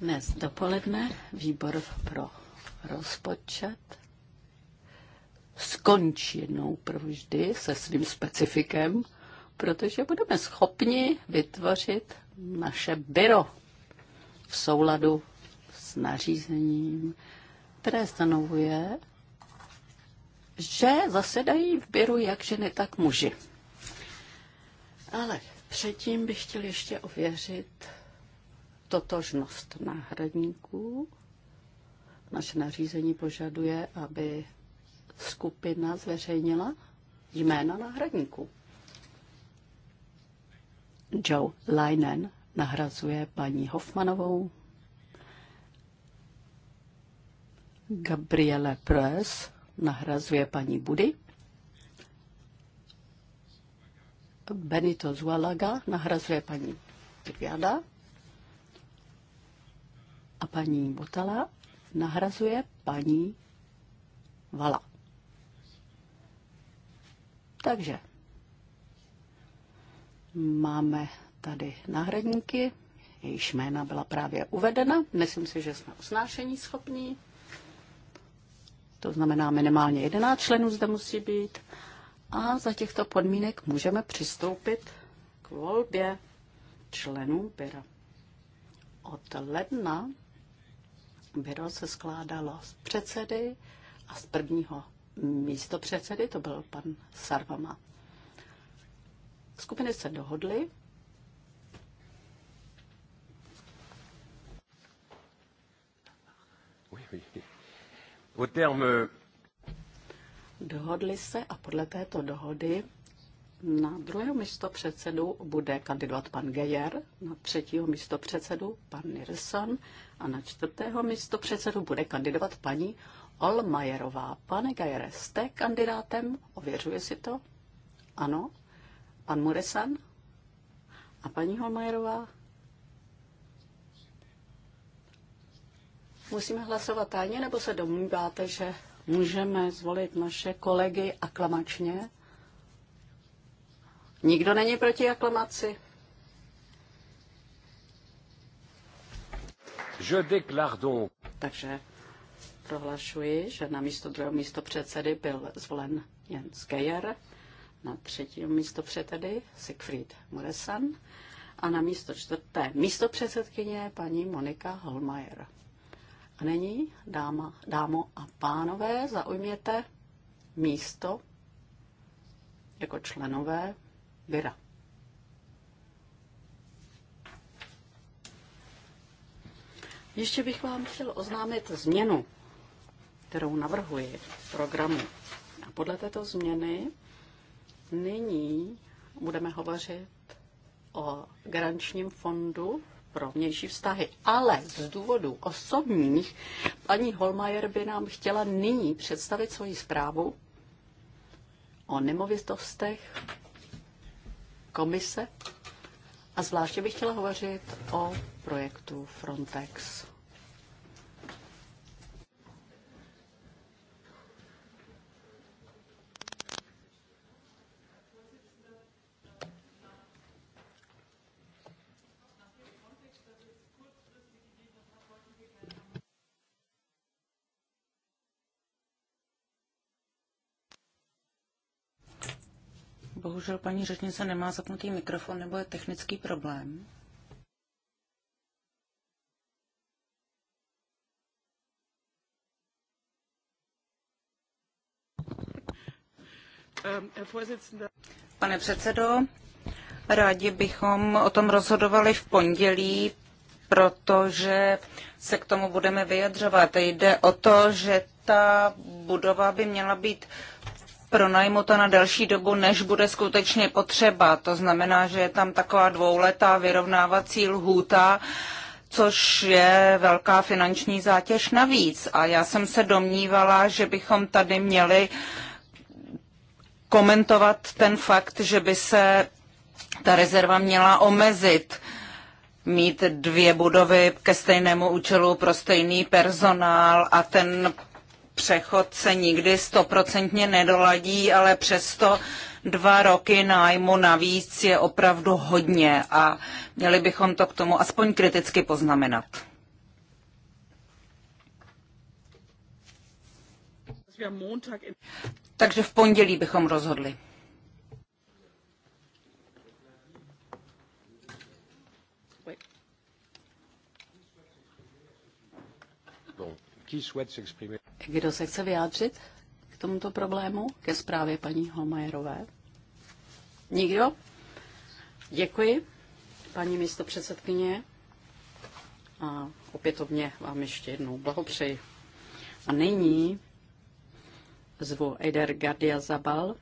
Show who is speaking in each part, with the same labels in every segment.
Speaker 1: Dnes dopoledne výbor pro rozpočet skončí jednou provždy se svým specifikem, protože budeme schopni vytvořit naše byro v souladu s nařízením, které stanovuje, že zasedají v byru jak ženy, tak muži. Ale Předtím bych chtěl ještě ověřit totožnost náhradníků. Naše nařízení požaduje, aby skupina zveřejnila jména náhradníků. Joe Leinen nahrazuje paní Hoffmanovou, Gabriele Press nahrazuje paní Budy, Benito Zualaga nahrazuje paní Triada a paní Botala nahrazuje paní Vala. Takže máme tady náhradníky, jejíž jména byla právě uvedena. Myslím si, že jsme usnášení schopní. To znamená minimálně 11 členů zde musí být a za těchto podmínek můžeme přistoupit k volbě členů byra. Od ledna byro se skládalo z předsedy a z prvního místo předsedy, to byl pan Sarvama. Skupiny se dohodly, Au terme Dohodli se a podle této dohody na druhého místo předsedu bude kandidovat pan Gejer, na třetího místo předsedu pan Nilsson a na čtvrtého místo předsedu bude kandidovat paní Olmajerová. Pane Gejere, jste kandidátem? Ověřuje si to? Ano. Pan Muresan? A paní Holmajerová. Musíme hlasovat tajně, nebo se domníváte, že můžeme zvolit naše kolegy aklamačně. Nikdo není proti aklamaci. Je Takže prohlašuji, že na místo druhého místo předsedy byl zvolen Jens Geier, na třetí místo předsedy Siegfried Muresan a na místo čtvrté místo předsedkyně paní Monika Holmajer. A není, dáma, dámo a pánové, zaujměte místo jako členové Byra. Ještě bych vám chtěl oznámit změnu, kterou navrhuji v programu. A podle této změny nyní budeme hovořit o garančním fondu pro vnější vztahy, ale z důvodů osobních paní Holmajer by nám chtěla nyní představit svoji zprávu o nemovitostech komise a zvláště bych chtěla hovořit o projektu Frontex.
Speaker 2: Bohužel paní řečnice nemá zapnutý mikrofon nebo je technický problém. Pane předsedo, rádi bychom o tom rozhodovali v pondělí, protože se k tomu budeme vyjadřovat. Jde o to, že ta budova by měla být pronajmu to na delší dobu, než bude skutečně potřeba. To znamená, že je tam taková dvouletá vyrovnávací lhůta, což je velká finanční zátěž navíc. A já jsem se domnívala, že bychom tady měli komentovat ten fakt, že by se ta rezerva měla omezit mít dvě budovy ke stejnému účelu pro stejný personál a ten přechod se nikdy stoprocentně nedoladí, ale přesto dva roky nájmu navíc je opravdu hodně a měli bychom to k tomu aspoň kriticky poznamenat. Takže v pondělí bychom rozhodli.
Speaker 1: Kdo se chce vyjádřit k tomuto problému, ke zprávě paní Holmajerové? Nikdo? Děkuji, paní místo předsedkyně. A opětovně vám ještě jednou blahopřeji. A nyní zvu Eider Gardia Zabal,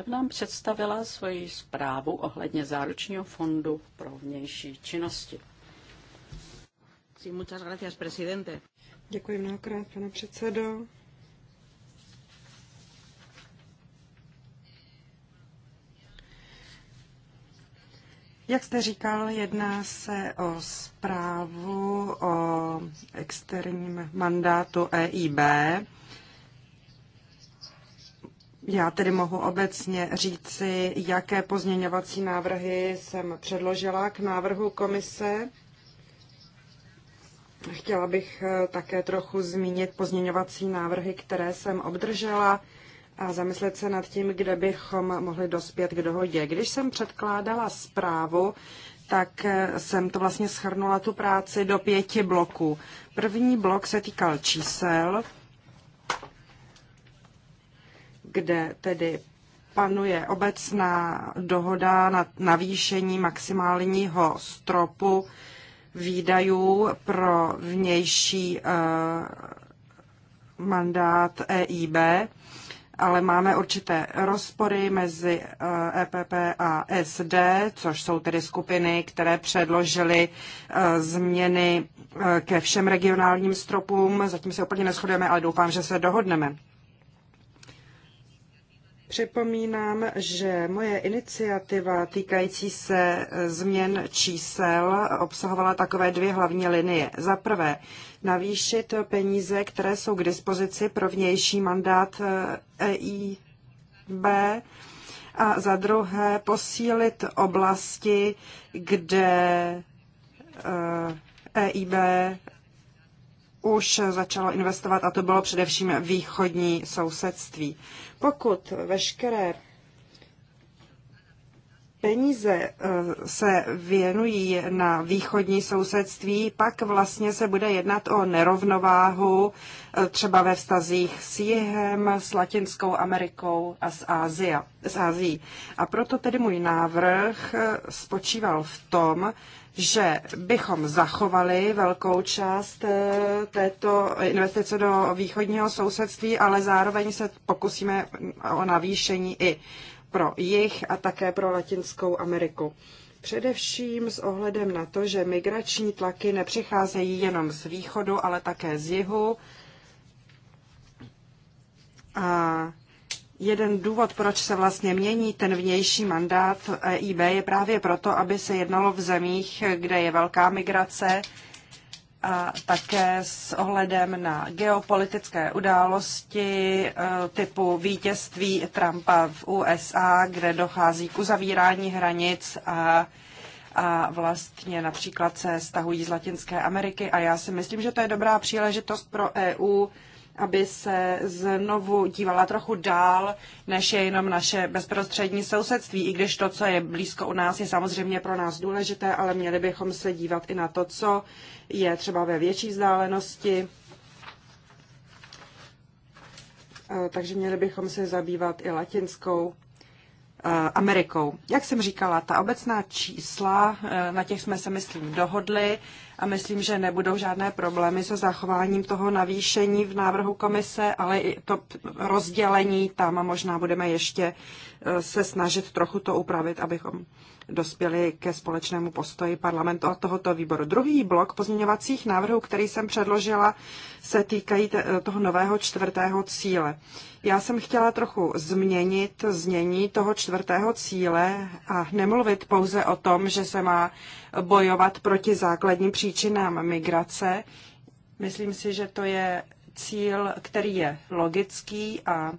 Speaker 1: aby nám představila svoji zprávu ohledně záručního fondu pro vnější činnosti.
Speaker 3: Sí, muchas gracias, presidente. Děkuji mnohokrát, pane předsedo. Jak jste říkal, jedná se o zprávu o externím mandátu EIB. Já tedy mohu obecně říci, jaké pozměňovací návrhy jsem předložila k návrhu komise. Chtěla bych eh, také trochu zmínit pozměňovací návrhy, které jsem obdržela a zamyslet se nad tím, kde bychom mohli dospět k dohodě. Když jsem předkládala zprávu, tak eh, jsem to vlastně schrnula tu práci do pěti bloků. První blok se týkal čísel, kde tedy panuje obecná dohoda na navýšení maximálního stropu výdajů pro vnější eh, mandát EIB, ale máme určité rozpory mezi EPP eh, e a SD, což jsou tedy skupiny, které předložily eh, změny ke všem regionálním stropům. Zatím se úplně neschodujeme, ale doufám, že se dohodneme. Připomínám, že moje iniciativa týkající se eh, změn čísel obsahovala takové dvě hlavní linie. Za prvé, navýšit peníze, které jsou k dispozici pro vnější mandát EIB eh, e a za druhé posílit oblasti, kde EIB eh, e už začalo investovat a to bylo především východní sousedství. Pokud veškeré peníze eh, se věnují na východní sousedství, pak vlastně se bude jednat o nerovnováhu eh, třeba ve vztazích s Jihem, s Latinskou Amerikou a s, Ázia, s Ázií. A proto tedy můj návrh eh, spočíval v tom, že bychom zachovali velkou část této investice do východního sousedství, ale zároveň se pokusíme o navýšení i pro jich a také pro Latinskou Ameriku. Především s ohledem na to, že migrační tlaky nepřicházejí jenom z východu, ale také z jihu. A jeden důvod, proč se vlastně mění ten vnější mandát EIB, je právě proto, aby se jednalo v zemích, kde je velká migrace, a také s ohledem na geopolitické události e, typu vítězství Trumpa v USA, kde dochází k uzavírání hranic a, a vlastně například se stahují z Latinské Ameriky. A já si myslím, že to je dobrá příležitost pro EU aby se znovu dívala trochu dál, než je jenom naše bezprostřední sousedství, i když to, co je blízko u nás, je samozřejmě pro nás důležité, ale měli bychom se dívat i na to, co je třeba ve větší vzdálenosti. Eh, takže měli bychom se zabývat i latinskou eh, Amerikou. Jak jsem říkala, ta obecná čísla, eh, na těch jsme se, myslím, dohodli a myslím, že nebudou žádné problémy se zachováním toho navýšení v návrhu komise, ale i to rozdělení tam možná budeme ještě se snažit trochu to upravit, abychom dospěli ke společnému postoji parlamentu a tohoto výboru. Druhý blok pozměňovacích návrhů, který jsem předložila, se týkají toho nového čtvrtého cíle. Já jsem chtěla trochu změnit znění toho čtvrtého cíle a nemluvit pouze o tom, že se má bojovat proti základním příčinám migrace. Myslím si, že to je cíl, který je logický a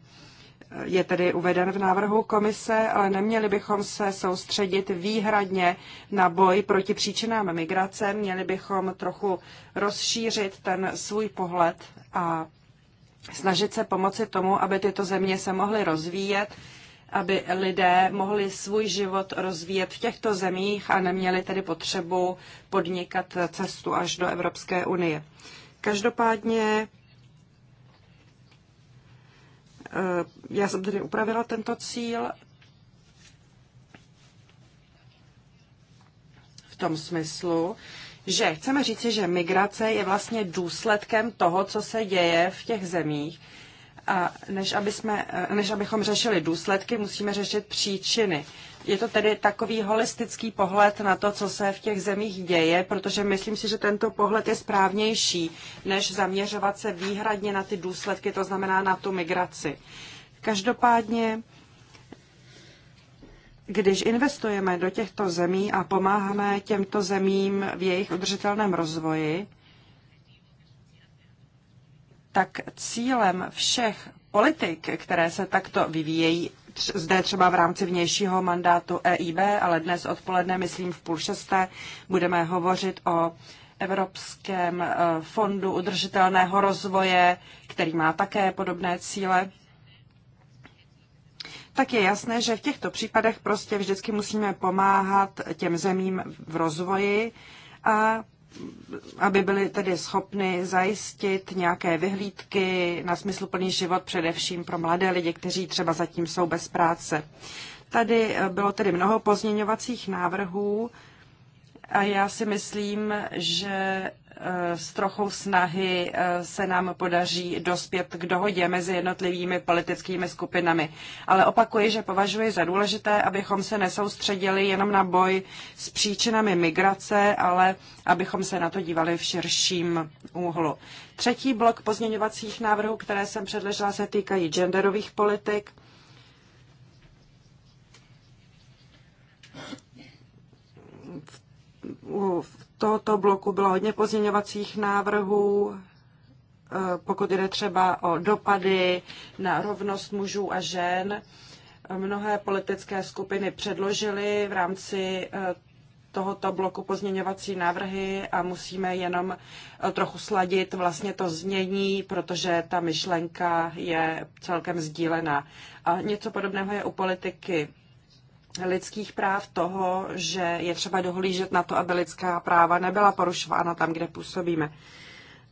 Speaker 3: je tedy uveden v návrhu komise, ale neměli bychom se soustředit výhradně na boj proti příčinám migrace, měli bychom trochu rozšířit ten svůj pohled a snažit se pomoci tomu, aby tyto země se mohly rozvíjet, aby lidé mohli svůj život rozvíjet v těchto zemích a neměli tedy potřebu podnikat cestu až do Evropské unie. Každopádně Eh, já jsem tedy upravila tento cíl v tom smyslu, že chceme říci, že migrace je vlastně důsledkem toho, co se děje v těch zemích. A než, aby jsme, eh, než abychom řešili důsledky, musíme řešit příčiny. Uh, je to tedy takový holistický pohled na to, co se v těch zemích děje, protože myslím si, že tento pohled je správnější, než zaměřovat se výhradně na ty důsledky, to znamená na tu migraci. Každopádně, když investujeme do těchto zemí a pomáháme těmto zemím v jejich udržitelném rozvoji, tak cílem všech politik, které se takto vyvíjejí, zde třeba v rámci vnějšího mandátu EIB, ale dnes odpoledne, myslím v půl šesté, budeme hovořit o Evropském eh, fondu udržitelného rozvoje, který má také podobné cíle, tak je jasné, že v těchto případech prostě vždycky musíme pomáhat těm zemím v rozvoji a aby byly tedy schopny zajistit nějaké vyhlídky na smysluplný život především pro mladé lidi, kteří třeba zatím jsou bez práce. Tady eh, bylo tedy mnoho pozměňovacích návrhů a já si myslím, že s trochou snahy eh, se nám podaří dospět k dohodě mezi jednotlivými politickými skupinami. Ale opakuji, že považuji za důležité, abychom se nesoustředili jenom na boj s příčinami migrace, ale abychom se na to dívali v širším úhlu. Třetí blok pozměňovacích návrhů, které jsem předložila, se týkají genderových politik. V tohoto bloku bylo hodně pozměňovacích návrhů, eh, pokud jde třeba o dopady na rovnost mužů a žen. Mnohé politické skupiny předložily v rámci eh, tohoto bloku pozměňovací návrhy a musíme jenom eh, trochu sladit vlastně to znění, protože ta myšlenka je celkem sdílená. A něco podobného je u politiky lidských práv toho, že je třeba dohlížet na to, aby lidská práva nebyla porušována tam, kde působíme.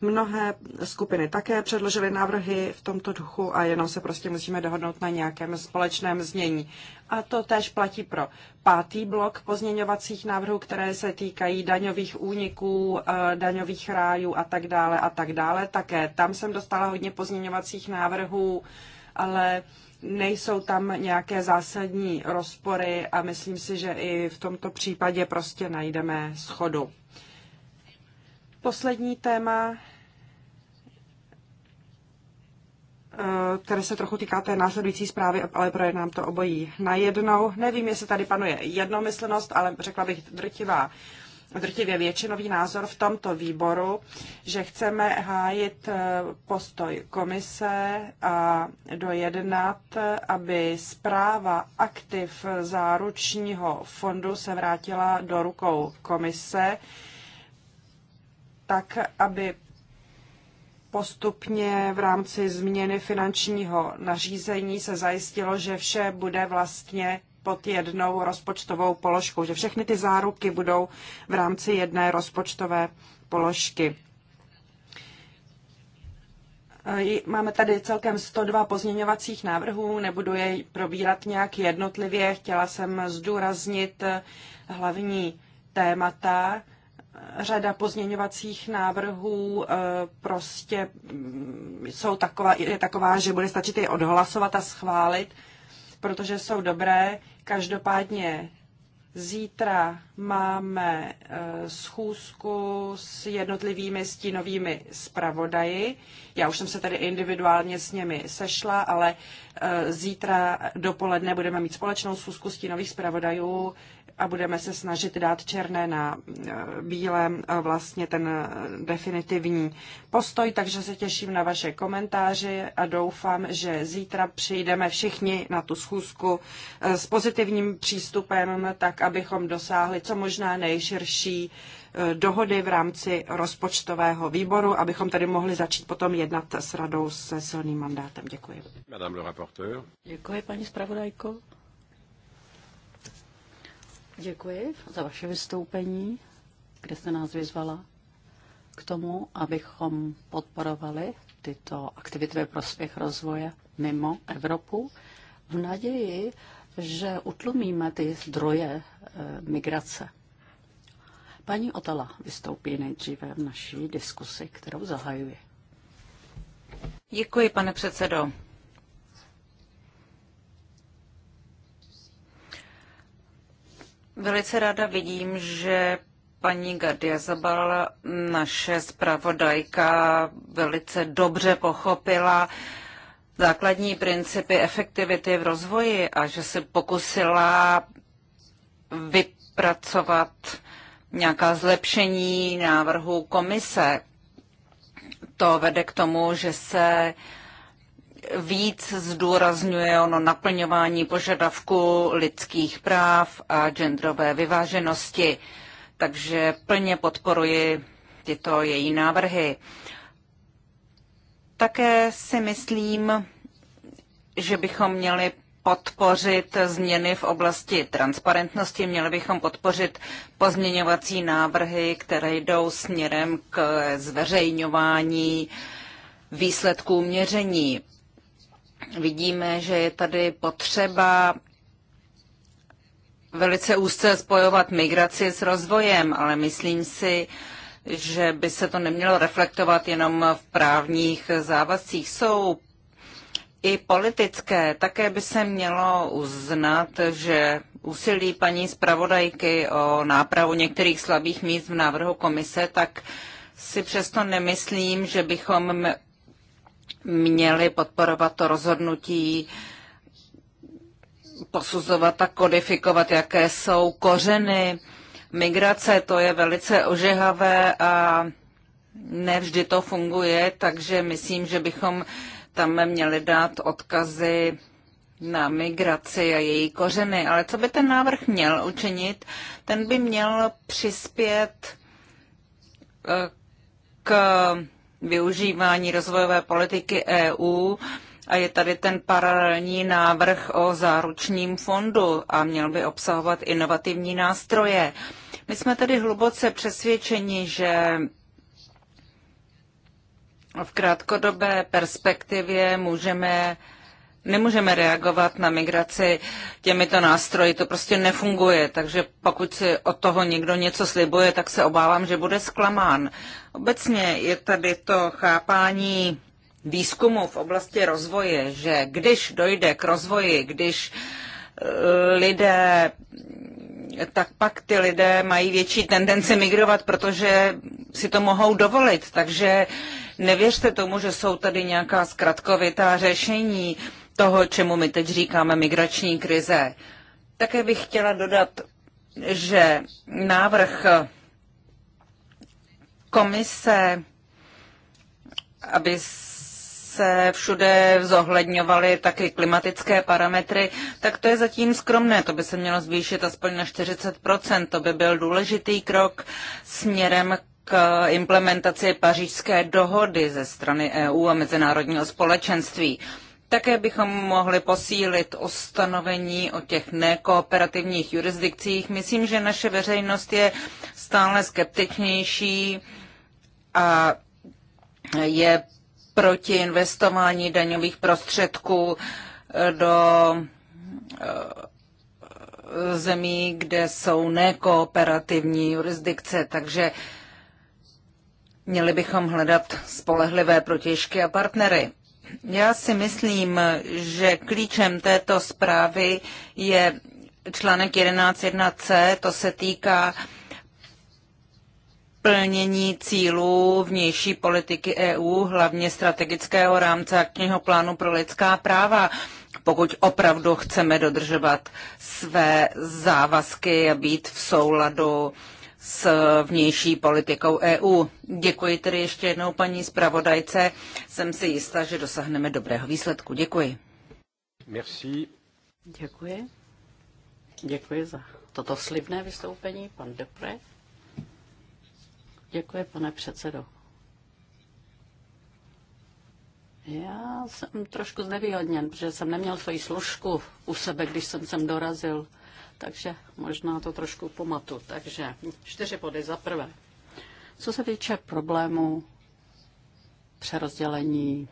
Speaker 3: Mnohé skupiny také předložily návrhy v tomto duchu a jenom se prostě musíme dohodnout na nějakém společném znění. A to též platí pro pátý blok pozměňovacích návrhů, které se týkají daňových úniků, eh, daňových rájů a tak dále a tak dále. Také tam jsem dostala hodně pozměňovacích návrhů, ale nejsou tam nějaké zásadní rozpory a myslím si, že i v tomto případě prostě najdeme schodu. Poslední téma, eh, které se trochu týká té následující zprávy, ale projednám to obojí najednou. Nevím, jestli tady panuje jednomyslnost, ale řekla bych drtivá drtivě většinový názor v tomto výboru, že chceme hájit eh, postoj komise a dojednat, aby zpráva aktiv záručního fondu se vrátila do rukou komise, tak aby postupně v rámci změny finančního nařízení se zajistilo, že vše bude vlastně pod jednou rozpočtovou položkou, že všechny ty záruky budou v rámci jedné rozpočtové položky. Máme tady celkem 102 pozměňovacích návrhů, nebudu je probírat nějak jednotlivě. Chtěla jsem zdůraznit eh, hlavní témata. Řada pozměňovacích návrhů eh, prostě mm, jsou taková, je taková, že bude stačit je odhlasovat a schválit protože jsou dobré. Každopádně zítra máme eh, schůzku s jednotlivými stínovými zpravodaji. Já už jsem se tady individuálně s nimi sešla, ale eh, zítra dopoledne budeme mít společnou schůzku stínových zpravodajů a budeme se snažit dát černé na e, bílém e, vlastně ten e, definitivní postoj, takže se těším na vaše komentáře a doufám, že zítra přijdeme všichni na tu schůzku s pozitivním přístupem, tak abychom dosáhli co možná nejširší dohody v rámci rozpočtového výboru, abychom tady mohli začít potom jednat s radou se silným mandátem. Děkuji. Madame le rapporteur. Děkuji, paní
Speaker 1: zpravodajko. Děkuji za vaše vystoupení, kde jste nás vyzvala k tomu, abychom podporovali tyto aktivity ve prospěch rozvoje mimo Evropu v naději, že utlumíme ty zdroje e, migrace. Paní Otala vystoupí nejdříve v naší diskusi,
Speaker 2: kterou zahajuji. Děkuji, pane předsedo. Velice ráda vidím, že paní Gardia Zabal, naše zpravodajka, velice dobře pochopila základní principy efektivity v rozvoji a že se pokusila vypracovat nějaká zlepšení návrhu komise. To vede k tomu, že se víc zdůrazňuje ono naplňování požadavku lidských práv a genderové vyváženosti. Takže plně podporuji tyto její návrhy. Také si myslím, že bychom měli podpořit změny v oblasti transparentnosti, měli bychom podpořit pozměňovací návrhy, které jdou směrem k zveřejňování výsledků měření. Vidíme, že je tady potřeba velice úzce spojovat migraci s rozvojem, ale myslím si, že by se to nemělo reflektovat jenom v právních závazcích. Jsou i politické. Také by se mělo uznat, že úsilí paní zpravodajky o nápravu některých slabých míst v návrhu komise, tak si přesto nemyslím, že bychom měli podporovat to rozhodnutí posuzovat a kodifikovat, jaké jsou kořeny migrace. To je velice ožehavé a nevždy to funguje, takže myslím, že bychom tam měli dát odkazy na migraci a její kořeny. Ale co by ten návrh měl učinit? Ten by měl přispět eh, k využívání rozvojové politiky EU a je tady ten paralelní návrh o záručním fondu a měl by obsahovat inovativní nástroje. My jsme tedy hluboce přesvědčeni, že v krátkodobé perspektivě můžeme nemůžeme reagovat na migraci těmito nástroji, to prostě nefunguje, takže pokud si od toho někdo něco slibuje, tak se obávám, že bude zklamán. Obecně je tady to chápání výzkumu v oblasti rozvoje, že když dojde k rozvoji, když eh, lidé, tak pak ty lidé mají větší tendenci migrovat, protože si to mohou dovolit, takže nevěřte tomu, že jsou tady nějaká zkratkovitá řešení toho, čemu my teď říkáme migrační krize. Také bych chtěla dodat, že návrh komise, aby se všude zohledňovaly taky klimatické parametry, tak to je zatím skromné. To by se mělo zvýšit aspoň na 40 To by byl důležitý krok směrem k implementaci pařížské dohody ze strany EU a mezinárodního společenství. Také bychom mohli posílit ustanovení o těch nekooperativních jurisdikcích. Myslím, že naše veřejnost je stále skeptičnější a je proti investování daňových prostředků do eh, zemí, kde jsou nekooperativní jurisdikce, takže měli bychom hledat spolehlivé protěžky a partnery. Já si myslím, že klíčem této zprávy je článek 11.1c, to se týká plnění cílů vnější politiky EU, hlavně strategického rámce akčního plánu pro lidská práva, pokud opravdu chceme dodržovat své závazky a být v souladu uh, s vnější politikou EU. Děkuji tedy ještě jednou paní zpravodajce. Jsem si jistá, že dosáhneme dobrého výsledku. Děkuji. Merci. Děkuji. Děkuji za toto slibné
Speaker 1: vystoupení, pan Depre. Děkuji, pane předsedo. Já jsem trošku znevýhodněn, protože jsem neměl svoji složku u sebe, když jsem sem dorazil takže možná to trošku pomatu. Takže čtyři body za prvé. Co se týče problému přerozdělení,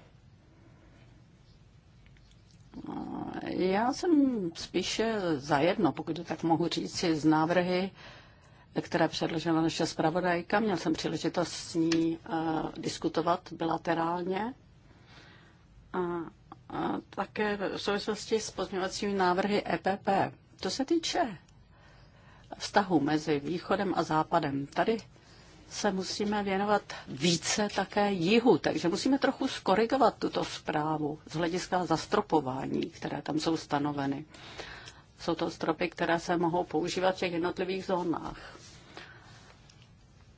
Speaker 1: já jsem spíše zajedno, pokud to tak mohu říci, z návrhy, které předložila naše zpravodajka. Měl jsem příležitost s ní eh, diskutovat bilaterálně. A také v souvislosti s pozměňovacími návrhy EPP. To se týče vztahu mezi východem a západem, tady se musíme věnovat více také jihu, takže musíme trochu skorigovat tuto zprávu z hlediska zastropování, které tam jsou stanoveny. Jsou to stropy, které se mohou používat v těch jednotlivých zónách.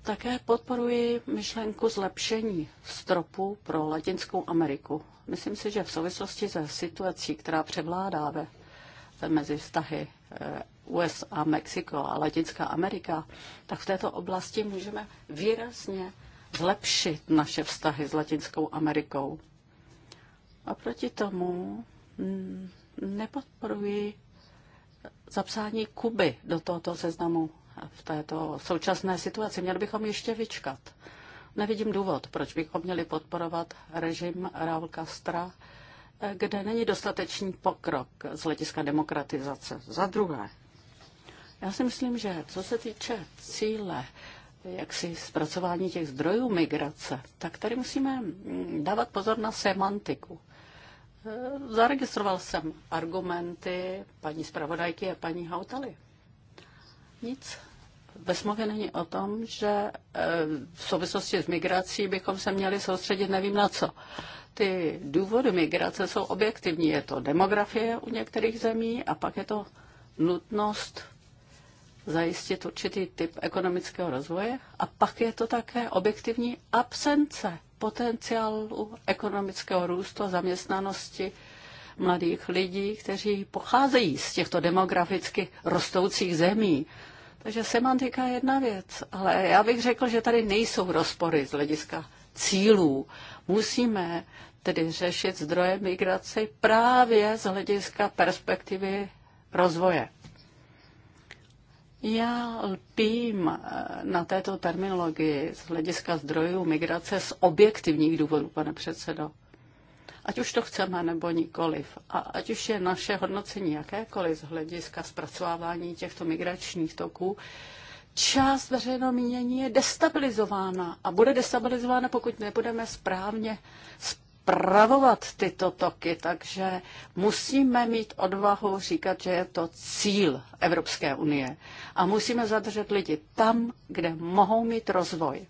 Speaker 1: Také podporuji myšlenku zlepšení stropu pro Latinskou Ameriku. Myslím si, že v souvislosti se situací, která převládá ve mezi vztahy eh, USA, Mexiko a Latinská Amerika, tak v této oblasti můžeme výrazně zlepšit naše vztahy s Latinskou Amerikou. A proti tomu mm, nepodporuji zapsání Kuby do tohoto seznamu v této současné situaci. Měli bychom ještě vyčkat. Nevidím důvod, proč bychom měli podporovat režim Raul Castra, kde není dostatečný pokrok z hlediska demokratizace. Za druhé, já si myslím, že co se týče cíle, jak si zpracování těch zdrojů migrace, tak tady musíme mm, dávat pozor na semantiku. E, zaregistroval jsem argumenty paní zpravodajky a paní Hautaly. Nic ve smlouvě není o tom, že e, v souvislosti s migrací bychom se měli soustředit nevím na co. Ty důvody migrace jsou objektivní. Je to demografie u některých zemí a pak je to nutnost zajistit určitý typ ekonomického rozvoje a pak je to také objektivní absence potenciálu ekonomického růstu a zaměstnanosti mladých lidí, kteří pocházejí z těchto demograficky rostoucích zemí. Takže semantika je jedna věc, ale já bych řekl, že tady nejsou rozpory z hlediska cílů. Musíme tedy řešit zdroje migrace právě z hlediska perspektivy rozvoje. Já lpím eh, na této terminologii z hlediska zdrojů migrace z objektivních důvodů, pane předsedo ať už to chceme nebo nikoliv. A ať už je naše hodnocení jakékoliv z hlediska zpracovávání těchto migračních toků, část veřejného mínění je destabilizována a bude destabilizována, pokud nebudeme správně spravovat tyto toky. Takže musíme mít odvahu říkat, že je to cíl Evropské unie a musíme zadržet lidi tam, kde mohou mít rozvoj.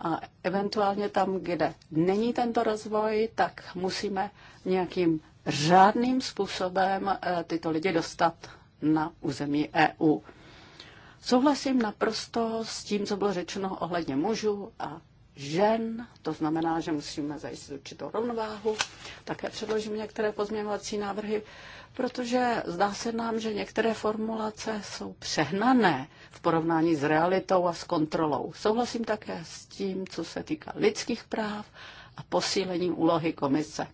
Speaker 1: A eventuálně tam, kde není tento rozvoj, tak musíme nějakým řádným způsobem eh, tyto lidi dostat na území EU. Souhlasím naprosto s tím, co bylo řečeno ohledně mužů a žen, to znamená, že musíme zajistit určitou rovnováhu. Také předložím některé pozměňovací návrhy, protože zdá se nám, že některé formulace jsou přehnané v porovnání s realitou a s kontrolou. Souhlasím také s tím, co se týká lidských práv a posílení úlohy komise.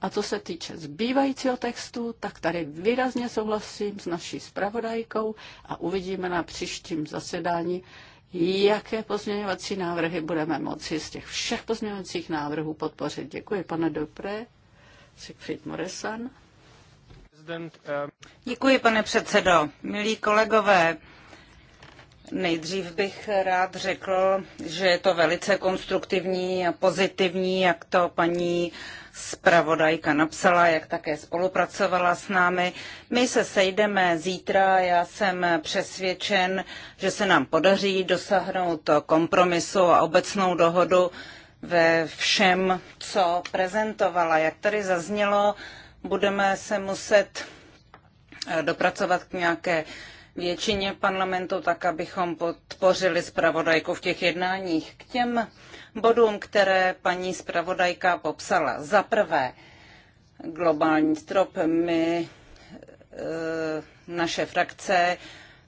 Speaker 1: A co se týče zbývajícího textu, tak tady výrazně souhlasím s naší spravodajkou a uvidíme na příštím zasedání, jaké pozměňovací návrhy budeme moci z těch všech pozměňovacích návrhů podpořit. Děkuji, pane Dopré. Siegfried Moresan.
Speaker 2: Eh, Děkuji, pane předsedo. Milí kolegové, Nejdřív bych rád řekl, že je to velice konstruktivní a pozitivní, jak to paní zpravodajka napsala, jak také spolupracovala s námi. My se sejdeme zítra, já jsem přesvědčen, že se nám podaří dosáhnout kompromisu a obecnou dohodu ve všem, co prezentovala. Jak tady zaznělo, budeme se muset dopracovat k nějaké většině parlamentu, tak abychom podpořili zpravodajku v těch jednáních. K těm bodům, které paní zpravodajka popsala. Za prvé, globální strop. My, eh, naše frakce,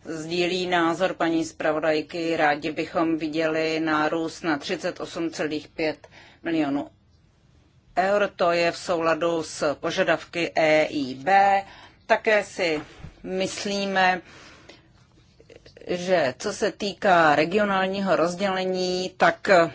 Speaker 2: sdílí názor paní zpravodajky. Rádi bychom viděli nárůst na 38,5 milionů eur. To je v souladu s požadavky EIB. Také si myslíme, že co se týká regionálního rozdělení, tak eh,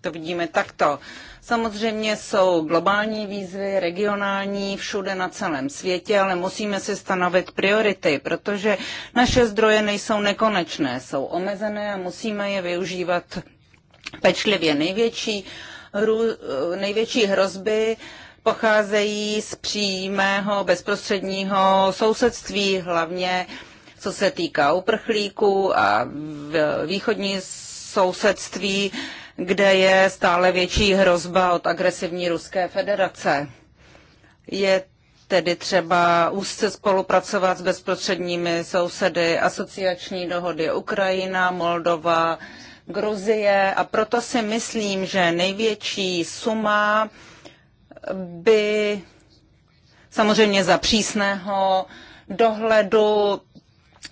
Speaker 2: to vidíme takto. Samozřejmě jsou globální výzvy, regionální, všude na celém světě, ale musíme si stanovit priority, protože naše zdroje nejsou nekonečné, jsou omezené a musíme je využívat pečlivě. Největší, hru, eh, největší hrozby pocházejí z přímého bezprostředního sousedství, hlavně uh, co se týká uprchlíků a východní sousedství, kde je stále větší hrozba od agresivní Ruské federace. Je tedy třeba úzce spolupracovat s bezprostředními sousedy, asociační dohody Ukrajina, Moldova, Gruzie a proto si myslím, že největší suma by samozřejmě za přísného dohledu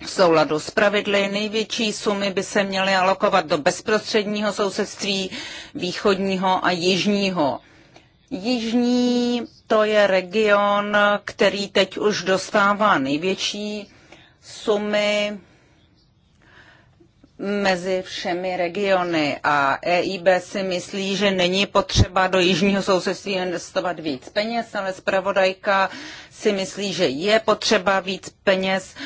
Speaker 2: v souladu s pravidly největší sumy by se měly alokovat do bezprostředního sousedství východního a jižního. Jižní to je region, který teď už dostává největší sumy mezi všemi regiony a EIB si myslí, že není potřeba do jižního sousedství investovat víc peněz, ale zpravodajka si myslí, že je potřeba víc peněz. Uh,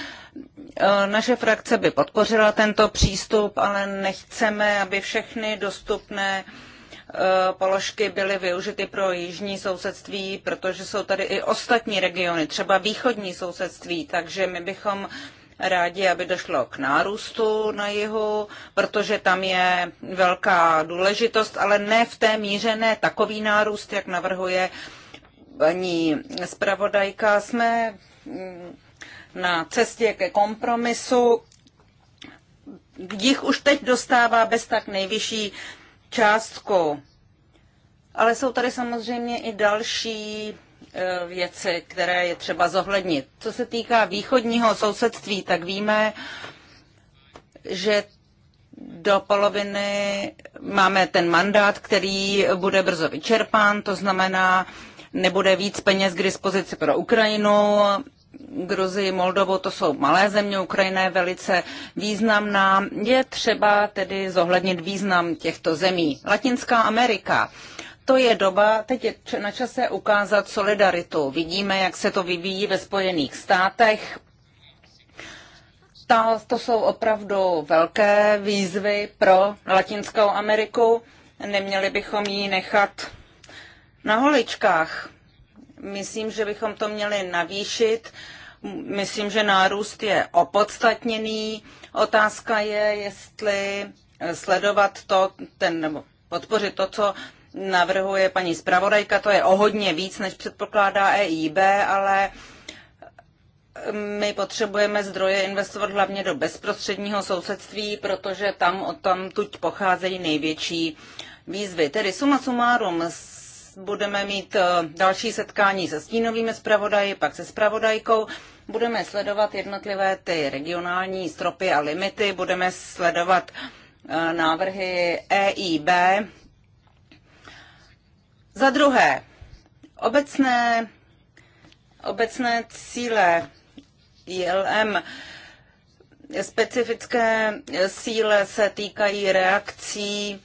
Speaker 2: Eh, naše frakce by podpořila tento přístup, ale nechceme, aby všechny dostupné eh, položky byly využity pro jižní sousedství, protože jsou tady i ostatní regiony, třeba východní sousedství, takže my bychom rádi, aby došlo k nárůstu na jihu, protože tam je velká důležitost, ale ne v té míře, ne takový nárůst, jak navrhuje paní zpravodajka. Jsme mm, na cestě ke kompromisu. Jich už teď dostává bez tak nejvyšší částku. Ale jsou tady samozřejmě i další e, věci, které je třeba zohlednit. Co se týká východního sousedství, tak víme, že do poloviny máme ten mandát, který bude brzo vyčerpán, to znamená, nebude víc peněz k dispozici pro Ukrajinu, Gruzii, Moldovu, to jsou malé země, Ukrajina je velice významná. Je třeba tedy zohlednit význam těchto zemí. Latinská Amerika. To je doba, teď je na čase ukázat solidaritu. Vidíme, jak se to vyvíjí ve Spojených státech. Ta, to jsou opravdu velké výzvy pro Latinskou Ameriku. Neměli bychom ji nechat na holičkách. Myslím, že bychom to měli navýšit. Myslím, že nárůst je opodstatněný. Otázka je, jestli sledovat to, ten, nebo podpořit to, co navrhuje paní zpravodajka, to je o hodně víc, než předpokládá EIB, ale my potřebujeme zdroje investovat hlavně do bezprostředního sousedství, protože tam od tam tuď pocházejí největší výzvy. Tedy suma sumárum budeme mít eh, další setkání se stínovými zpravodaji, pak se zpravodajkou. Budeme sledovat jednotlivé ty regionální stropy a limity, budeme sledovat eh, návrhy EIB. Za druhé, obecné, obecné cíle ILM specifické síle eh, se týkají reakcí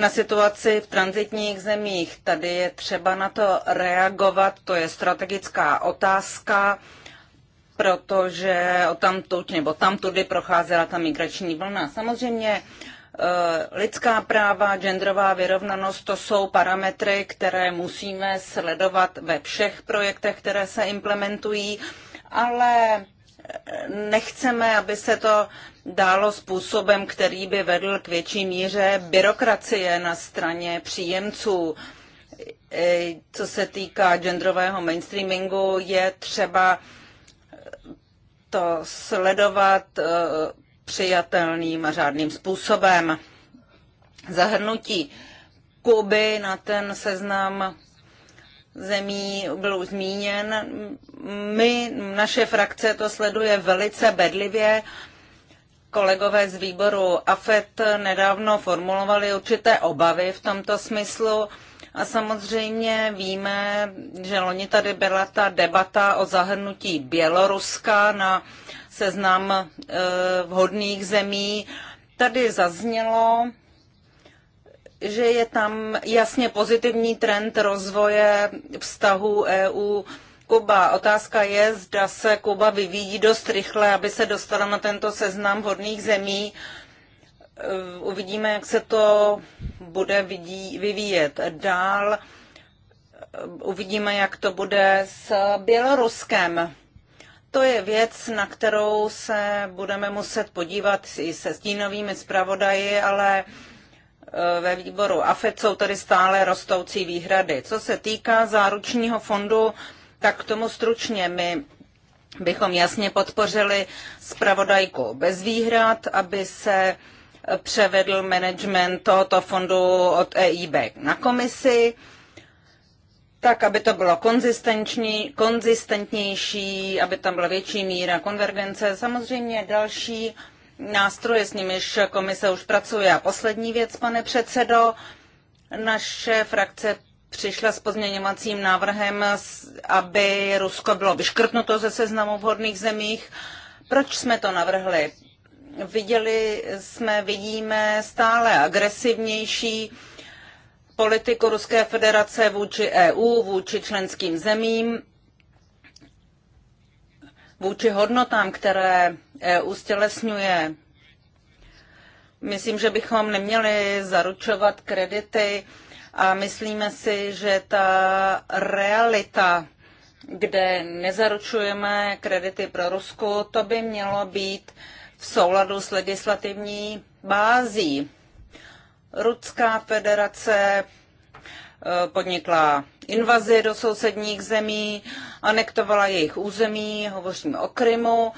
Speaker 2: na situaci v transitních zemích. Tady je třeba na to reagovat, to je strategická otázka, protože tamtud nebo tam tudy procházela ta migrační vlna. Samozřejmě eh, lidská práva, genderová vyrovnanost, to jsou parametry, které musíme sledovat ve všech projektech, které se implementují, ale nechceme, aby se to dálo způsobem, který by vedl k větší míře byrokracie na straně příjemců. E, co se týká genderového mainstreamingu, je třeba to sledovat e, přijatelným a řádným způsobem. Zahrnutí Kuby na ten seznam zemí byl zmíněn. My, naše frakce to sleduje velice bedlivě kolegové z výboru AFET nedávno formulovali určité obavy v tomto smyslu. A samozřejmě víme, že loni tady byla ta debata o zahrnutí Běloruska na seznam e, vhodných zemí. Tady zaznělo, že je tam jasně pozitivní trend rozvoje vztahu e EU Kuba. Otázka je, zda se Kuba vyvíjí dost rychle, aby se dostala na tento seznam vhodných zemí. Eh, uvidíme, jak se to bude vyvíjet dál. Eh, uvidíme, jak to bude s Běloruskem. To je věc, na kterou se budeme muset podívat i se stínovými zpravodaji, ale eh, ve výboru AFED jsou tady stále rostoucí výhrady. Co se týká záručního fondu, tak k tomu stručně my bychom jasně podpořili zpravodajku bez výhrad, aby se převedl management tohoto fondu od EIB na komisi, tak, aby to bylo konzistentnější, aby tam byla větší míra konvergence. Samozřejmě další nástroje, s nimiž komise už pracuje. A poslední věc, pane předsedo, naše frakce přišla s pozměňovacím návrhem, aby Rusko bylo vyškrtnuto ze seznamu vhodných zemích. Proč jsme to navrhli? Viděli jsme, vidíme stále agresivnější politiku Ruské federace vůči EU, vůči členským zemím, vůči hodnotám, které EU stělesňuje. Myslím, že bychom neměli zaručovat kredity a myslíme si, že ta realita, kde nezaručujeme kredity pro Rusku, to by mělo být v souladu s legislativní bází. Ruská federace eh, podnikla invazi do sousedních zemí, anektovala jejich území, hovoříme o Krymu.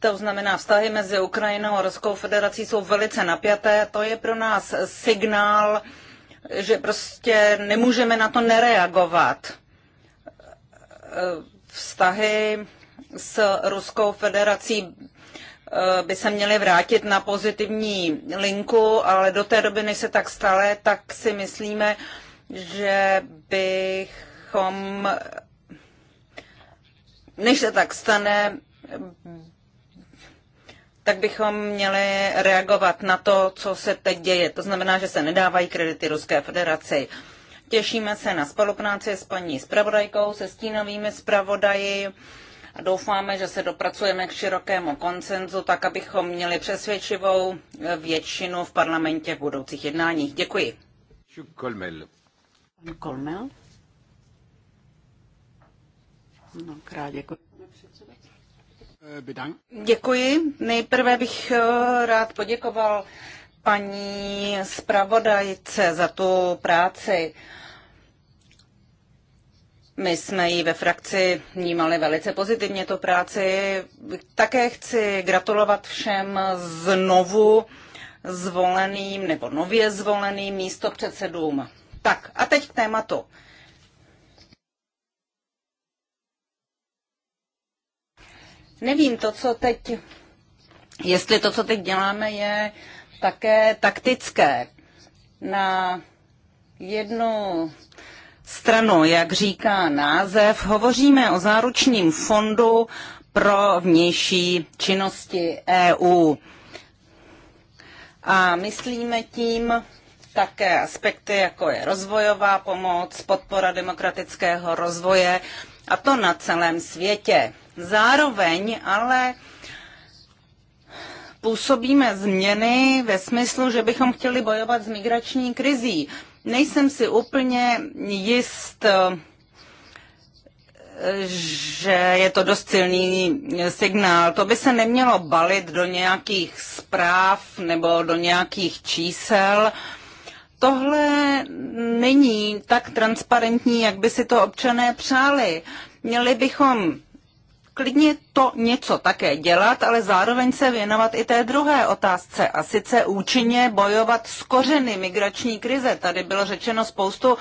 Speaker 2: To znamená, vztahy mezi Ukrajinou a Ruskou federací jsou velice napjaté. To je pro nás signál, že prostě nemůžeme na to nereagovat. Vztahy s Ruskou federací eh, by se měly vrátit na pozitivní linku, ale do té doby, než se tak stále. tak si myslíme, že bychom, než se tak stane, tak bychom měli reagovat na to, co se teď děje. To znamená, že se nedávají kredity Ruské federaci. Těšíme se na spolupráci s paní zpravodajkou, se stínovými zpravodaji a doufáme, že se dopracujeme k širokému konsenzu, tak abychom měli přesvědčivou většinu v parlamentě v budoucích jednáních. Děkuji. Kolmel. No, děkuji. Děkuji. Nejprve bych eh, rád poděkoval paní zpravodajce za tu práci. My jsme ji ve frakci vnímali velice pozitivně, tu práci. Také chci gratulovat všem znovu zvoleným nebo nově zvoleným místopředsedům. Tak a teď k tématu. Nevím, to, co teď, jestli to, co teď děláme, je také taktické. Na jednu stranu, jak říká název, hovoříme o záručním fondu pro vnější činnosti EU. A myslíme tím také aspekty, jako je rozvojová pomoc, podpora demokratického rozvoje, a to na celém světě. Zároveň ale působíme změny ve smyslu, že bychom chtěli bojovat s migrační krizí. Nejsem si úplně jist, že je to dost silný signál. To by se nemělo balit do nějakých zpráv nebo do nějakých čísel. Tohle není tak transparentní, jak by si to občané přáli. Měli bychom klidně to něco také dělat, ale zároveň se věnovat i té druhé otázce a sice účinně bojovat s kořeny migrační krize. Tady bylo řečeno spoustu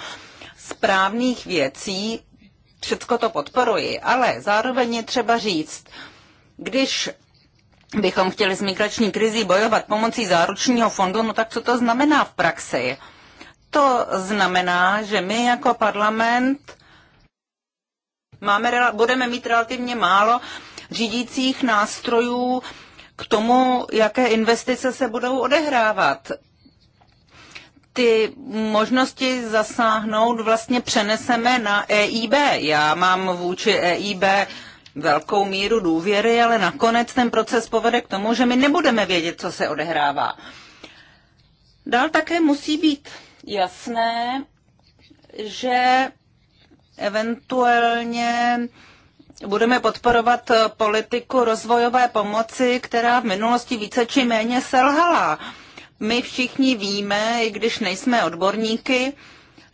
Speaker 2: správných věcí, všecko to podporuji, ale zároveň je třeba říct, když bychom chtěli s migrační krizí bojovat pomocí záručního fondu, no tak co to znamená v praxi? To znamená, že my jako parlament máme, budeme mít relativně málo řídících nástrojů k tomu, jaké investice se budou odehrávat. Ty možnosti zasáhnout vlastně přeneseme na EIB. Já mám vůči EIB velkou míru důvěry, ale nakonec ten proces povede k tomu, že my nebudeme vědět, co se odehrává. Dál také musí být jasné, že Eventuálně budeme podporovat politiku rozvojové pomoci, která v minulosti více či méně selhala. My všichni víme, i když nejsme odborníky,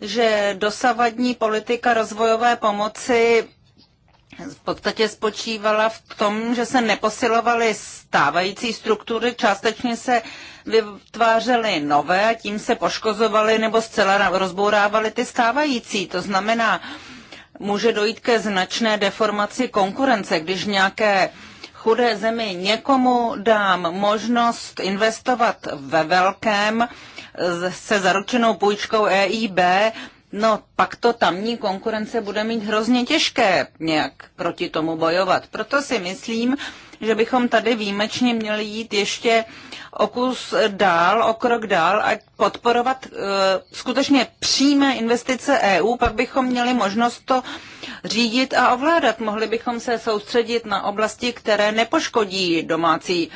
Speaker 2: že dosavadní politika rozvojové pomoci v podstatě spočívala v tom, že se neposilovaly stávající struktury, částečně se vytvářely nové a tím se poškozovaly nebo zcela rozbourávaly ty stávající. To znamená, může dojít ke značné deformaci konkurence, když nějaké chudé zemi někomu dám možnost investovat ve velkém se zaručenou půjčkou EIB, no pak to tamní konkurence bude mít hrozně těžké nějak proti tomu bojovat. Proto si myslím, že bychom tady výjimečně měli jít ještě o kus dál, o krok dál a podporovat uh, skutečně přímé investice EU, pak bychom měli možnost to řídit a ovládat. Mohli bychom se soustředit na oblasti, které nepoškodí domácí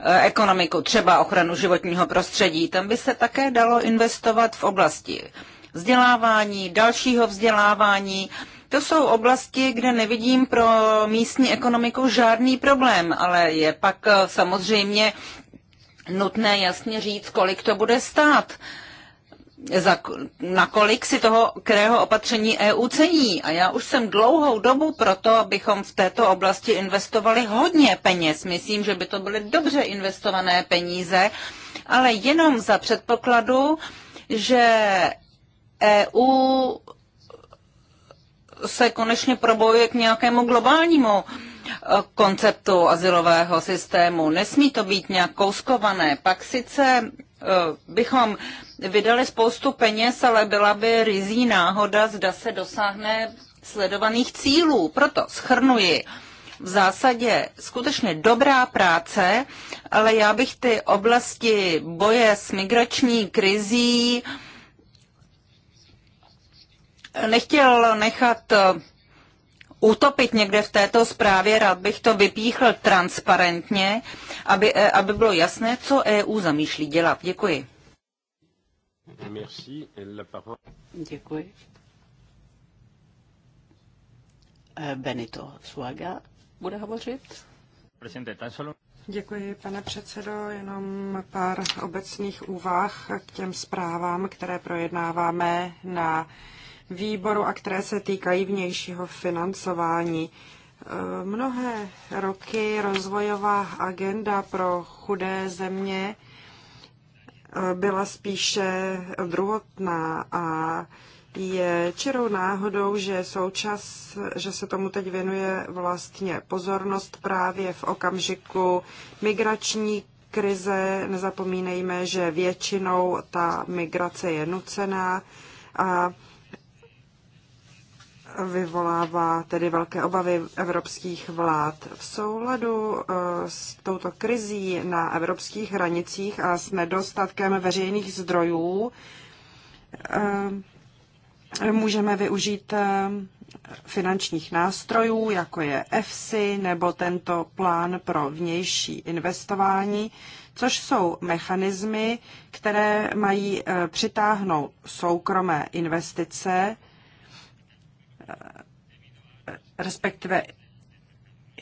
Speaker 2: eh, ekonomiku, třeba ochranu životního prostředí. Tam by se také dalo investovat v oblasti vzdělávání, dalšího vzdělávání. To jsou oblasti, kde nevidím pro místní ekonomiku žádný problém, ale je pak eh, samozřejmě nutné jasně říct, kolik to bude stát za, nakolik si toho kterého opatření EU cení. A já už jsem dlouhou dobu proto, abychom v této oblasti investovali hodně peněz. Myslím, že by to byly dobře investované peníze, ale jenom za předpokladu, že EU se konečně probojuje k nějakému globálnímu e, konceptu asilového systému. Nesmí to být nějak kouskované. Pak sice e, bychom vydali spoustu peněz, ale byla by rizí náhoda, zda se dosáhne sledovaných cílů. Proto schrnuji v zásadě skutečně dobrá práce, ale já bych ty oblasti boje s migrační krizí, nechtěl nechat eh, utopit někde v této zprávě, rád bych to vypíchl transparentně, aby, eh, aby bylo jasné, co EU zamýšlí dělat. Děkuji. Merci. Děkuji. Eh,
Speaker 3: Benito Suaga bude hovořit. Děkuji, pane předsedo. Jenom pár obecných úvah k těm zprávám, které projednáváme na výboru a které se týkají vnějšího financování. E, mnohé roky rozvojová agenda pro chudé země e, byla spíše druhotná a je čirou náhodou, že součas, že se tomu teď věnuje vlastně pozornost právě v okamžiku migrační krize. Nezapomínejme, že většinou ta migrace je nucená a vyvolává tedy velké obavy evropských vlád. V souladu eh, s touto krizí na evropských hranicích a s nedostatkem veřejných zdrojů eh, můžeme využít eh, finančních nástrojů, jako je EFSI nebo tento plán pro vnější investování, což jsou mechanismy, které mají přitáhnout soukromé investice, respektive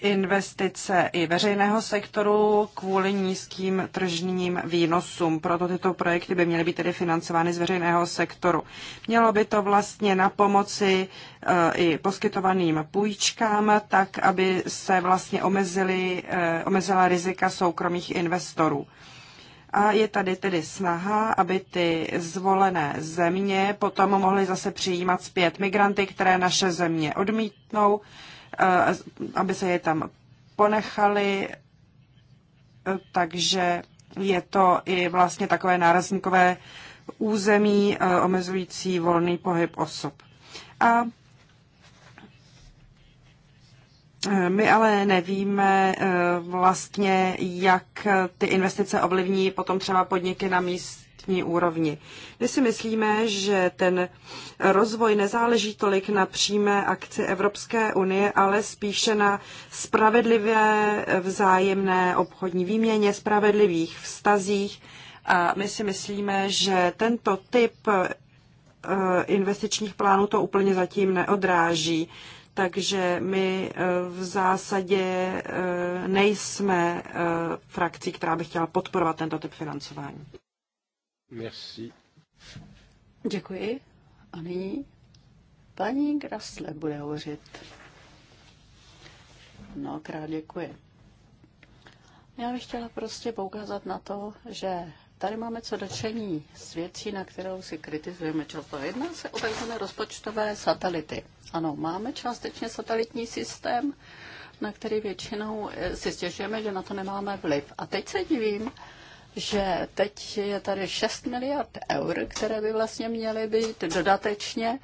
Speaker 3: investice i veřejného sektoru kvůli nízkým tržním výnosům. Proto tyto projekty by měly být tedy financovány z veřejného sektoru. Mělo by to vlastně na pomoci eh, i poskytovaným půjčkám, tak aby se vlastně omezili, eh, omezila rizika soukromých investorů. A je tady tedy snaha, aby ty zvolené země potom mohly zase přijímat zpět migranty, které naše země odmítnou, eh, aby se je tam ponechali. Eh, takže je to i vlastně takové nárazníkové území eh, omezující volný pohyb osob. A my ale nevíme eh, vlastně, jak ty investice ovlivní potom třeba podniky na místní úrovni. My si myslíme, že ten rozvoj nezáleží tolik na přímé akci Evropské unie, ale spíše na spravedlivé vzájemné obchodní výměně, spravedlivých vztazích. A my si myslíme, že tento typ eh, investičních plánů to úplně zatím neodráží. Takže my e, v zásadě e, nejsme e, frakcí, která by chtěla podporovat tento typ financování. Merci. Děkuji. A nyní paní Grasle bude hovořit.
Speaker 1: Mnohokrát děkuji. Já bych chtěla prostě poukázat na to, že tady máme co dočení s věcí, na kterou si kritizujeme často. Jedná se o takzvané rozpočtové satelity. Ano, máme částečně satelitní systém, na který většinou eh, si stěžujeme, že na to nemáme vliv. A teď se divím, že teď je tady 6 miliard eur, které by vlastně měly být dodatečně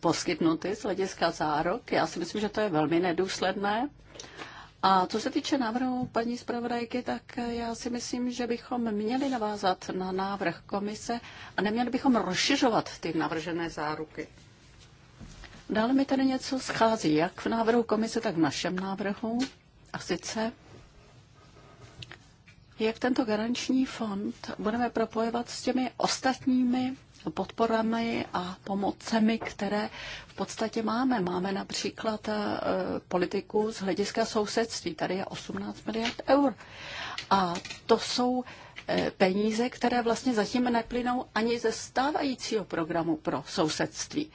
Speaker 1: poskytnuty z hlediska zárok. Já si myslím, že to je velmi nedůsledné. A co se týče návrhu paní zpravodajky, tak já si myslím, že bychom měli navázat na návrh komise a neměli bychom rozšiřovat ty navržené záruky. Dále mi tady něco schází, jak v návrhu komise, tak v našem návrhu. A sice, jak tento garanční fond budeme propojovat s těmi ostatními podporami a pomocemi, které v podstatě máme. Máme například eh, politiku z hlediska sousedství. Tady je 18 miliard eur. A to jsou eh, peníze, které vlastně zatím neplynou ani ze stávajícího programu pro sousedství.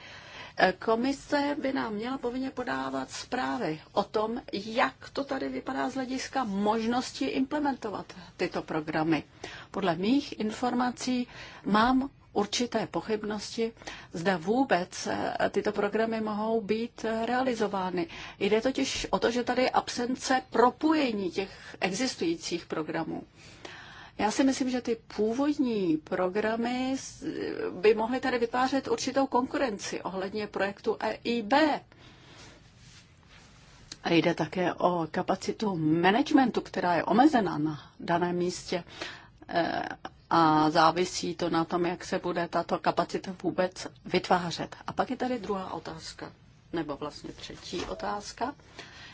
Speaker 1: Komise by nám měla povinně podávat zprávy o tom, jak to tady vypadá z hlediska možnosti implementovat tyto programy. Podle mých informací mám určité pochybnosti, zda vůbec eh, tyto programy mohou být eh, realizovány. Jde totiž o to, že tady je absence propojení těch existujících programů. Já si myslím, že ty původní programy by mohly tady vytvářet určitou konkurenci ohledně projektu EIB. A jde také o kapacitu managementu, která je omezená na daném místě e, a závisí to na tom, jak se bude tato kapacita vůbec vytvářet. A pak je tady druhá otázka, nebo vlastně třetí otázka.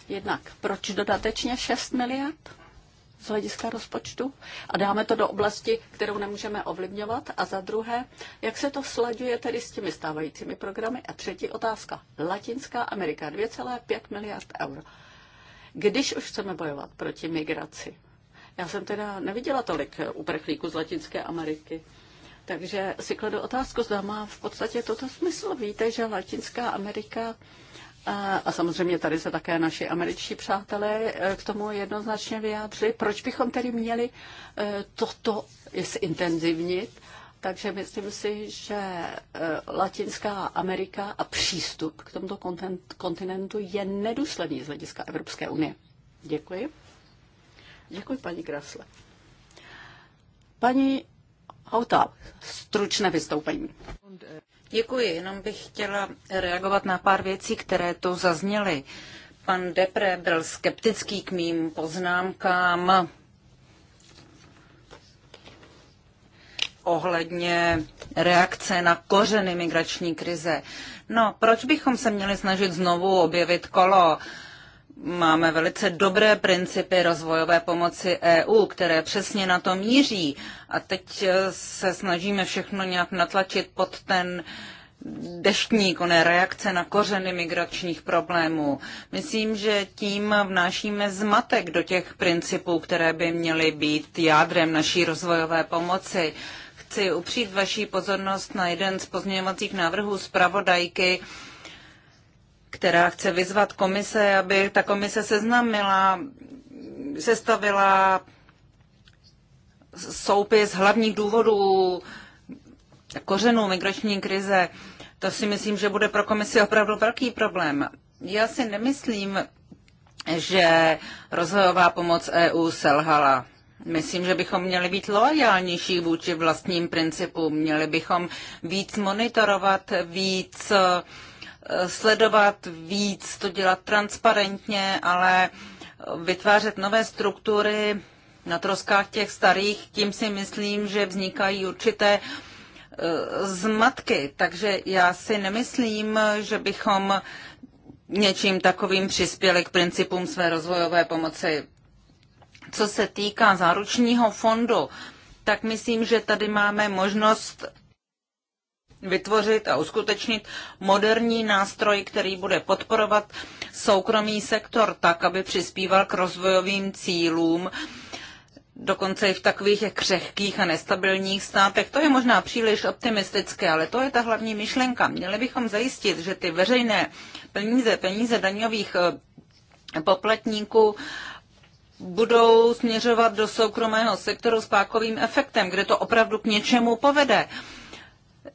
Speaker 1: Jednak, proč dodatečně 6 miliard? z hlediska rozpočtu a dáme to do oblasti, kterou nemůžeme ovlivňovat? A za druhé, jak se to slaďuje tedy s těmi stávajícími programy? A třetí otázka. Latinská Amerika, 2,5 miliard eur. Když už chceme bojovat proti migraci, já jsem teda neviděla tolik uprchlíků z Latinské Ameriky, takže si kladu otázku, zda má v podstatě toto smysl. Víte, že Latinská Amerika a samozřejmě tady se také naši američtí přátelé e, k tomu jednoznačně vyjádřili. Proč bychom tedy měli e, toto zintenzivnit? Takže myslím si, že e, Latinská Amerika a přístup k tomuto kontinentu je nedůsledný z hlediska Evropské unie. Děkuji. Děkuji, paní Krasle. Paní Hautal, stručné vystoupení.
Speaker 2: Děkuji, jenom bych chtěla reagovat na pár věcí, které tu zazněly. Pan Depre byl skeptický k mým poznámkám ohledně reakce na kořeny migrační krize. No, proč bychom se měli snažit znovu objevit kolo? Uh, máme velice dobré principy rozvojové pomoci EU, které přesně na to míří. A teď eh, se snažíme všechno nějak natlačit pod ten deštník, oné reakce na kořeny migračních problémů. Myslím, že tím vnášíme zmatek do těch principů, které by měly být jádrem naší rozvojové pomoci. Chci upřít vaší pozornost na jeden z pozměňovacích návrhů zpravodajky, pravodajky, která chce vyzvat komise, aby ta komise seznamila, sestavila soupis hlavních důvodů kořenů migrační krize. To si myslím, že bude pro komisi opravdu velký problém. Já si nemyslím, že rozvojová pomoc EU selhala. Myslím, že bychom měli být loajálnější vůči vlastním principům, měli bychom víc monitorovat, víc uh, sledovat víc, to dělat transparentně, ale vytvářet nové struktury na troskách těch starých, tím si myslím, že vznikají určité eh, zmatky. Takže já si nemyslím, že bychom něčím takovým přispěli k principům své rozvojové pomoci. Co se týká záručního fondu, tak myslím, že tady máme možnost vytvořit a uskutečnit moderní nástroj, který bude podporovat soukromý sektor tak, aby přispíval k rozvojovým cílům, dokonce i v takových křehkých a nestabilních státech. To je možná příliš optimistické, ale to je ta hlavní myšlenka. Měli bychom zajistit, že ty veřejné peníze, peníze daňových eh, poplatníků budou směřovat do soukromého sektoru s pákovým efektem, kde to opravdu k něčemu povede.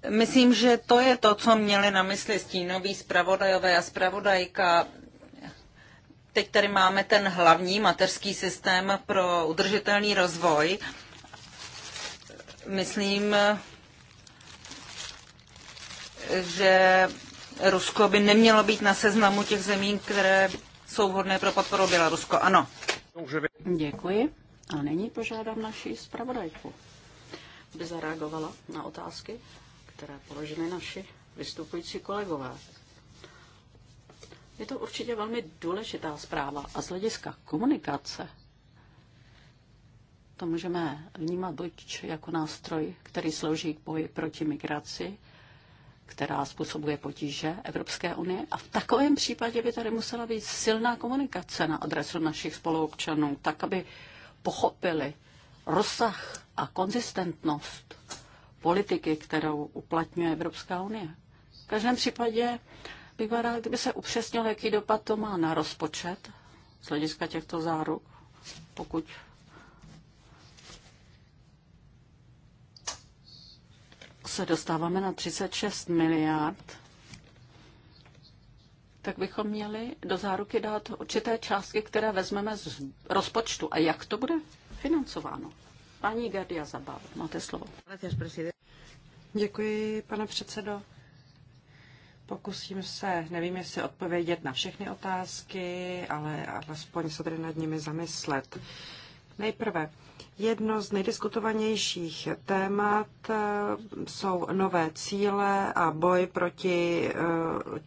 Speaker 2: Myslím, že to je to, co měli na mysli stínoví zpravodajové a zpravodajka. Teď tady máme ten hlavní mateřský systém pro udržitelný rozvoj. Myslím, že Rusko by nemělo být na seznamu těch zemí, které jsou vhodné pro podporu Bělorusko. Ano. Děkuji. A nyní požádám naši zpravodajku,
Speaker 1: aby zareagovala na otázky které položili naši vystupující kolegové. Je to určitě velmi důležitá zpráva a z hlediska komunikace to můžeme vnímat buď jako nástroj, který slouží k boji proti migraci, která způsobuje potíže Evropské unie. A v takovém případě by tady musela být silná komunikace na adresu našich spoluobčanů, tak aby pochopili rozsah a konzistentnost politiky, kterou uplatňuje Evropská unie. V každém případě bych byla rád, kdyby se upřesnil, jaký dopad to má na rozpočet z hlediska těchto záruk, pokud se dostáváme na 36 miliard, tak bychom měli do záruky dát určité částky, které vezmeme z rozpočtu. A jak to bude financováno? Paní Gardia Zabal,
Speaker 3: máte slovo. Děkuji, pane předsedo. Pokusím se, nevím, jestli odpovědět na všechny otázky, ale alespoň se tedy nad nimi zamyslet. Nejprve, jedno z nejdiskutovanějších témat eh, jsou nové cíle a boj proti eh,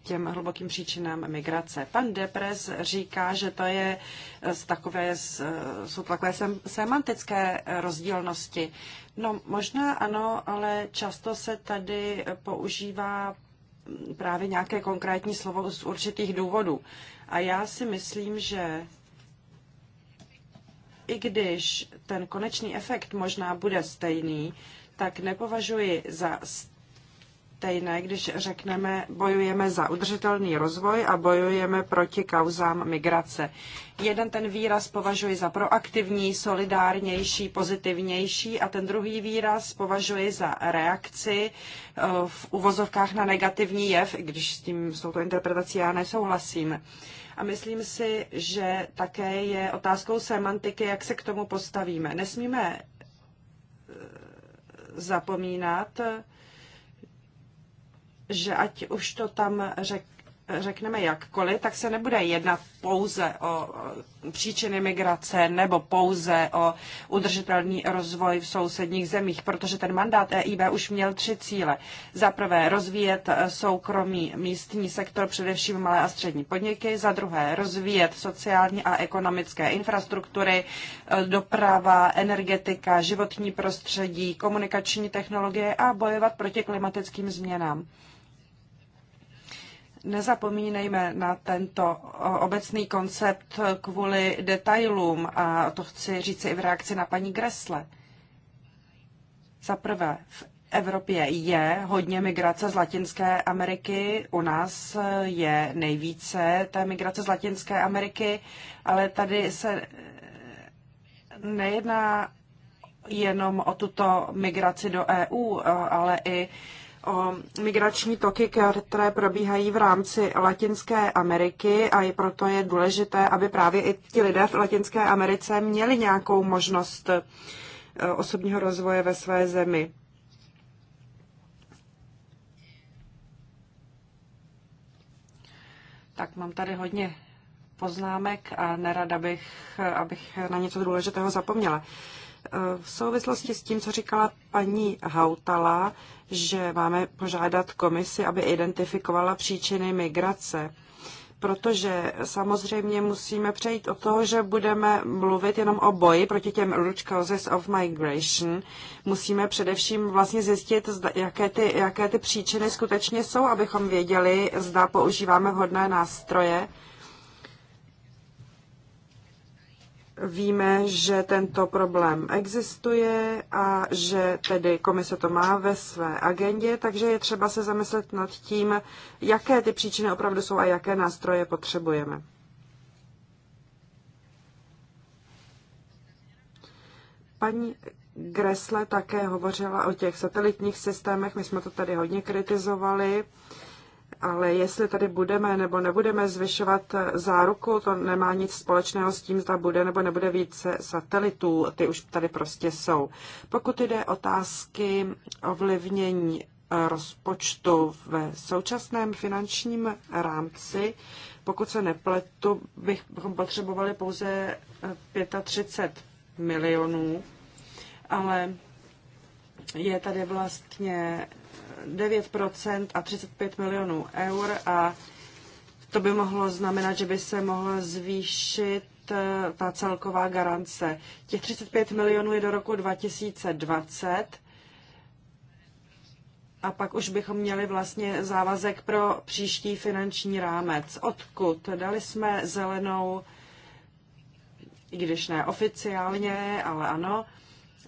Speaker 3: těm hlubokým příčinám migrace. Pan Depres říká, že to je z takové, jsou takové semantické rozdílnosti. No možná ano, ale často se tady používá právě nějaké konkrétní slovo z určitých důvodů. A já si myslím, že i když ten konečný efekt možná bude stejný, tak nepovažuji za stejné, když řekneme, bojujeme za udržitelný rozvoj a bojujeme proti kauzám migrace. Jeden ten výraz považuji za proaktivní, solidárnější, pozitivnější a ten druhý výraz považuji za reakci eh, v uvozovkách na negativní jev, i když s tím s touto interpretací já nesouhlasím. A myslím si, že také je otázkou semantiky, jak se k tomu postavíme. Nesmíme eh, zapomínat, že ať už to tam řekl řekneme jakkoliv, tak se nebude jednat pouze o příčiny migrace nebo pouze o udržitelný rozvoj v sousedních zemích, protože ten mandát EIB už měl tři cíle. Za prvé rozvíjet e, soukromý místní sektor, především malé a střední podniky, za druhé rozvíjet sociální a ekonomické infrastruktury, e, doprava, energetika, životní prostředí, komunikační technologie a bojovat proti klimatickým změnám. Nezapomínejme na tento obecný koncept kvůli detailům a to chci říct i v reakci na paní Gresle. Za prvé, v Evropě je hodně migrace z Latinské Ameriky, u nás je nejvíce té migrace z Latinské Ameriky, ale tady se nejedná jenom o tuto migraci do EU, ale i o migrační toky, které probíhají v rámci Latinské Ameriky a i proto je důležité, aby právě i ti lidé v Latinské Americe měli nějakou možnost eh, osobního rozvoje ve své zemi. Tak mám tady hodně poznámek a nerada bych, abych na něco důležitého zapomněla. Eh, v souvislosti s tím, co říkala paní Hautala, že máme požádat komisi, aby identifikovala příčiny migrace. Protože samozřejmě musíme přejít od toho, že budeme mluvit jenom o boji proti těm root causes of migration. Musíme především vlastně zjistit, jaké ty, jaké ty příčiny skutečně jsou, abychom věděli, zda používáme vhodné nástroje Víme, že tento problém existuje a že tedy komise to má ve své agendě, takže je třeba se zamyslet nad tím, jaké ty příčiny opravdu jsou a jaké nástroje potřebujeme. Paní Gresle také hovořila o těch satelitních systémech, my jsme to tady hodně kritizovali. Uh, ale jestli tady budeme nebo nebudeme zvyšovat záruku, to nemá nic společného s tím, zda bude nebo nebude více satelitů, ty už tady prostě jsou. Pokud jde otázky ovlivnění eh, rozpočtu ve současném finančním rámci, pokud se nepletu, bychom potřebovali pouze 35 eh, milionů, ale je tady vlastně 9 a 35 milionů eur a to by mohlo znamenat, že by se mohla zvýšit eh, ta celková garance. Těch 35 milionů je do roku 2020 a pak už bychom měli vlastně závazek pro příští finanční rámec. Odkud? Dali jsme zelenou, i když ne oficiálně, ale ano,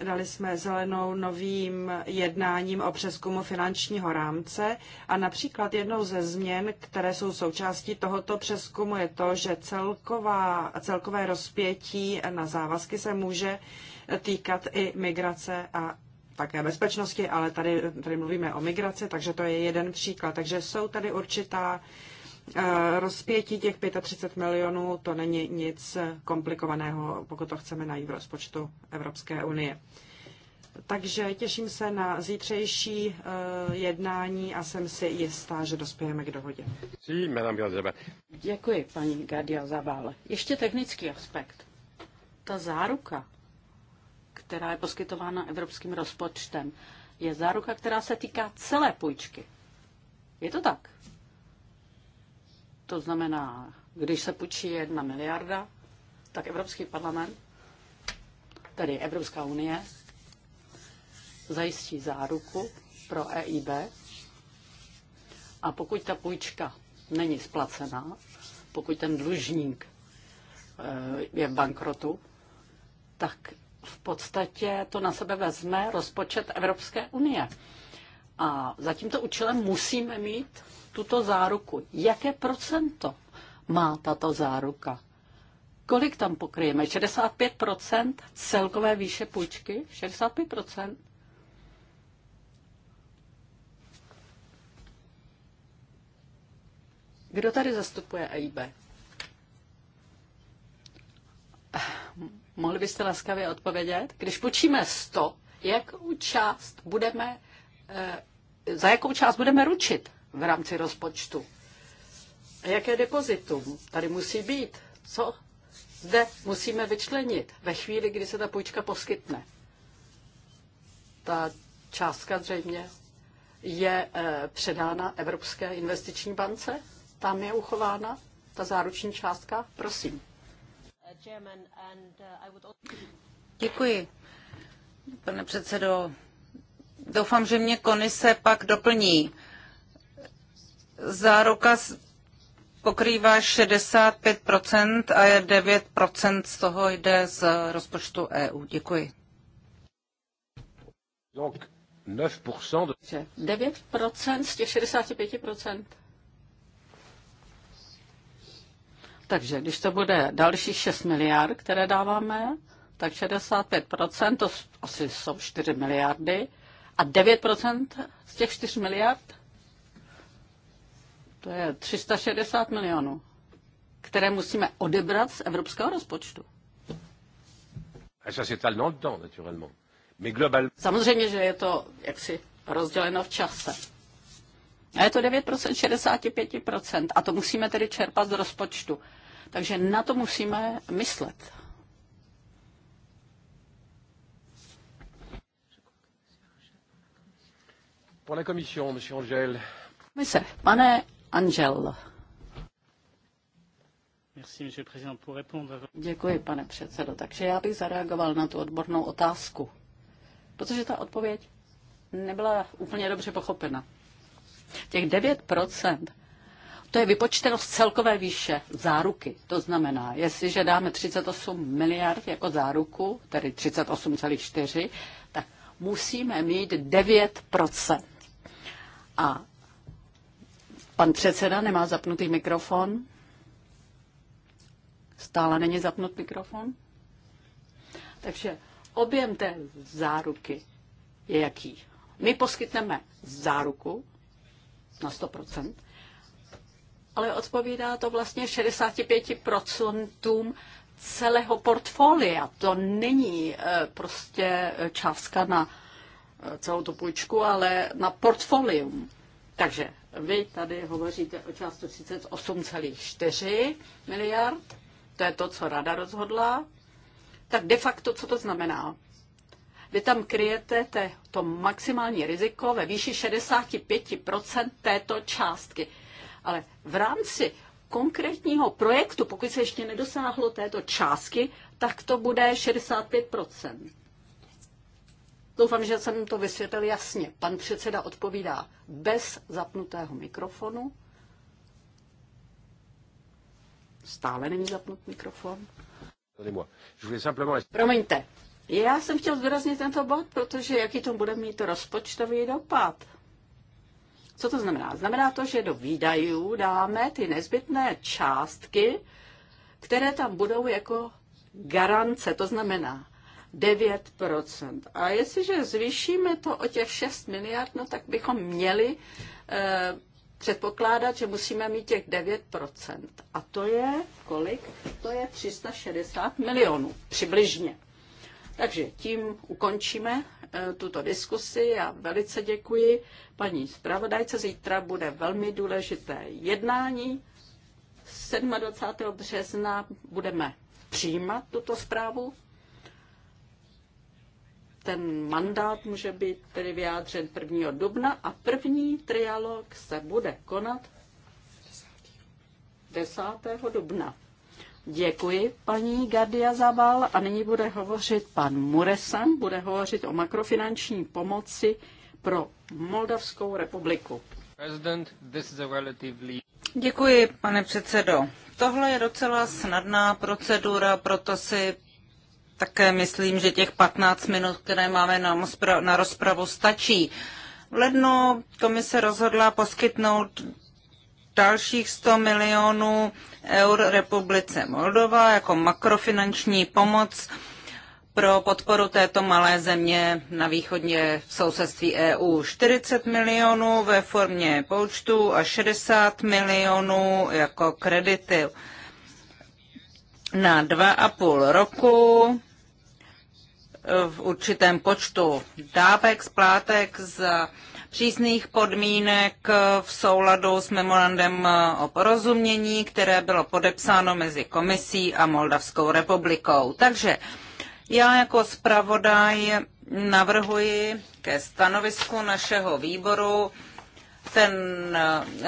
Speaker 3: Dali jsme zelenou novým jednáním o přeskumu finančního rámce a například jednou ze změn, které jsou součástí tohoto přeskumu, je to, že celková, celkové rozpětí na závazky se může týkat i migrace a také bezpečnosti, ale tady, tady mluvíme o migraci, takže to je jeden příklad. Takže jsou tady určitá Eh, rozpětí těch 35 milionů to není nic eh, komplikovaného, pokud to chceme najít v rozpočtu Evropské unie. Takže těším se na zítřejší eh, jednání a jsem si jistá, že dospějeme k dohodě. Děkuji, paní Gadia Zavále.
Speaker 1: Ještě technický aspekt. Ta záruka, která je poskytována evropským rozpočtem, je záruka, která se týká celé půjčky. Je to tak? To znamená, když se půjčí jedna miliarda, tak Evropský parlament, tedy Evropská unie, zajistí záruku pro EIB a pokud ta půjčka není splacená, pokud ten dlužník eh, je v bankrotu, tak v podstatě to na sebe vezme rozpočet Evropské unie. A za tímto účelem musíme mít tuto záruku. Jaké procento má tato záruka? Kolik tam pokryjeme? 65% celkové výše půjčky? 65%? Kdo tady zastupuje EIB? Mohli byste laskavě odpovědět? Když půjčíme 100, jakou část budeme, eh, za jakou část budeme ručit? v rámci rozpočtu. Jaké depozitum tady musí být? Co zde musíme vyčlenit ve chvíli, kdy se ta půjčka poskytne? Ta částka zřejmě je eh, předána Evropské investiční bance? Tam je uchována ta záruční částka? Prosím.
Speaker 2: Děkuji. Pane předsedo, doufám, že mě Konise pak doplní. Záruka pokrývá 65 a je 9 z toho jde z rozpočtu EU. Děkuji.
Speaker 1: 9 z těch 65 Takže když to bude další 6 miliard, které dáváme, tak 65%, to asi jsou 4 miliardy, a 9% z těch 4 miliard to je 360 milionů, které musíme odebrat z evropského rozpočtu.
Speaker 3: Ah, Samozřejmě,
Speaker 1: že je to jaksi rozděleno v čase. A je to 9%, 65%. A to musíme tedy čerpat z rozpočtu. Takže na to musíme myslet. Pane komisi, Angel. pane Děkuji, pane předsedo. Takže já bych zareagoval na tu odbornou otázku, protože ta odpověď nebyla úplně dobře pochopena. Těch 9% to je vypočteno z celkové výše záruky. To znamená, jestliže dáme 38 miliard jako záruku, tedy 38,4, tak musíme mít 9%. A Pan předseda nemá zapnutý mikrofon. Stále není zapnut mikrofon. Takže objem té záruky je jaký? My poskytneme záruku na 100%, ale odpovídá to vlastně 65% celého portfolia. To není eh, prostě eh, částka na eh, celou tu půjčku, ale na portfolium. Takže vy tady hovoříte o částu 38,4 miliard, to je to, co rada rozhodla. Tak de facto, co to znamená? Vy tam kryjete to maximální riziko ve výši 65% této částky. Ale v rámci konkrétního projektu, pokud se ještě nedosáhlo této částky, tak to bude 65%. Doufám, že jsem to vysvětlil jasně. Pan předseda odpovídá bez zapnutého mikrofonu. Stále není zapnut mikrofon. Promiňte, já jsem chtěl zdůraznit tento bod, protože jaký to bude mít rozpočtový dopad. Co to znamená? Znamená to, že do výdajů dáme ty nezbytné částky, které tam budou jako garance. To znamená, 9 A jestliže zvýšíme to o těch 6 miliard, no tak bychom měli eh, předpokládat, že musíme mít těch 9 A to je kolik? To je 360 milionů přibližně. Takže tím ukončíme eh, tuto diskusi. Já velice děkuji paní zpravodajce. Zítra bude velmi důležité jednání. 27. března budeme přijímat tuto zprávu ten mandát může být tedy vyjádřen 1. dubna a první trialog se bude konat 10. dubna. Děkuji, paní Gardia Zabal. A nyní bude hovořit pan Muresan, bude hovořit o makrofinanční pomoci pro Moldavskou
Speaker 2: republiku. Děkuji, pane předsedo. Tohle je docela snadná procedura, proto si také myslím, že těch 15 minut, které máme na, na rozpravu, stačí. V lednu komise rozhodla poskytnout dalších 100 milionů eur republice Moldova jako makrofinanční pomoc pro podporu této malé země na východně v sousedství EU. 40 milionů ve formě poučtu a 60 milionů jako kredity na dva a půl roku v určitém počtu dávek, splátek za přísných podmínek v souladu s memorandem o porozumění, které bylo podepsáno mezi komisí a Moldavskou republikou. Takže já jako zpravodaj navrhuji ke stanovisku našeho výboru. Ten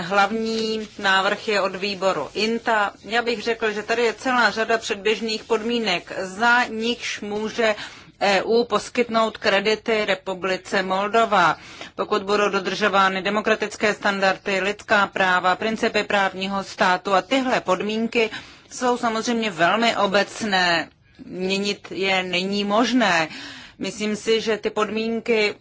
Speaker 2: hlavní návrh je od výboru INTA. Já bych řekl, že tady je celá řada předběžných podmínek, za nichž může uh, EU poskytnout kredity Republice Moldova. Pokud budou dodržovány demokratické standardy, lidská práva, principy právního státu a tyhle podmínky jsou samozřejmě velmi obecné. Měnit je není možné. Myslím si, že ty podmínky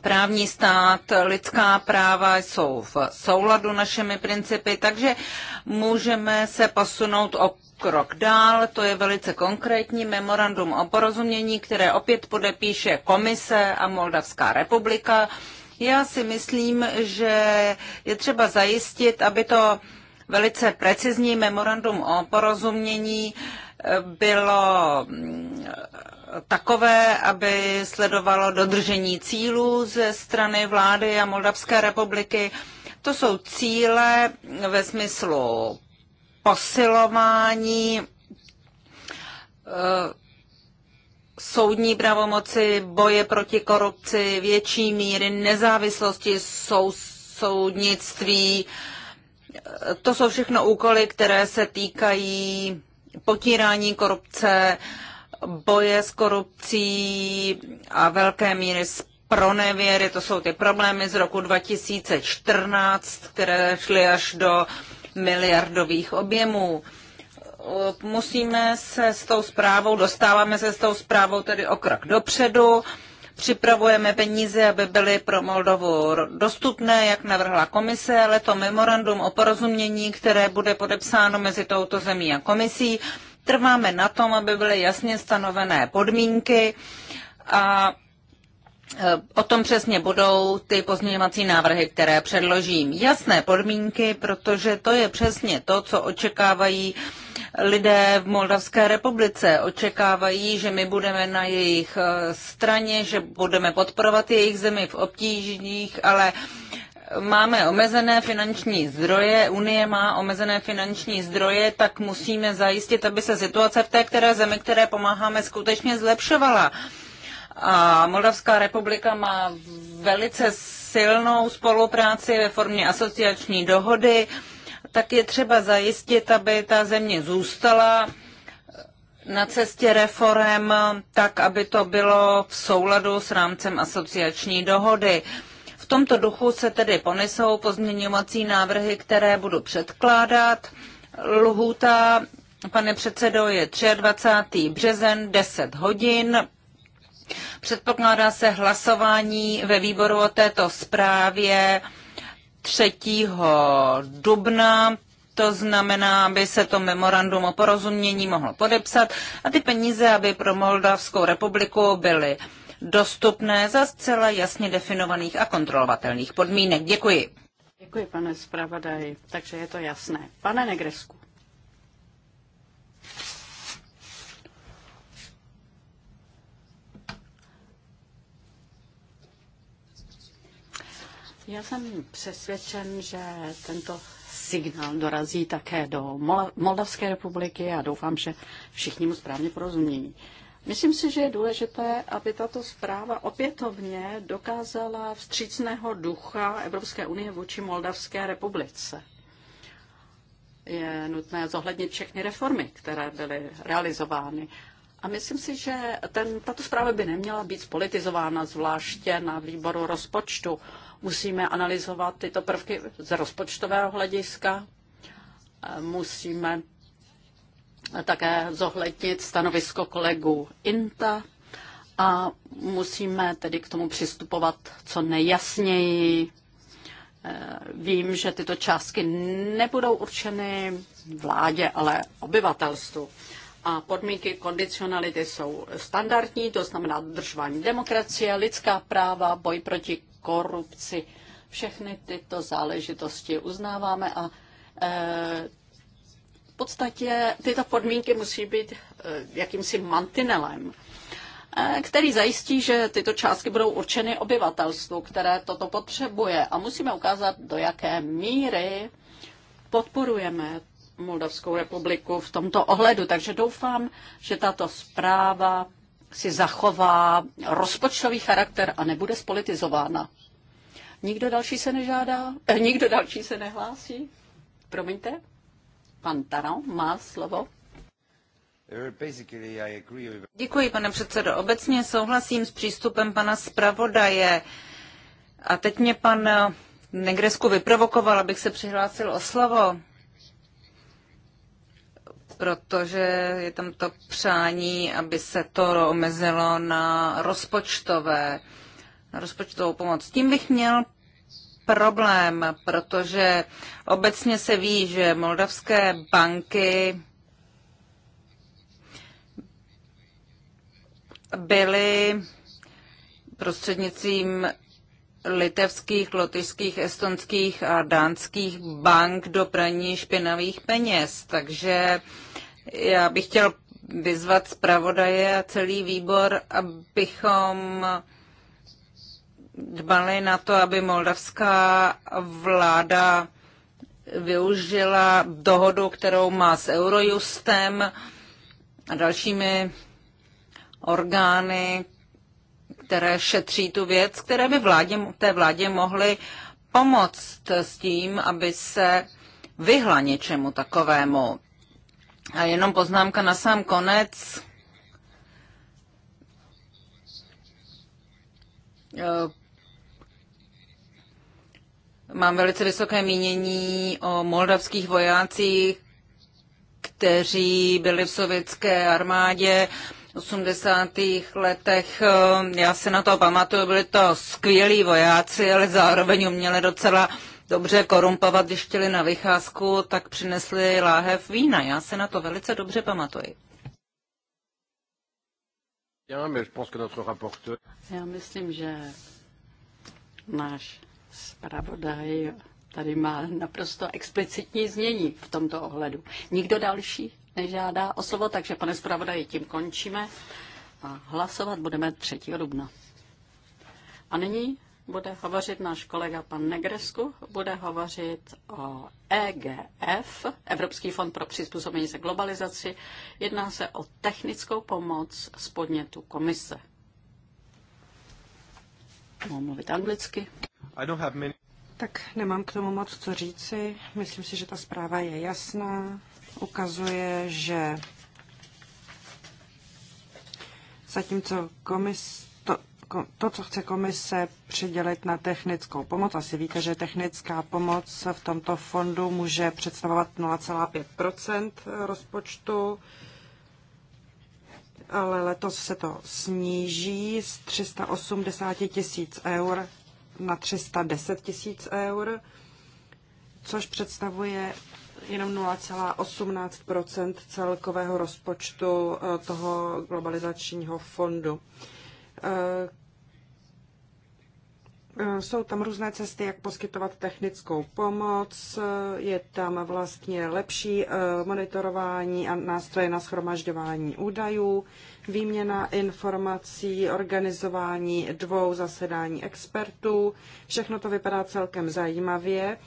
Speaker 2: právní stát, lidská práva jsou v souladu našimi principy, takže můžeme se posunout o krok dál, to je velice konkrétní memorandum o porozumění, které opět podepíše komise a Moldavská republika. Já si myslím, že je třeba zajistit, aby to velice precizní memorandum o porozumění eh, bylo mm, takové, aby sledovalo dodržení cílů ze strany vlády a Moldavské republiky. To jsou cíle ve smyslu posilování eh, soudní pravomoci, boje proti korupci, větší míry nezávislosti sou, soudnictví. Eh, to jsou všechno úkoly, které se týkají potírání korupce, boje s korupcí a velké míry pronevěry. To jsou ty problémy z roku 2014, které šly až do miliardových objemů. Musíme se s tou zprávou, dostáváme se s tou zprávou tedy o krok dopředu, připravujeme peníze, aby byly pro Moldovu dostupné, jak navrhla komise, ale to memorandum o porozumění, které bude podepsáno mezi touto zemí a komisí, trváme na tom, aby byly jasně stanovené podmínky a O tom přesně budou ty pozměňovací návrhy, které předložím. Jasné podmínky, protože to je přesně to, co očekávají lidé v Moldavské republice. Očekávají, že my budeme na jejich eh, straně, že budeme podporovat jejich zemi v obtížích, ale máme omezené finanční zdroje, Unie má omezené finanční zdroje, tak musíme zajistit, aby se situace v té které zemi, které pomáháme, skutečně zlepšovala a Moldavská republika má velice silnou spolupráci ve formě asociační dohody, tak je třeba zajistit, aby ta země zůstala na cestě reform, tak aby to bylo v souladu s rámcem asociační dohody. V tomto duchu se tedy ponesou pozměňovací návrhy, které budu předkládat. Lhůta, pane předsedo, je 23. březen 10 hodin. Předpokládá se hlasování ve výboru o této zprávě 3. dubna. To znamená, aby se to memorandum o porozumění mohlo podepsat a ty peníze, aby pro Moldavskou republiku byly dostupné za zcela jasně definovaných a kontrolovatelných podmínek. Děkuji.
Speaker 1: Děkuji, pane zpravodaji. Takže je to jasné. Pane Negresku. Já jsem přesvědčen, že tento signál dorazí také do Moldavské republiky a doufám, že všichni mu správně porozumí. Myslím si, že je důležité, aby tato zpráva opětovně dokázala vstřícného ducha Evropské unie vůči Moldavské republice. Je nutné zohlednit všechny reformy, které byly realizovány. A myslím si, že ten, tato zpráva by neměla být spolitizována, zvláště na výboru rozpočtu. Musíme analyzovat tyto prvky z rozpočtového hlediska. Musíme také zohlednit stanovisko kolegů INTA a musíme tedy k tomu přistupovat co nejjasněji. Eh, vím, že tyto částky nebudou určeny vládě, ale obyvatelstvu. A podmínky kondicionality jsou standardní, to znamená dodržování demokracie, lidská práva, boj proti korupci. Všechny tyto záležitosti uznáváme a e, v podstatě tyto podmínky musí být e, jakýmsi mantinelem, e, který zajistí, že tyto částky budou určeny obyvatelstvu, které toto potřebuje. A musíme ukázat, do jaké míry podporujeme Moldavskou republiku v tomto ohledu. Takže doufám, že tato zpráva si zachová rozpočtový charakter a nebude spolitizována. Nikdo další se nežádá? Eh, nikdo další
Speaker 2: se nehlásí? Promiňte? Pan Taran má slovo. Děkuji, pane předsedo. Obecně souhlasím s přístupem pana zpravodaje. A teď mě pan Negresku vyprovokoval, abych se přihlásil o slovo protože je tam to přání, aby se to omezilo na rozpočtové, na rozpočtovou pomoc. Tím bych měl problém, protože obecně se ví, že moldavské banky byly prostřednictvím litevských, lotyšských, estonských a dánských bank do praní špinavých peněz. Takže já bych chtěl vyzvat zpravodaje a celý výbor, abychom dbali na to, aby moldavská vláda využila dohodu, kterou má s Eurojustem a dalšími orgány, které šetří tu věc, které by vládě, té vládě mohly pomoct s tím, aby se vyhla něčemu takovému. A jenom poznámka na sám konec. Mám velice vysoké mínění o moldavských vojácích, kteří byli v sovětské armádě v 80. letech. Já se na to pamatuju, byli to skvělí vojáci, ale zároveň uměli docela dobře korumpovat, když chtěli na vycházku, tak přinesli láhev vína. Já se na to velice dobře pamatuji.
Speaker 1: Já myslím, že náš zpravodaj tady má naprosto explicitní znění v tomto ohledu. Nikdo další nežádá o slovo, takže pane zpravodaji, tím končíme a hlasovat budeme 3. dubna. A nyní bude hovořit náš kolega pan Negresku, bude hovořit o EGF, Evropský fond pro přizpůsobení se globalizaci. Jedná se o technickou pomoc z podnětu komise. Můžu mluvit anglicky? I don't have many...
Speaker 3: Tak nemám k tomu moc co říci. Myslím si, že ta zpráva je jasná. Ukazuje, že zatímco komise to, co chce komise přidělit na technickou pomoc. Asi víte, že technická pomoc v tomto fondu může představovat 0,5 rozpočtu, ale letos se to sníží z 380 tisíc eur na 310 tisíc eur, což představuje jenom 0,18 celkového rozpočtu eh, toho globalizačního fondu. Eh, jsou tam různé cesty, jak poskytovat technickou pomoc, je tam vlastně lepší eh, monitorování a nástroje na schromažďování údajů, výměna informací, organizování dvou zasedání expertů. Všechno to vypadá celkem zajímavě.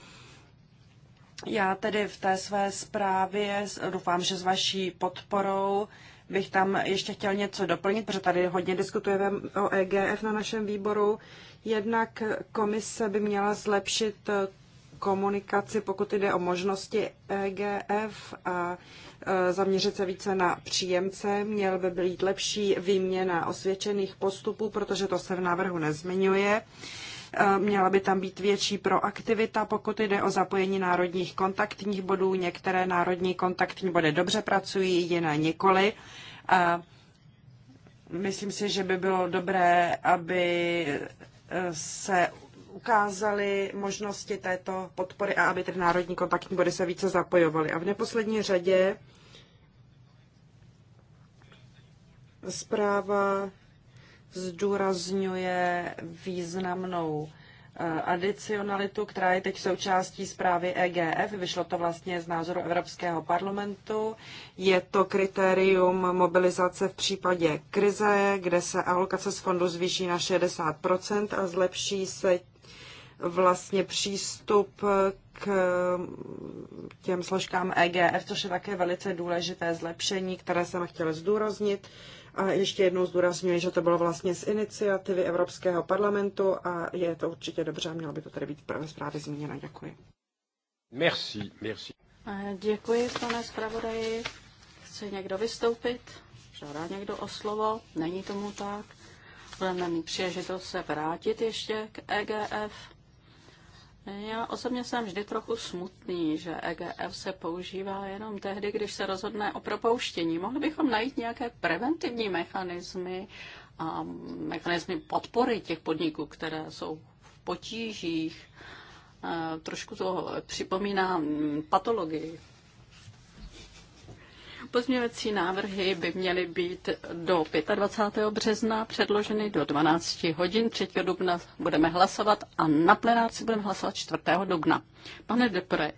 Speaker 3: Já tedy v té své zprávě doufám, že s vaší podporou bych tam ještě chtěl něco doplnit, protože tady hodně diskutujeme o EGF na našem výboru. Jednak komise by měla zlepšit eh, komunikaci, pokud jde o možnosti EGF a eh, zaměřit se více na příjemce. Měl by být lepší výměna osvědčených postupů, protože to se v návrhu nezmiňuje. Eh, měla by tam být větší proaktivita, pokud jde o zapojení národních kontaktních bodů. Některé národní kontaktní body dobře pracují, jiné nikoli. A eh, myslím si, že by bylo dobré, aby eh, se ukázaly možnosti této podpory a aby ty národní kontaktní body se více zapojovaly. A v neposlední řadě zpráva zdůrazňuje významnou eh, adicionalitu, která je teď součástí zprávy EGF. Vyšlo to vlastně z názoru Evropského parlamentu. Je to kritérium mobilizace v případě krize, kde se alokace z fondu zvýší na 60 a zlepší se vlastně přístup k těm složkám EGF, což je také velice důležité zlepšení, které jsem chtěla zdůraznit. A ještě jednou zdůrazňuji, že to bylo vlastně z iniciativy Evropského parlamentu a je to určitě dobře, mělo by to tady být ve zprávě zmíněno. Děkuji. Merci, merci.
Speaker 1: Děkuji, pane zpravodaji. Chce někdo vystoupit? Žádá někdo o slovo? Není tomu tak. Budeme mít příležitost se vrátit ještě k EGF. Já osobně jsem vždy trochu smutný, že EGF se používá jenom tehdy, když se rozhodne o propouštění. Mohli bychom najít nějaké preventivní mechanismy a mechanismy podpory těch podniků, které jsou v potížích. Eh, trošku to připomíná mm, patologii. Pozměňovací návrhy by měly být do 25. března předloženy do 12 hodin. 3. dubna budeme hlasovat a na plenárci budeme hlasovat 4. dubna. Pane Depre,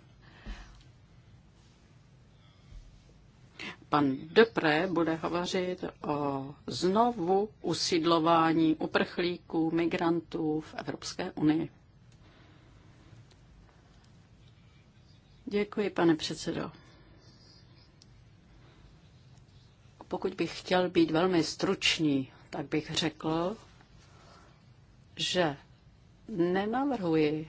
Speaker 1: pan Depre bude hovořit o znovu usídlování uprchlíků, migrantů v Evropské unii. Děkuji, pane předsedo. Pokud bych chtěl být velmi stručný, tak bych řekl, že nenavrhuji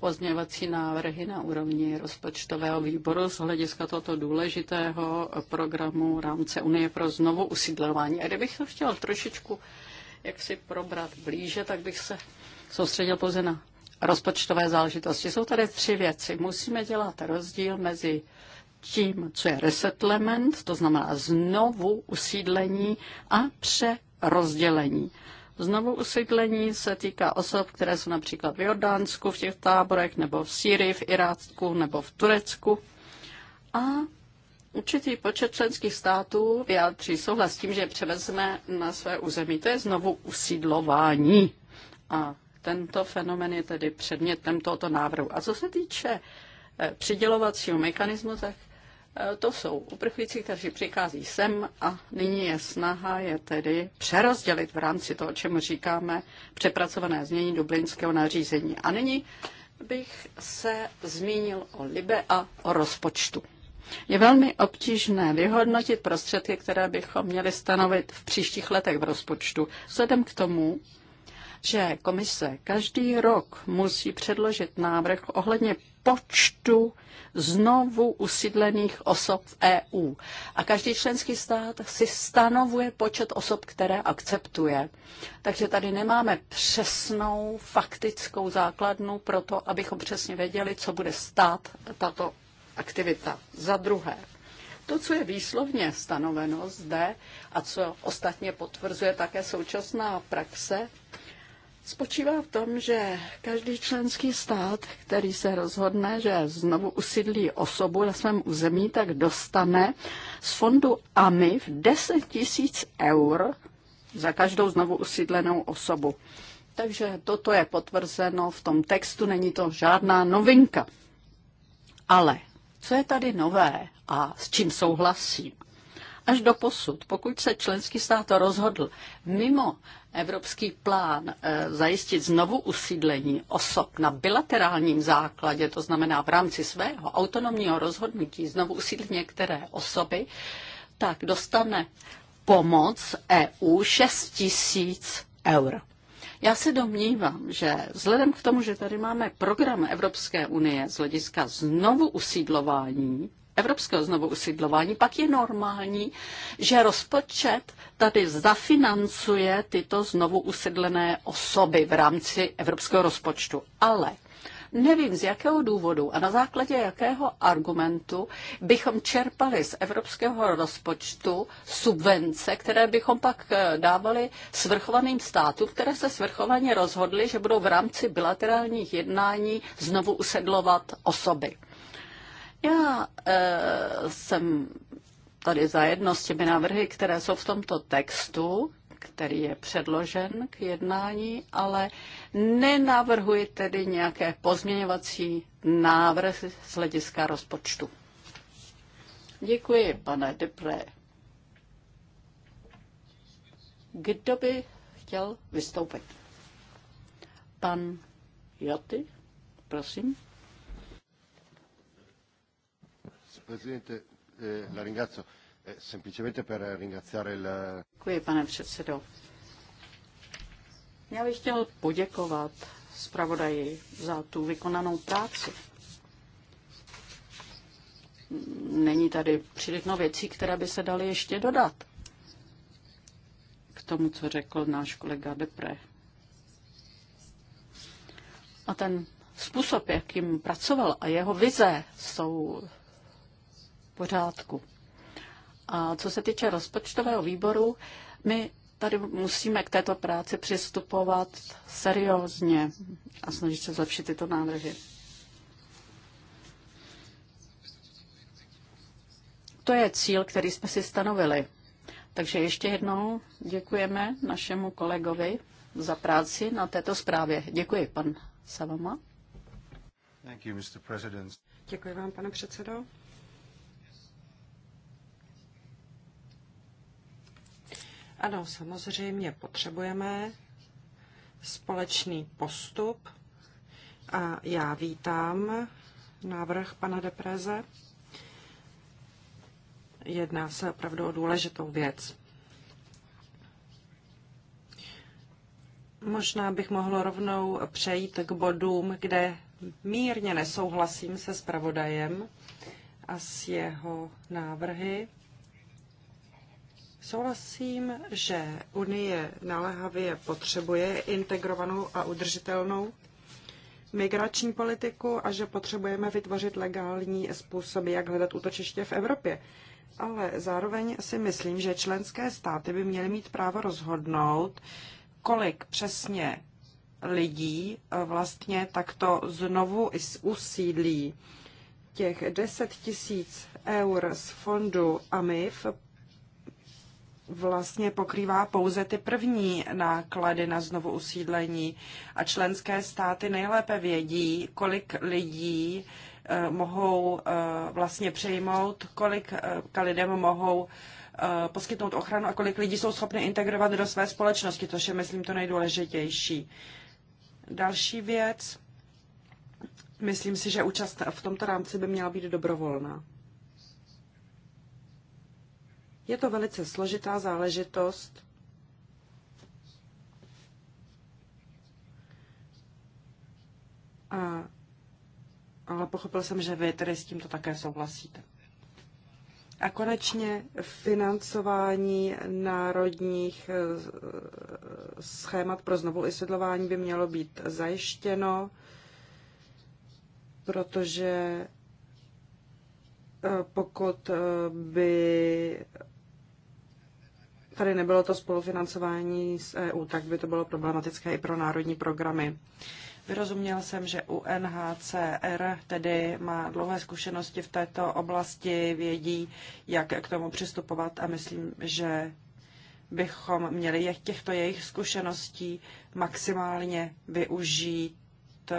Speaker 1: pozměňovací návrhy na úrovni rozpočtového výboru z hlediska tohoto důležitého programu rámce Unie pro znovu usídlování. A kdybych to chtěl trošičku jak si probrat blíže, tak bych se soustředil pouze na rozpočtové záležitosti. Jsou tady tři věci. Musíme dělat rozdíl mezi tím, co je resettlement, to znamená znovu usídlení a přerozdělení. Znovu usídlení se týká osob, které jsou například v Jordánsku v těch táborech, nebo v Sýrii, v Irácku, nebo v Turecku. A určitý počet členských států vyjádří souhlas tím, že převezme na své území. To je znovu usídlování. A tento fenomen je tedy předmětem tohoto návrhu. A co se týče eh, přidělovacího mechanismu, tak E, to jsou uprchlíci, kteří přichází sem a nyní je snaha je tedy přerozdělit v rámci toho, čemu říkáme přepracované změní dublinského nařízení. A nyní bych se zmínil o libe a o rozpočtu. Je velmi obtížné vyhodnotit prostředky, které bychom měli stanovit v příštích letech v rozpočtu, vzhledem k tomu, že komise každý rok musí předložit návrh ohledně počtu znovu usídlených osob v EU. A každý členský stát si stanovuje počet osob, které akceptuje. Takže tady nemáme přesnou faktickou základnu pro to, abychom přesně věděli, co bude stát tato aktivita. Za druhé, to, co je výslovně stanoveno zde a co ostatně potvrzuje také současná praxe, spočívá v tom, že každý členský stát, který se rozhodne, že znovu usídlí osobu na svém území, tak dostane z fondu AMIF 10 tisíc eur za každou znovu usídlenou osobu. Takže toto je potvrzeno v tom textu, není to žádná novinka. Ale co je tady nové a s čím souhlasím? Až do posud, pokud se členský stát rozhodl mimo evropský plán eh, zajistit znovu usídlení osob na bilaterálním základě, to znamená v rámci svého autonomního rozhodnutí znovu usídlit některé osoby, tak dostane pomoc EU 6 tisíc eur. Já se domnívám, že vzhledem k tomu, že tady máme program Evropské unie z hlediska znovu usídlování, evropského znovu usídlování, pak je normální, že rozpočet tady zafinancuje tyto znovu usedlené osoby v rámci evropského rozpočtu. Ale Nevím, z jakého důvodu a na základě jakého argumentu bychom čerpali z evropského rozpočtu subvence, které bychom pak eh, dávali svrchovaným státům, které se svrchovaně rozhodly, že budou v rámci bilaterálních jednání znovu usedlovat osoby. Já e, jsem tady zajedno s těmi návrhy, které jsou v tomto textu, který je předložen k jednání, ale nenavrhuji tedy nějaké pozměňovací návrh z hlediska rozpočtu. Děkuji, pane Depré. Kdo by chtěl vystoupit? Pan Joty, prosím. Presidente, eh, la ringrazio. Eh, semplicemente per ringraziare il... Děkuji, pane předsedo. Já bych chtěl poděkovat zpravodaji za tu vykonanou práci. Není tady příliš mnoho věcí, které by se daly ještě dodat k tomu, co řekl náš kolega Depre. A ten způsob, jakým pracoval a jeho vize jsou pořádku. A co se týče rozpočtového výboru, my tady musíme k této práci přistupovat seriózně a snažit se zlepšit tyto návrhy. To je cíl, který jsme si stanovili. Takže ještě jednou děkujeme našemu kolegovi za práci na této zprávě. Děkuji, pan Savama.
Speaker 3: Děkuji vám, pane předsedo. Ano, samozřejmě potřebujeme společný postup a já vítám návrh pana Depreze. Jedná se opravdu o důležitou věc. Možná bych mohl rovnou přejít k bodům, kde mírně nesouhlasím se zpravodajem a s jeho návrhy. Souhlasím, že Unie naléhavě potřebuje integrovanou a udržitelnou migrační politiku a že potřebujeme vytvořit legální způsoby, jak hledat útočiště v Evropě. Ale zároveň si myslím, že členské státy by měly mít právo rozhodnout, kolik přesně lidí eh, vlastně takto znovu usídlí. Těch 10 tisíc eur z fondu AMIF vlastně pokrývá pouze ty první náklady na znovu usídlení a členské státy nejlépe vědí, kolik lidí eh, mohou eh, vlastně přejmout, kolik eh, lidem mohou poskytnout ochranu a kolik lidí jsou schopny integrovat do své společnosti, což je, myslím, to nejdůležitější. Další věc, myslím si, že účast v tomto rámci by měla být dobrovolná. Je to velice složitá záležitost. A, ale pochopil jsem, že vy tedy s tímto také souhlasíte. A konečně financování národních e, schémat pro znovu vysvětlování by mělo být zajištěno, protože e, pokud e, by tady nebylo to spolufinancování z EU, tak by to bylo problematické i pro národní programy. Vyrozuměl jsem, že UNHCR tedy má dlouhé zkušenosti v této oblasti, vědí, jak k tomu přistupovat a myslím, že bychom měli těchto jejich zkušeností maximálně využít eh,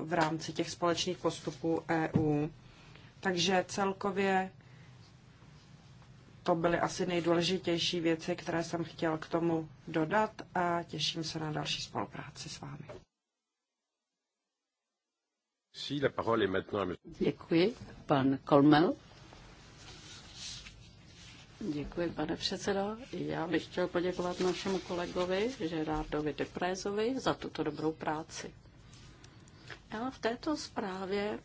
Speaker 3: v rámci těch společných postupů EU. Takže celkově to byly asi nejdůležitější věci, které jsem chtěl k tomu dodat a těším se na další spolupráci s vámi. Děkuji,
Speaker 1: pan Kolmel. Děkuji, pane předsedo. Já bych chtěl poděkovat našemu kolegovi Gerardovi Deprézovi za tuto dobrou práci. Já v této zprávě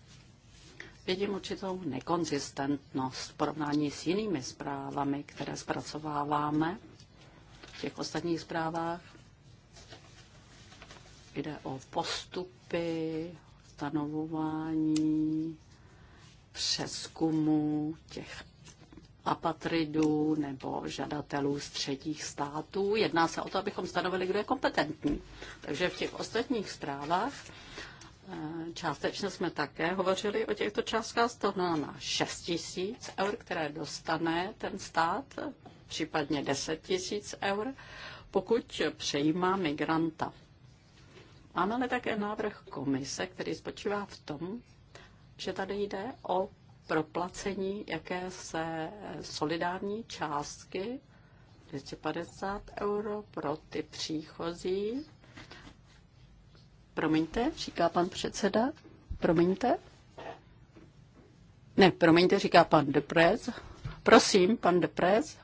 Speaker 1: vidím určitou nekonzistentnost v porovnání s jinými zprávami, které zpracováváme v těch ostatních zprávách. Jde o postupy, stanovování, přeskumu těch apatridů nebo žadatelů z třetích států. Jedná se o to, abychom stanovili, kdo je kompetentní. Takže v těch ostatních zprávách Částečně jsme také hovořili o těchto částkách, to znamená 6 tisíc eur, které dostane ten stát, případně 10 tisíc eur, pokud přejímá migranta. Máme ale také návrh komise, který spočívá v tom, že tady jde o proplacení jaké se solidární částky 250 euro pro ty příchozí Promiňte, říká pan předseda. Promiňte. Ne, promiňte, říká pan Deprez. Prosím, pan Deprez.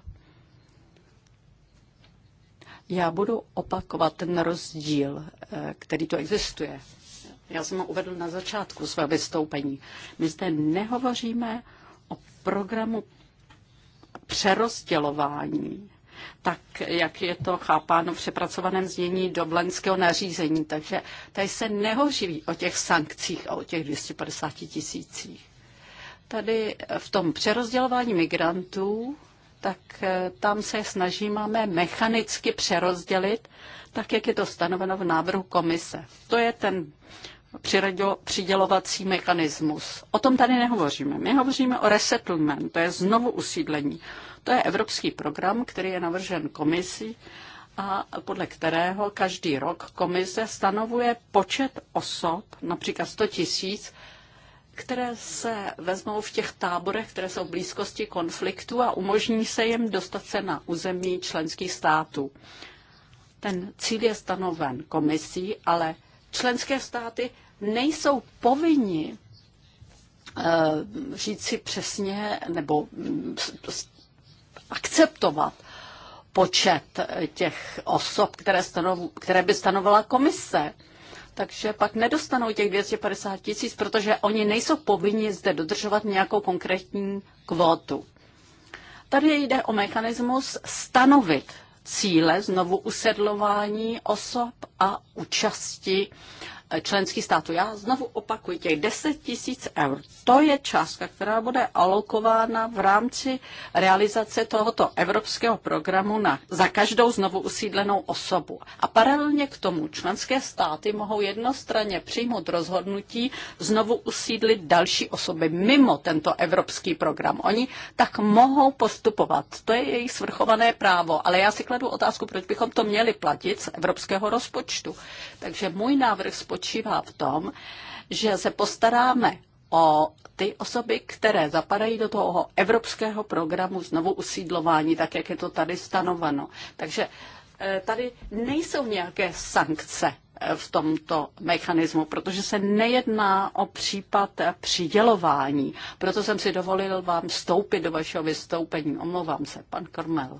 Speaker 1: Já budu opakovat ten rozdíl, eh, který tu existuje. Já jsem ho uvedl na začátku svého vystoupení. My zde nehovoříme o programu přerozdělování tak jak je to chápáno v přepracovaném znění doblenského nařízení. Takže tady se nehoří o těch sankcích a o těch 250 tisících. Tady v tom přerozdělování migrantů, tak eh, tam se snažíme mechanicky přerozdělit, tak jak je to stanoveno v návrhu komise. To je ten přidělovací mechanismus. O tom tady nehovoříme. My hovoříme o resettlement, to je znovu usídlení. To je evropský program, který je navržen komisí a podle kterého každý rok komise stanovuje počet osob, například 100 tisíc, které se vezmou v těch táborech, které jsou v blízkosti konfliktu a umožní se jim dostat se na území členských států. Ten cíl je stanoven komisí, ale členské státy nejsou povinni eh, říci přesně nebo mm, akceptovat počet eh, těch osob, které, stanov, které by stanovala komise. Takže pak nedostanou těch 250 tisíc, protože oni nejsou povinni zde dodržovat nějakou konkrétní kvótu. Tady jde o mechanismus stanovit cíle znovu usedlování osob a účasti Členský států. Já znovu opakuji, těch 10 tisíc eur, to je částka, která bude alokována v rámci realizace tohoto evropského programu na, za každou znovu usídlenou osobu. A paralelně k tomu členské státy mohou jednostranně přijmout rozhodnutí znovu usídlit další osoby mimo tento evropský program. Oni tak mohou postupovat. To je jejich svrchované právo. Ale já si kladu otázku, proč bychom to měli platit z evropského rozpočtu. Takže můj návrh spočívá spočívá v tom, že se postaráme o ty osoby, které zapadají do toho evropského programu znovu usídlování, tak jak je to tady stanoveno. Takže eh, tady nejsou nějaké sankce eh, v tomto mechanismu, protože se nejedná o případ přidělování. Proto jsem si dovolil vám vstoupit do vašeho vystoupení. Omlouvám se, pan Kormel.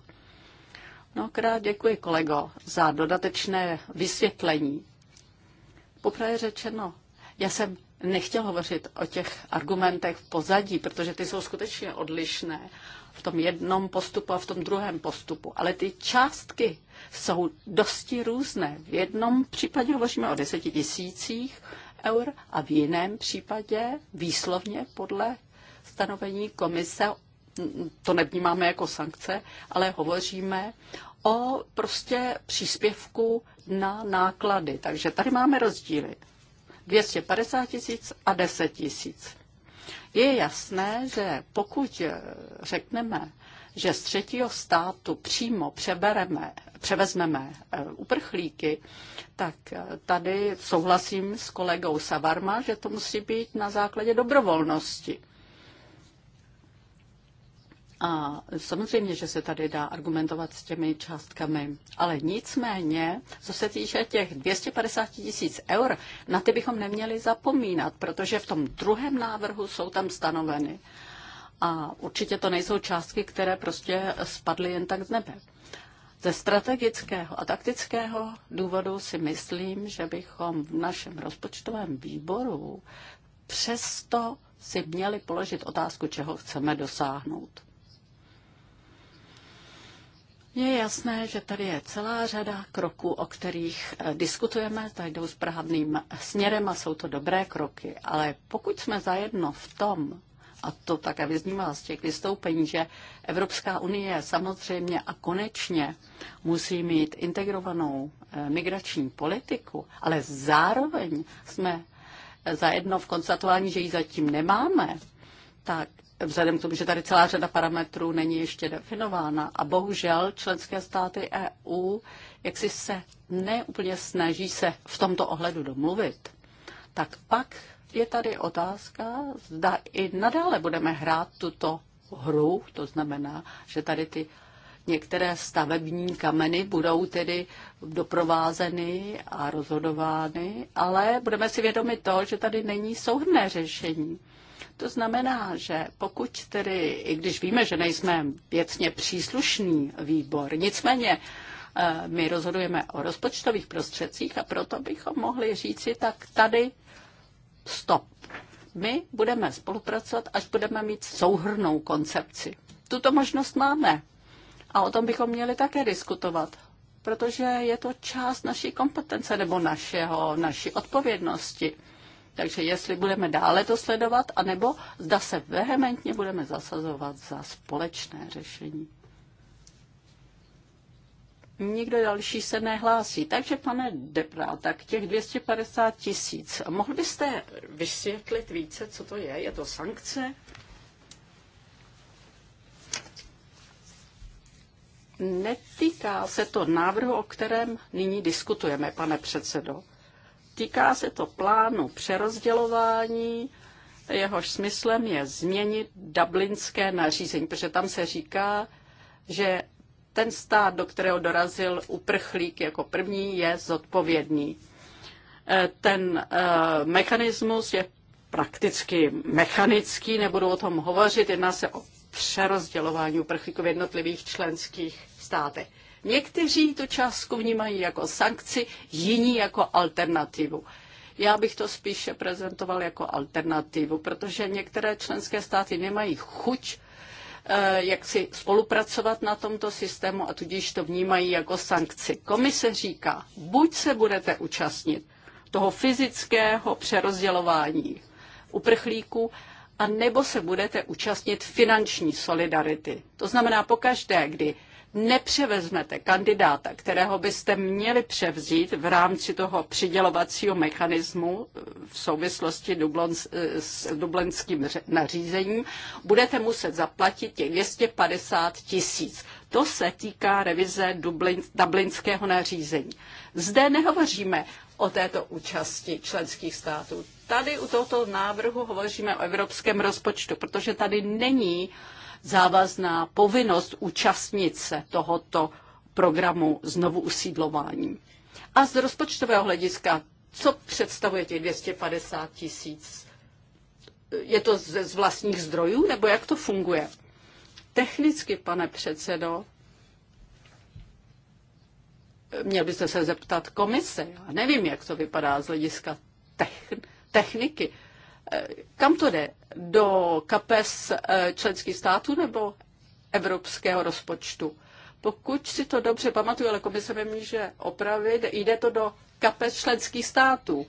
Speaker 1: Mnohokrát děkuji, kolego, za dodatečné vysvětlení. Popravě řečeno, já jsem nechtěl hovořit o těch argumentech v pozadí, protože ty jsou skutečně odlišné v tom jednom postupu a v tom druhém postupu. Ale ty částky jsou dosti různé. V jednom případě hovoříme o deseti tisících eur a v jiném případě výslovně podle stanovení komise to nevnímáme jako sankce, ale hovoříme o prostě příspěvku na náklady. Takže tady máme rozdíly. 250 tisíc a 10 tisíc. Je jasné, že pokud eh, řekneme, že z třetího státu přímo přebereme, převezmeme eh, uprchlíky, tak eh, tady souhlasím s kolegou Savarma, že to musí být na základě dobrovolnosti. A samozřejmě, že se tady dá argumentovat s těmi částkami, ale nicméně, co se týče těch 250 tisíc eur, na ty bychom neměli zapomínat, protože v tom druhém návrhu jsou tam stanoveny. A určitě to nejsou částky, které prostě spadly jen tak z nebe. Ze strategického a taktického důvodu si myslím, že bychom v našem rozpočtovém výboru přesto si měli položit otázku, čeho chceme dosáhnout. Mně je jasné, že tady je celá řada kroků, o kterých eh, diskutujeme, Tady jdou správným směrem a jsou to dobré kroky. Ale pokud jsme zajedno v tom, a to také vyznívá z těch vystoupení, že Evropská unie samozřejmě a konečně musí mít integrovanou eh, migrační politiku, ale zároveň jsme eh, zajedno v konstatování, že ji zatím nemáme, tak vzhledem k tomu, že tady celá řada parametrů není ještě definována a bohužel členské státy EU jaksi se neúplně snaží se v tomto ohledu domluvit, tak pak je tady otázka, zda i nadále budeme hrát tuto hru, to znamená, že tady ty některé stavební kameny budou tedy doprovázeny a rozhodovány, ale budeme si vědomi to, že tady není souhrné řešení. To znamená, že pokud tedy, i když víme, že nejsme věcně příslušný výbor, nicméně eh, my rozhodujeme o rozpočtových prostředcích a proto bychom mohli říci, tak tady stop. My budeme spolupracovat, až budeme mít souhrnou koncepci. Tuto možnost máme a o tom bychom měli také diskutovat, protože je to část naší kompetence nebo našeho, naší odpovědnosti. Takže jestli budeme dále to sledovat, anebo zda se vehementně budeme zasazovat za společné řešení. Nikdo další se nehlásí. Takže, pane Depra, tak těch 250 tisíc. Mohl byste vysvětlit více, co to je? Je to sankce? Netýká se to návrhu, o kterém nyní diskutujeme, pane předsedo. Týká se to plánu přerozdělování, jehož smyslem je změnit dublinské nařízení, protože tam se říká, že ten stát, do kterého dorazil uprchlík jako první, je zodpovědný. Eh, ten eh, mechanismus je prakticky mechanický, nebudu o tom hovořit, jedná se o přerozdělování uprchlíků v jednotlivých členských státech. Někteří tu částku vnímají jako sankci, jiní jako alternativu. Já bych to spíše prezentoval jako alternativu, protože některé členské státy nemají chuť eh, jak si spolupracovat na tomto systému a tudíž to vnímají jako sankci. Komise říká, buď se budete účastnit toho fyzického přerozdělování uprchlíků, a nebo se budete účastnit finanční solidarity. To znamená, pokaždé, kdy nepřevezmete kandidáta, kterého byste měli převzít v rámci toho přidělovacího mechanismu v souvislosti Dublon, s dublenským nařízením, budete muset zaplatit těch 250 tisíc. To se týká revize Dublin, dublinského nařízení. Zde nehovoříme o této účasti členských států. Tady u tohoto návrhu hovoříme o evropském rozpočtu, protože tady není uh, závazná povinnost účastnit se tohoto programu znovu usídlování. A z rozpočtového hlediska, co představuje těch 250 tisíc? Je to z vlastních zdrojů, nebo jak to funguje? Technicky, pane předsedo, měl byste se zeptat komise. Já nevím, jak to vypadá z hlediska techn- techniky. Eh, kam to jde? Do kapes eh, členských států nebo evropského rozpočtu? Pokud si to dobře pamatuju, ale komise mi může opravit, jde to do kapes členských států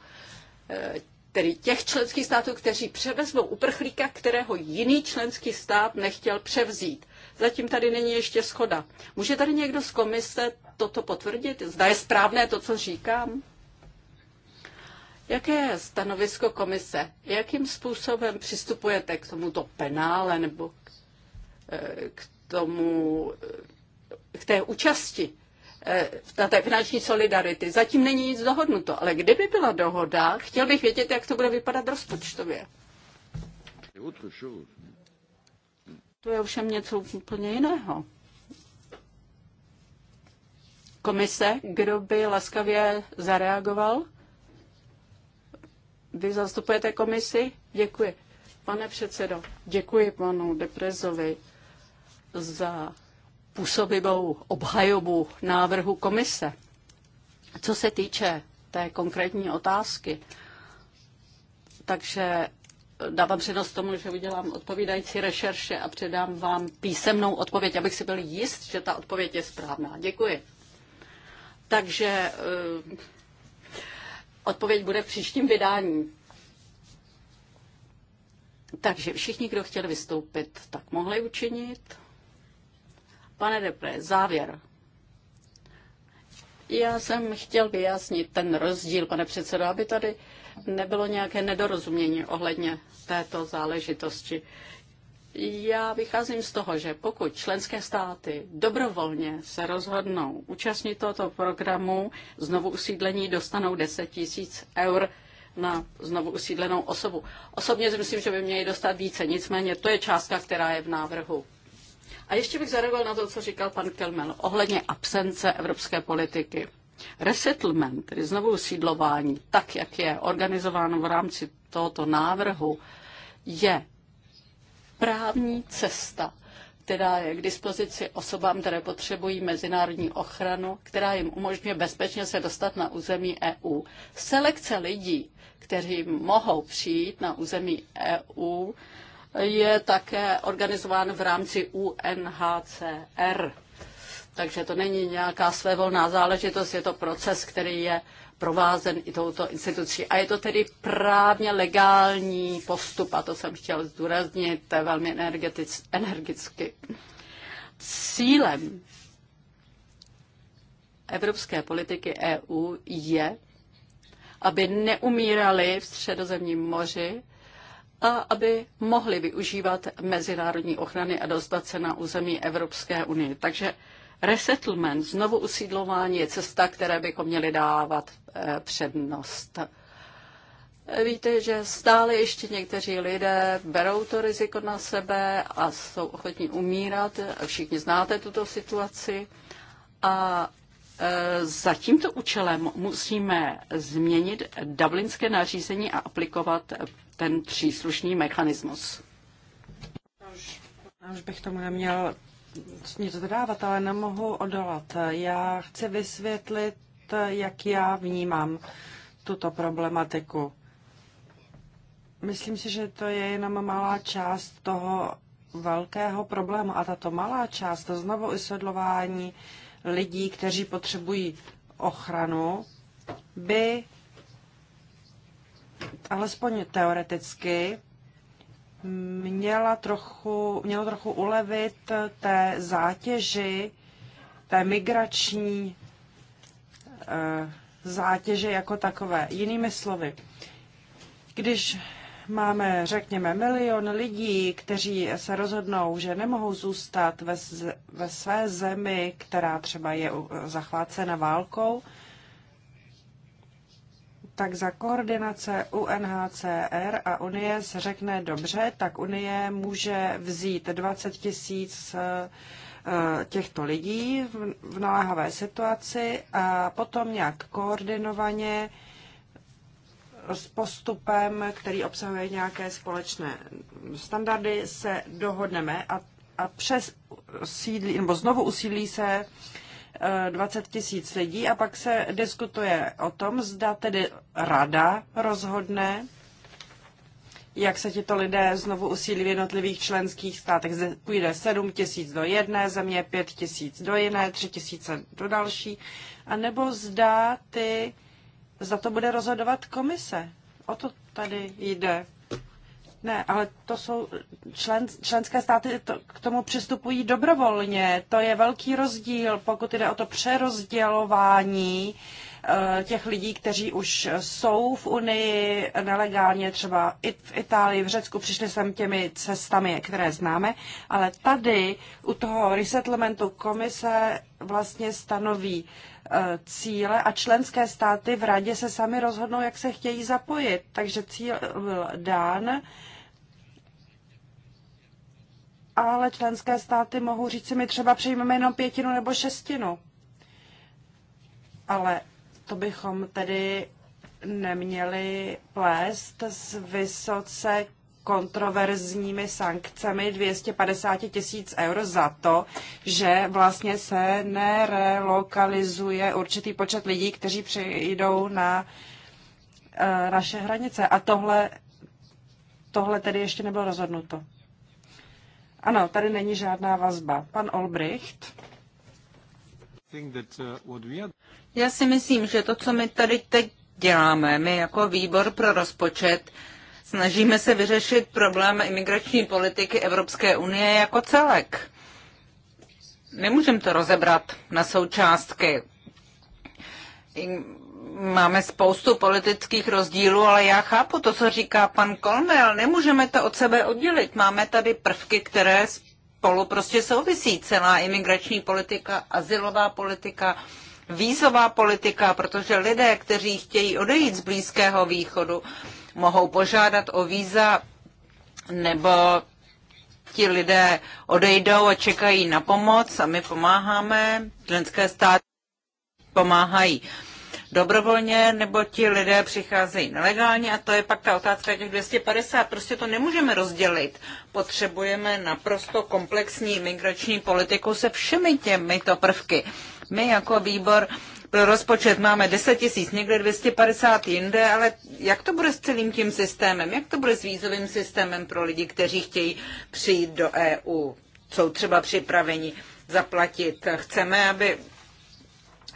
Speaker 1: eh, tedy těch členských států, kteří převezmou uprchlíka, kterého jiný členský stát nechtěl převzít. Zatím tady není ještě schoda. Může tady někdo z komise toto potvrdit? Zda je správné to, co říkám? Jaké je stanovisko komise? Jakým způsobem přistupujete k tomuto penále nebo eh, k tomu, eh, k té účasti eh, na té finanční solidarity? Zatím není nic dohodnuto, ale kdyby byla dohoda, chtěl bych vědět, jak to bude vypadat rozpočtově. To je ovšem něco úplně jiného. Komise, kdo by laskavě zareagoval? Vy zastupujete komisi? Děkuji. Pane předsedo, děkuji panu Deprezovi za působivou obhajobu návrhu komise. Co se týče té konkrétní otázky, takže dávám přednost tomu, že udělám odpovídající rešerše a předám vám písemnou odpověď, abych si byl jist, že ta odpověď je správná. Děkuji. Takže eh, Odpověď bude v příštím vydání. Takže všichni, kdo chtěli vystoupit, tak mohli učinit. Pane Depre, závěr. Já jsem chtěl vyjasnit ten rozdíl, pane předsedo, aby tady nebylo nějaké nedorozumění ohledně této záležitosti. Já vycházím z toho, že pokud členské státy dobrovolně se rozhodnou účastnit tohoto programu, znovu usídlení dostanou 10 tisíc eur na znovu usídlenou osobu. Osobně si myslím, že by měli dostat více, nicméně to je částka, která je v návrhu. A ještě bych zareagoval na to, co říkal pan Kelmel ohledně absence evropské politiky. Resettlement, tedy znovu usídlování, tak, jak je organizováno v rámci tohoto návrhu, je právní cesta, která je k dispozici osobám, které potřebují mezinárodní ochranu, která jim umožňuje bezpečně se dostat na území EU. Selekce lidí, kteří mohou přijít na území EU, je také organizován v rámci UNHCR. Takže to není nějaká svévolná záležitost, je to proces, který je provázen i touto institucí. A je to tedy právně legální postup, a to jsem chtěl zdůraznit velmi energicky. Cílem evropské politiky EU je, aby neumírali v středozemním moři a aby mohli využívat mezinárodní ochrany a dostat se na území Evropské unie. Takže Resettlement, znovu usídlování je cesta, které bychom měli dávat eh, přednost. Eh, víte, že stále ještě někteří lidé berou to riziko na sebe a jsou ochotní umírat. Všichni znáte tuto situaci. A eh, za tímto účelem musíme změnit dublinské nařízení a aplikovat ten příslušný mechanismus.
Speaker 3: Já už, už bych tomu neměl to dodávat, ale nemohu odolat. Já chci vysvětlit, jak já vnímám tuto problematiku. Myslím si, že to je jenom malá část toho velkého problému. A tato malá část, to znovu usedlování lidí, kteří potřebují ochranu, by alespoň teoreticky měla trochu, mělo trochu ulevit té zátěži, té migrační eh, zátěže jako takové. Jinými slovy, když máme, řekněme, milion lidí, kteří se rozhodnou, že nemohou zůstat ve, ve své zemi, která třeba je zachvácena válkou, tak za koordinace UNHCR a Unie se řekne dobře, tak Unie může vzít 20 tisíc eh, těchto lidí v naléhavé situaci a potom nějak koordinovaně s postupem, který obsahuje nějaké společné standardy, se dohodneme a, a přes sídlí, nebo znovu usídlí se 20 eh, tisíc lidí a pak se diskutuje o tom, zda tedy rada rozhodne, jak se tito lidé znovu usílí v jednotlivých členských státech. Zde půjde 7 tisíc do jedné země, 5 tisíc do jiné, 3 tisíce do další. A nebo zda ty, zda to bude rozhodovat komise. O to tady jde. Ne, ale to jsou člen, členské státy to, k tomu přistupují dobrovolně. To je velký rozdíl, pokud jde o to přerozdělování eh, těch lidí, kteří už jsou v Unii nelegálně, třeba i v Itálii, v Řecku, přišli sem těmi cestami, které známe, ale tady u toho resettlementu komise vlastně stanoví uh, E, cíle a členské státy v radě se sami rozhodnou, jak se chtějí zapojit. Takže cíl byl dán, ale členské státy mohou říct si, my třeba přijmeme jenom pětinu nebo šestinu. Ale to bychom tedy neměli plést z vysoce kontroverzními sankcemi 250 tisíc eur za to, že vlastně se nerelokalizuje určitý počet lidí, kteří přijdou na eh, naše hranice. A tohle, tohle tedy ještě nebylo rozhodnuto. Ano, tady není žádná vazba. Pan Olbricht.
Speaker 2: Já si myslím, že to, co my tady teď děláme, my jako výbor pro rozpočet, Snažíme se vyřešit problém imigrační politiky Evropské unie jako celek. Nemůžeme to rozebrat na součástky. Máme spoustu politických rozdílů, ale já chápu to, co říká pan Kolmel. Nemůžeme to od sebe oddělit. Máme tady prvky, které spolu prostě souvisí. Celá imigrační politika, asilová politika, vízová politika, protože lidé, kteří chtějí odejít z Blízkého východu, mohou požádat o víza nebo ti lidé odejdou a čekají na pomoc a my pomáháme, členské státy pomáhají dobrovolně, nebo ti lidé přicházejí nelegálně a to je pak ta otázka těch 250. Prostě to nemůžeme rozdělit. Potřebujeme naprosto komplexní migrační politiku se všemi těmito prvky. My jako výbor pro rozpočet máme 10 tisíc, někde 250 jinde, ale jak to bude s celým tím systémem? Jak to bude s vízovým systémem pro lidi, kteří chtějí přijít do EU? Jsou třeba připraveni zaplatit. Chceme, aby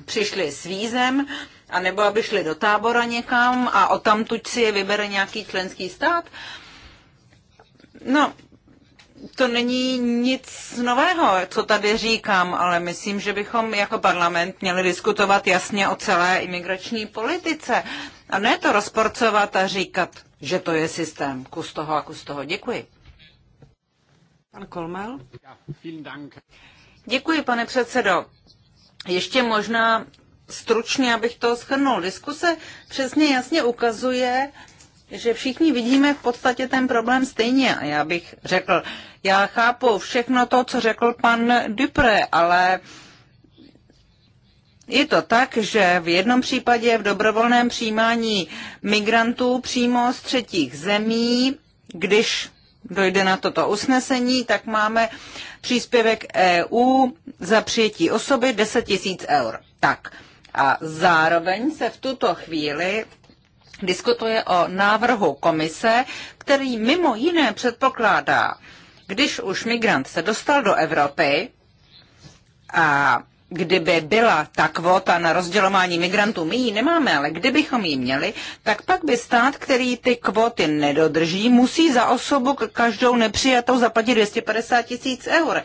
Speaker 2: přišli s vízem, anebo aby šli do tábora někam a o tamtuť si je vybere nějaký členský stát? No, to není nic nového, co tady říkám, ale myslím, že bychom jako parlament měli diskutovat jasně o celé imigrační politice a ne to rozporcovat a říkat, že to je systém. Kus toho a kus toho. Děkuji. Pan Kolmel. Děkuji, pane předsedo. Ještě možná stručně, abych to shrnul. Diskuse přesně jasně ukazuje, že všichni vidíme v podstatě ten problém stejně. A já bych řekl, já chápu všechno to, co řekl pan Dupré, ale je to tak, že v jednom případě v dobrovolném přijímání migrantů přímo z třetích zemí, když dojde na toto usnesení, tak máme příspěvek EU za přijetí osoby 10 000 eur. Tak. A zároveň se v tuto chvíli diskutuje o návrhu komise, který mimo jiné předpokládá, když už migrant se dostal do Evropy a kdyby byla ta kvota na rozdělování migrantů, my ji nemáme, ale kdybychom ji měli, tak pak by stát, který ty kvoty nedodrží, musí za osobu každou nepřijatou zaplatit 250 tisíc eur.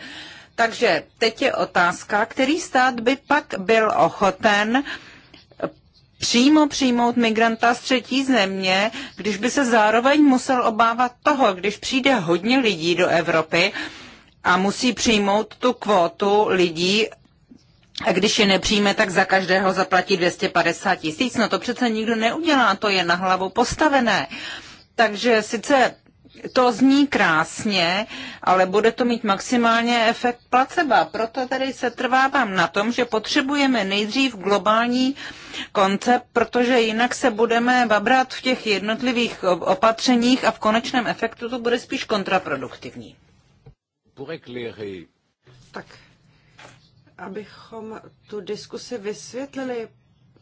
Speaker 2: Takže teď je otázka, který stát by pak byl ochoten uh, přímo přijmout migranta z třetí země, když by se zároveň musel obávat toho, když přijde hodně lidí do Evropy a musí přijmout tu kvótu lidí, a když je nepřijme, tak za každého zaplatí 250 tisíc. No to přece nikdo neudělá, to je na hlavu postavené. Takže sice to zní krásně, ale bude to mít maximálně efekt placebo. Proto tady se trvávám na tom, že potřebujeme nejdřív globální koncept, protože jinak se budeme babrat v těch jednotlivých opatřeních a v konečném efektu to bude spíš kontraproduktivní. Tak,
Speaker 3: abychom tu diskusi vysvětlili,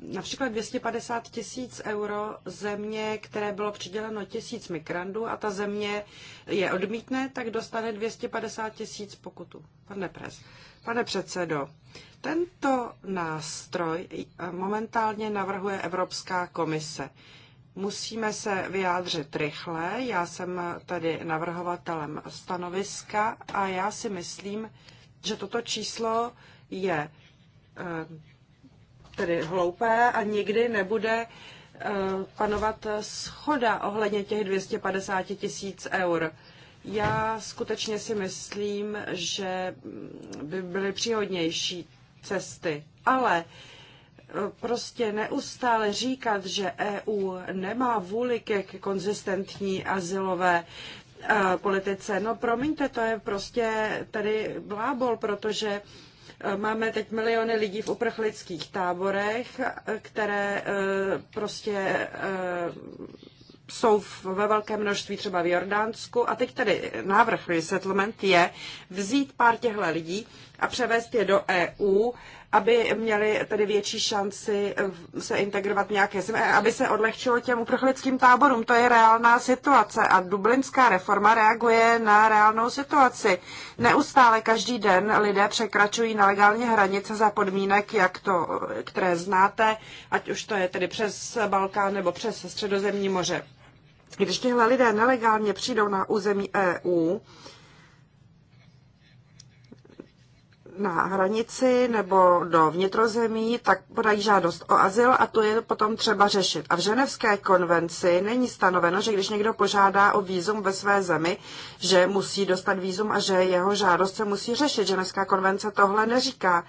Speaker 3: například 250 tisíc euro země, které bylo přiděleno tisíc migrantů a ta země je odmítne, tak dostane 250 tisíc pokutu. Pane, pres, pane předsedo, tento nástroj eh, momentálně navrhuje Evropská komise. Musíme se vyjádřit rychle. Já jsem tady navrhovatelem stanoviska a já si myslím, že toto číslo je eh, tedy hloupé a nikdy nebude eh, panovat schoda ohledně těch 250 tisíc eur. Já skutečně si myslím, že by byly příhodnější cesty, ale eh, prostě neustále říkat, že EU nemá vůli ke konzistentní azylové eh, politice. No promiňte, to je prostě tady blábol, protože Máme teď miliony lidí v uprchlických táborech, které eh, prostě eh, jsou ve velkém množství třeba v Jordánsku. A teď tedy návrh resettlement je vzít pár těchto lidí a převést je do EU aby měli tedy větší šanci se integrovat nějaké země, aby se odlehčilo těm uprchlickým táborům. To je reálná situace a dublinská reforma reaguje na reálnou situaci. Neustále každý den lidé překračují nelegálně hranice za podmínek, jak to, které znáte, ať už to je tedy přes Balkán nebo přes Středozemní moře. Když tyhle lidé nelegálně přijdou na území EU, na hranici nebo do vnitrozemí, tak podají žádost o azyl a to je potom třeba řešit. A v Ženevské konvenci není stanoveno, že když někdo požádá o výzum ve své zemi, že musí dostat výzum a že jeho žádost se musí řešit. Ženevská konvence tohle neříká.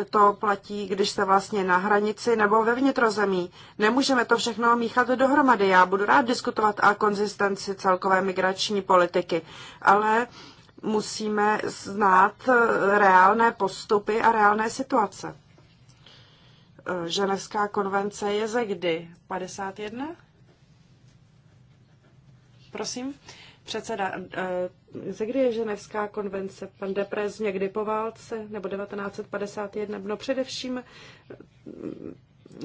Speaker 3: E, to platí, když se vlastně na hranici nebo ve vnitrozemí. Nemůžeme to všechno míchat dohromady. Já budu rád diskutovat o konzistenci celkové migrační politiky, ale uh, musíme znát reálné postupy a reálné situace. E, Ženevská konvence je ze kdy? 51? Prosím? Předseda, e, ze kdy je Ženevská konvence? Pan Deprez někdy po válce nebo 1951? No především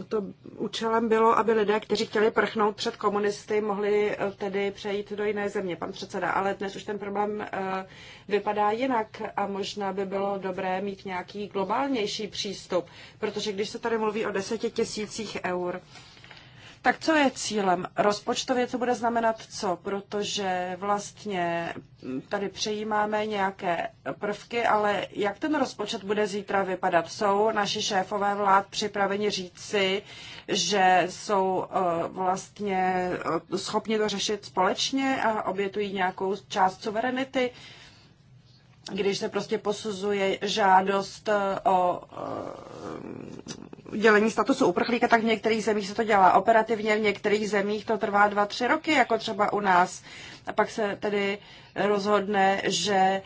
Speaker 3: to účelem bylo, aby lidé, kteří chtěli prchnout před komunisty, mohli eh, tedy přejít do jiné země, pan předseda. Ale dnes už ten problém eh, vypadá jinak a možná by bylo dobré mít nějaký globálnější přístup, protože když se tady mluví o deseti tisících eur, tak co je cílem? Rozpočtově to bude znamenat co? Protože vlastně tady přejímáme nějaké prvky, ale jak ten rozpočet bude zítra vypadat? Jsou naši šéfové vlád připraveni říci, že jsou eh, vlastně eh, schopni to řešit společně a obětují nějakou část suverenity? když se prostě posuzuje žádost eh, o eh, dělení statusu uprchlíka, tak v některých zemích se to dělá operativně, v některých zemích to trvá dva, tři roky, jako třeba u nás a pak se tedy rozhodne, že e,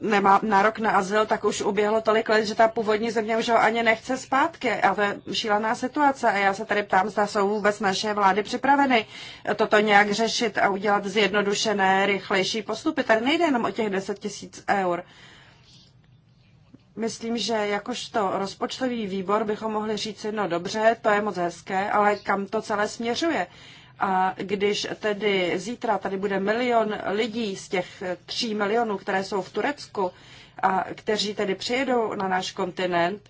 Speaker 3: nemá nárok na azyl, tak už uběhlo tolik let, že ta původní země už ho ani nechce zpátky. A to je šílená situace. A já se tady ptám, zda jsou vůbec naše vlády připraveny toto nějak řešit a udělat zjednodušené, rychlejší postupy. Tady nejde jenom o těch 10 tisíc eur. Myslím, že jakožto rozpočtový výbor bychom mohli říct, no dobře, to je moc hezké, ale kam to celé směřuje? A když tedy zítra tady bude milion lidí z těch tří milionů, které jsou v Turecku a kteří tedy přijedou na náš kontinent,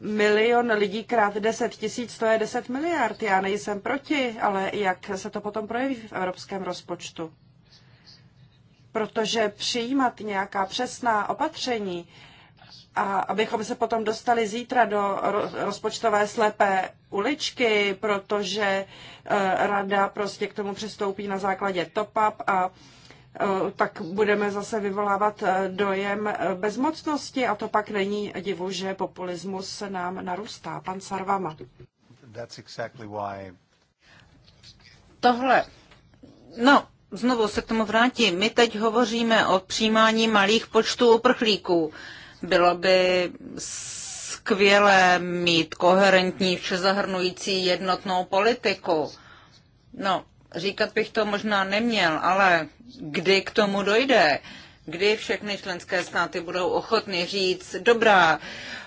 Speaker 3: milion lidí krát 10 tisíc, to je 10 miliard. Já nejsem proti, ale jak se to potom projeví v evropském rozpočtu? Protože přijímat nějaká přesná opatření, a abychom se potom dostali zítra do rozpočtové slepé uličky, protože e, rada prostě k tomu přistoupí na základě top-up a e, tak budeme zase vyvolávat e, dojem bezmocnosti a to pak není divu, že populismus se nám narůstá. Pan Sarvama.
Speaker 1: That's exactly why...
Speaker 2: Tohle, no, znovu se k tomu vrátím. My teď hovoříme o přijímání malých počtů uprchlíků. Uh, bylo by skvělé mít koherentní, všezahrnující jednotnou politiku. No, říkat bych to možná neměl, ale kdy k tomu dojde? Kdy všechny členské státy budou ochotny říct, dobrá,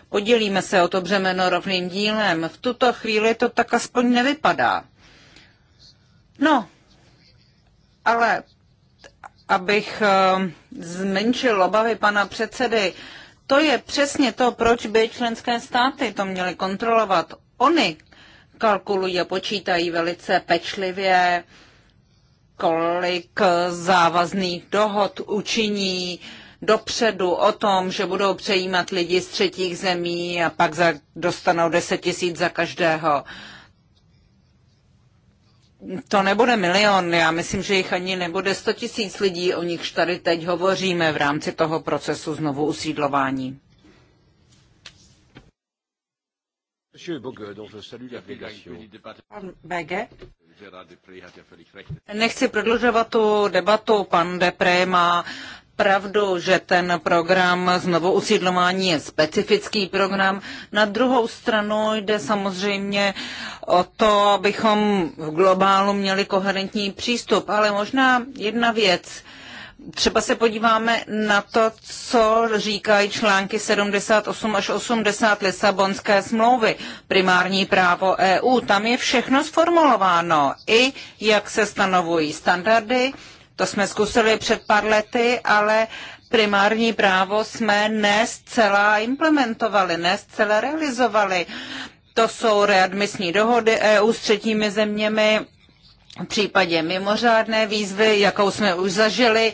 Speaker 2: podělíme se o to břemeno rovným dílem. V tuto chvíli to tak aspoň nevypadá. No, ale abych eh, zmenšil obavy pana předsedy, to je přesně to, proč by členské státy to měly kontrolovat. Oni kalkulují a počítají velice pečlivě, kolik závazných dohod učiní dopředu o tom, že budou přejímat lidi z třetích zemí a pak za, dostanou 10 tisíc za každého. Uh, to nebude milion, já myslím, že jich ani nebude 100 tisíc lidí, o nichž tady teď hovoříme v rámci toho procesu znovu usídlování.
Speaker 3: Pan Bege.
Speaker 2: Nechci prodlužovat tu debatu, pan Depré má pravdu, že ten program znovu usídlování je specifický program. Na druhou stranu jde samozřejmě o to, abychom v globálu měli koherentní přístup. Ale možná jedna věc. Třeba se podíváme na to, co říkají články 78 až 80 Lisabonské smlouvy, primární právo EU. Tam je všechno sformulováno, i jak se stanovují standardy, to jsme zkusili před pár lety, ale primární právo jsme ne zcela implementovali, ne zcela realizovali. To jsou readmisní dohody EU s třetími zeměmi, v případě mimořádné výzvy, jakou jsme už zažili,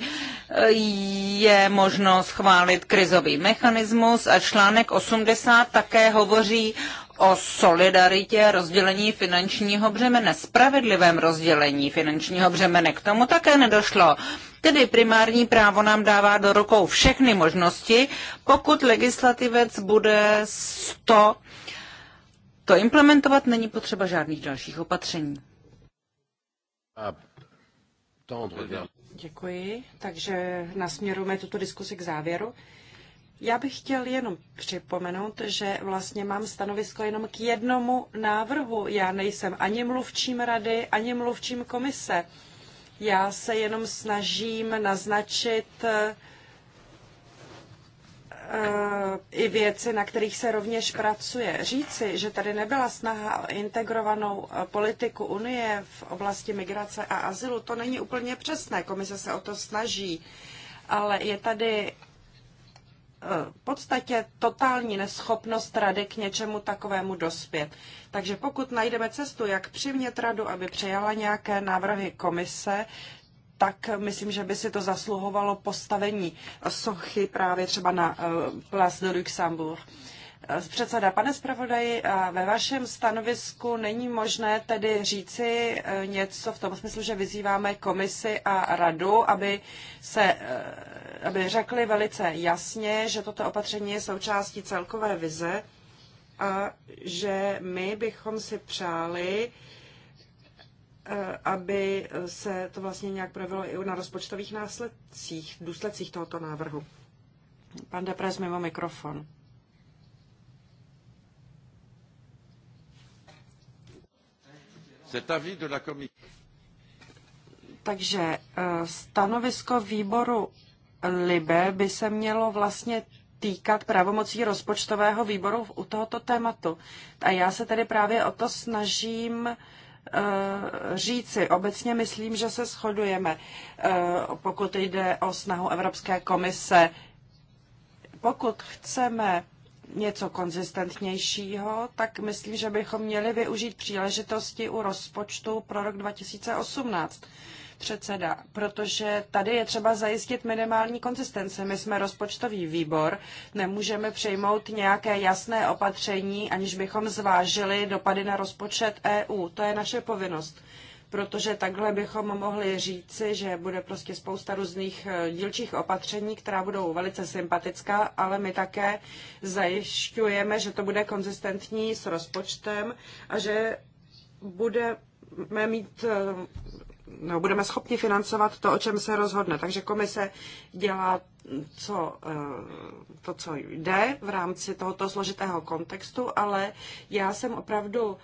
Speaker 2: je možno schválit krizový mechanismus a článek 80 také hovoří o solidaritě rozdělení finančního břemene, spravedlivém rozdělení finančního břemene. K tomu také nedošlo. Tedy primární právo nám dává do rukou všechny možnosti, pokud legislativec bude 100 to implementovat, není potřeba žádných dalších opatření.
Speaker 3: Děkuji. Takže nasměrujeme tuto diskusi k závěru. Já bych chtěl jenom připomenout, že vlastně mám stanovisko jenom k jednomu návrhu. Já nejsem ani mluvčím rady, ani mluvčím komise. Já se jenom snažím naznačit eh, eh, i věci, na kterých se rovněž pracuje. Říci, že tady nebyla snaha o integrovanou eh, politiku Unie v oblasti migrace a azylu, to není úplně přesné. Komise se o to snaží, ale je tady v podstatě totální neschopnost rady k něčemu takovému dospět. Takže pokud najdeme cestu, jak přimět radu, aby přejala nějaké návrhy komise, tak myslím, že by si to zasluhovalo postavení sochy právě třeba na eh, Place de Luxembourg předseda. Pane zpravodaji, ve vašem stanovisku není možné tedy říci e, něco v tom smyslu, že vyzýváme komisi a radu, aby, se, e, aby řekli velice jasně, že toto opatření je součástí celkové vize a že my bychom si přáli, e, aby se to vlastně nějak projevilo i na rozpočtových následcích, důsledcích tohoto návrhu. Pan Depres mimo mikrofon. Takže eh, stanovisko výboru Libe by se mělo vlastně týkat pravomocí rozpočtového výboru u tohoto tématu. A já se tedy právě o to snažím eh, říci. Obecně myslím, že se shodujeme, eh, pokud jde o snahu Evropské komise. Pokud chceme něco konzistentnějšího, tak myslím, že bychom měli využít příležitosti u rozpočtu pro rok 2018 předseda, protože tady je třeba zajistit minimální konzistenci. My jsme rozpočtový výbor, nemůžeme přejmout nějaké jasné opatření, aniž bychom zvážili dopady na rozpočet EU. To je naše povinnost protože takhle bychom mohli říci, že bude prostě spousta různých eh, dílčích opatření, která budou velice sympatická, ale my také zajišťujeme, že to bude konzistentní s rozpočtem a že budeme mít no, budeme schopni financovat to, o čem se rozhodne. Takže komise dělá co, eh, to, co jde v rámci tohoto složitého kontextu, ale já jsem opravdu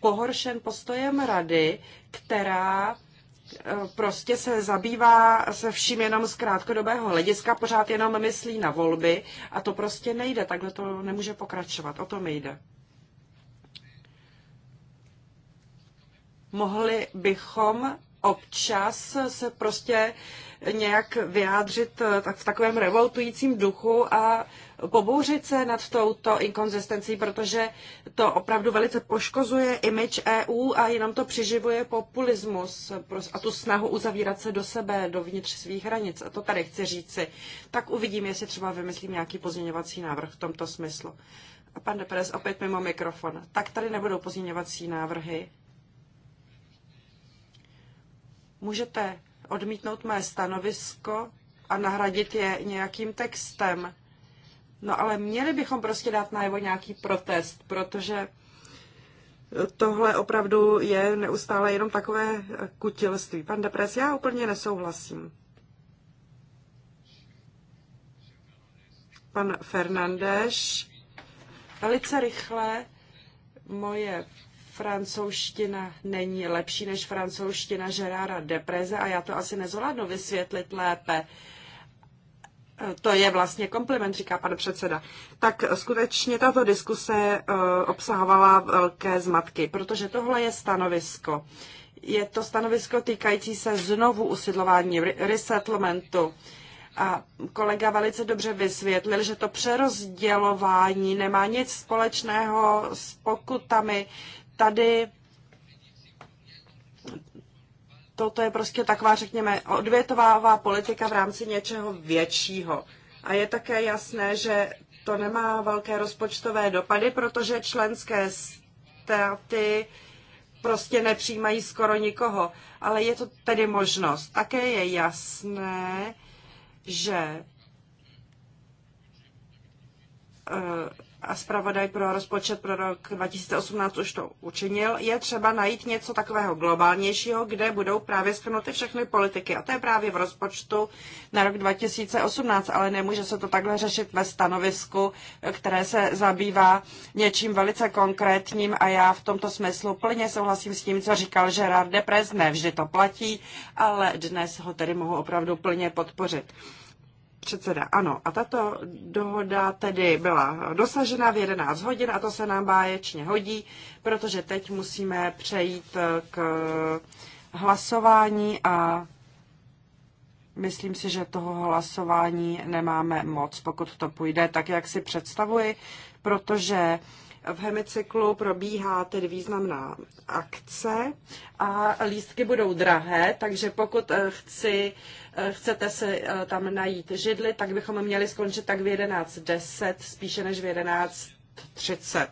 Speaker 3: pohoršen postojem rady, která e, prostě se zabývá se vším jenom z krátkodobého hlediska, pořád jenom myslí na volby a to prostě nejde, takhle to nemůže pokračovat, o to jde. Mohli bychom občas se prostě uh, nějak vyjádřit eh, tak v takovém revoltujícím duchu a pobouřit se nad touto inkonzistencí, protože to opravdu velice poškozuje image EU a jenom to přiživuje populismus a tu snahu uzavírat se do sebe, dovnitř svých hranic. A to tady chci říci. Tak uvidím, jestli třeba vymyslím nějaký pozměňovací návrh v tomto smyslu. A pan Deperes opět mimo mikrofon. Tak tady nebudou pozměňovací návrhy. Můžete odmítnout mé stanovisko a nahradit je nějakým textem. No ale měli bychom prostě dát najevo nějaký protest, protože tohle opravdu je neustále jenom takové kutilství. Pan Depres, já úplně nesouhlasím. Pan Fernandeš, velice rychle moje francouzština není lepší než francouzština Gerarda Depreze a já to asi nezvládnu vysvětlit lépe. E, to je vlastně kompliment, říká pan předseda. Tak skutečně tato diskuse e, obsahovala velké zmatky, protože tohle je stanovisko. Je to stanovisko týkající se znovu usidlování resettlementu. A kolega velice dobře vysvětlil, že to přerozdělování nemá nic společného s pokutami tady toto je prostě taková, řekněme, odvětová politika v rámci něčeho většího. A je také jasné, že to nemá velké rozpočtové dopady, protože členské státy prostě nepřijímají skoro nikoho. Ale je to tedy možnost. Také je jasné, že a zpravodaj pro rozpočet pro rok 2018 už to učinil, je třeba najít něco takového globálnějšího, kde budou právě schrnuty všechny politiky. A to je právě v rozpočtu na rok 2018, ale nemůže se to takhle řešit ve stanovisku, které se zabývá něčím velice konkrétním a já v tomto smyslu plně souhlasím s tím, co říkal Gerard Deprez, ne vždy to platí, ale dnes ho tedy mohu opravdu plně podpořit. Předseda, ano. A tato dohoda tedy byla dosažena v 11 hodin a to se nám báječně hodí, protože teď musíme přejít k hlasování a myslím si, že toho hlasování nemáme moc, pokud to půjde tak, jak si představuji, protože v hemicyklu probíhá tedy významná akce a lístky budou drahé, takže pokud eh, chci, eh, chcete se eh, tam najít židli, tak bychom měli skončit tak v 11.10, spíše než v 11.30.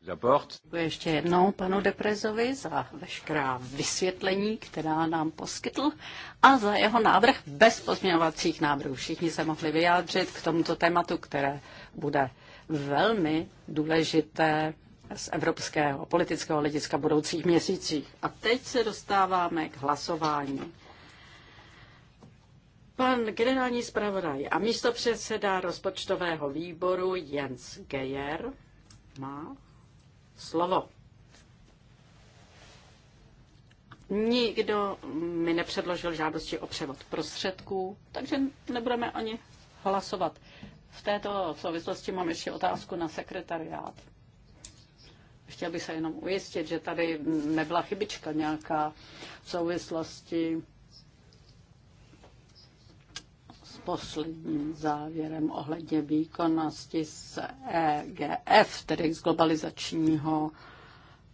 Speaker 1: Děkuji
Speaker 3: ještě jednou panu Deprezovi za veškerá
Speaker 1: vysvětlení, která nám poskytl a za jeho návrh bez pozměňovacích návrhů. Všichni se mohli vyjádřit k tomuto tématu, které bude velmi důležité z evropského politického hlediska v budoucích měsících. A teď se dostáváme k hlasování. Pan generální zpravodaj a místo předseda rozpočtového výboru Jens Geyer má slovo. Nikdo mi nepředložil žádosti o převod prostředků, takže nebudeme ani hlasovat. V této souvislosti mám ještě otázku na sekretariát. Chtěl bych se jenom ujistit, že tady nebyla chybička nějaká v souvislosti s posledním závěrem ohledně výkonnosti z EGF, tedy z globalizačního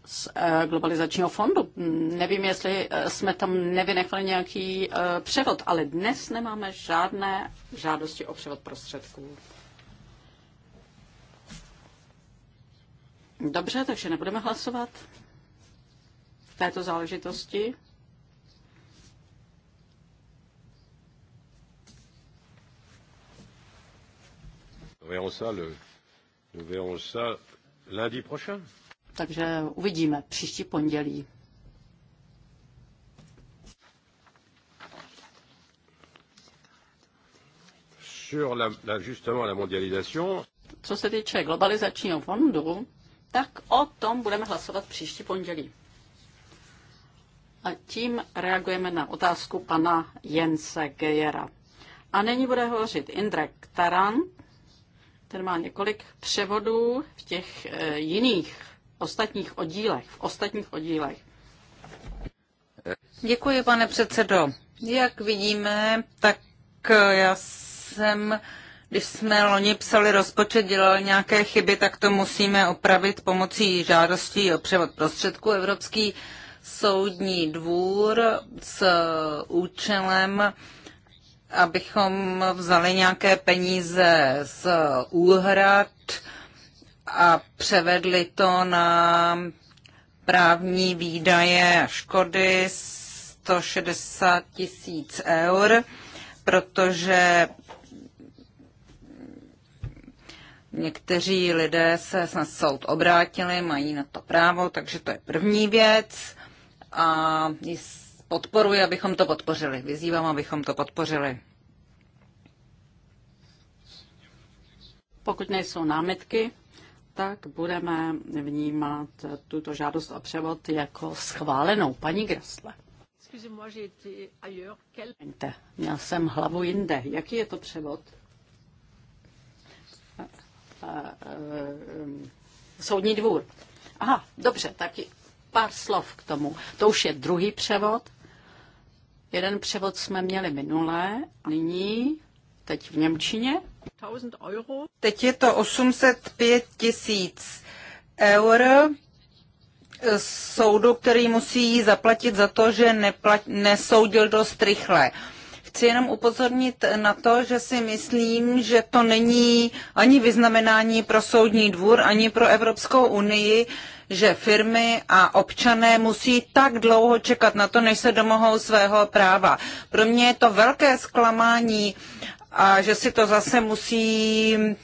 Speaker 1: z eh, globalizačního fondu. Nevím, jestli eh, jsme tam nevynechali nějaký eh, převod, ale dnes nemáme žádné žádosti o převod prostředků. Dobře, takže nebudeme hlasovat v této záležitosti.
Speaker 3: Nous verrons ça, le, nous verrons ça lundi prochain.
Speaker 1: Takže uvidíme příští pondělí.
Speaker 3: Sur la, la, justement la mondialisation.
Speaker 1: Co se týče globalizačního fondu, tak o tom budeme hlasovat příští pondělí. A tím reagujeme na otázku pana Jense Gejera. A nyní bude hovořit Indrek Taran, ten má několik převodů v těch e, jiných ostatních oddílech, v ostatních oddílech.
Speaker 2: Děkuji, pane předsedo. Jak vidíme, tak eh, já jsem, když jsme loni psali rozpočet, dělali nějaké chyby, tak to musíme opravit pomocí žádostí o převod prostředků. Evropský soudní dvůr s eh, účelem, abychom vzali nějaké peníze z úhrad, a převedli to na právní výdaje a škody 160 tisíc eur, protože někteří lidé se na soud obrátili, mají na to právo, takže to je první věc a podporuji, abychom to podpořili. Vyzývám, abychom to podpořili. Pokud nejsou námitky, tak
Speaker 1: budeme vnímat tuto žádost o převod jako schválenou. Paní Grasle. Měl jsem hlavu jinde. Jaký je to převod? Eh, eh, eh, soudní dvůr. Aha, dobře, taky pár slov k tomu. To už je druhý převod. Jeden převod jsme měli minulé, nyní,
Speaker 2: teď v Němčině. Teď je to 805 tisíc eur soudu, který musí zaplatit za to, že neplat, nesoudil dost rychle. Chci jenom upozornit na to, že si myslím, že to není ani vyznamenání pro soudní dvůr, ani pro Evropskou unii, že firmy a občané musí tak dlouho čekat na to, než se domohou svého práva. Pro mě je to velké zklamání a že si to zase musí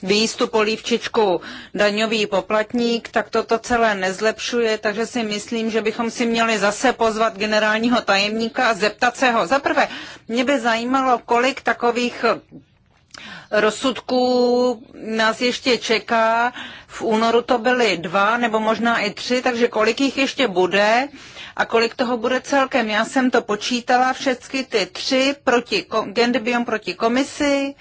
Speaker 2: výjist tu polívčičku daňový poplatník, tak toto celé nezlepšuje, takže si myslím, že bychom si měli zase pozvat generálního tajemníka a zeptat se ho. Za prvé, mě by zajímalo, kolik takových Rozsudků nás ještě čeká. V únoru to byly dva nebo možná i tři, takže kolik jich ještě bude a kolik toho bude celkem. Já jsem to počítala, všechny ty tři proti Gendibion proti komisi,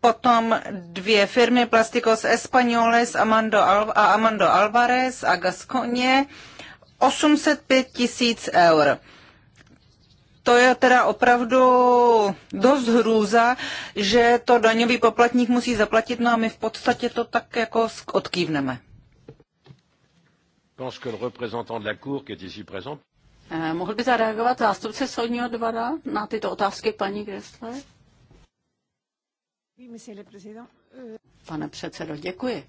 Speaker 2: potom dvě firmy Plasticos Españoles Amando Al- a Amando Alvarez a Gascogne 805 tisíc eur to je teda opravdu dost hrůza, že to daňový poplatník musí zaplatit, no a my v podstatě to tak jako odkývneme. Eh,
Speaker 1: mohl by zareagovat zástupce soudního dvora na tyto otázky paní Gressler?
Speaker 3: Euh,
Speaker 1: Pane předsedo, děkuji.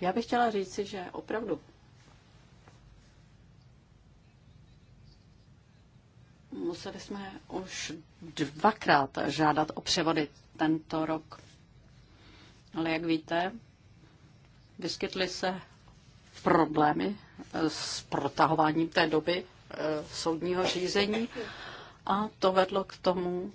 Speaker 1: Já bych chtěla říci, že opravdu Museli jsme už dvakrát žádat o převody tento rok. Ale jak víte, vyskytly se problémy s protahováním té doby eh, soudního řízení a to vedlo k tomu,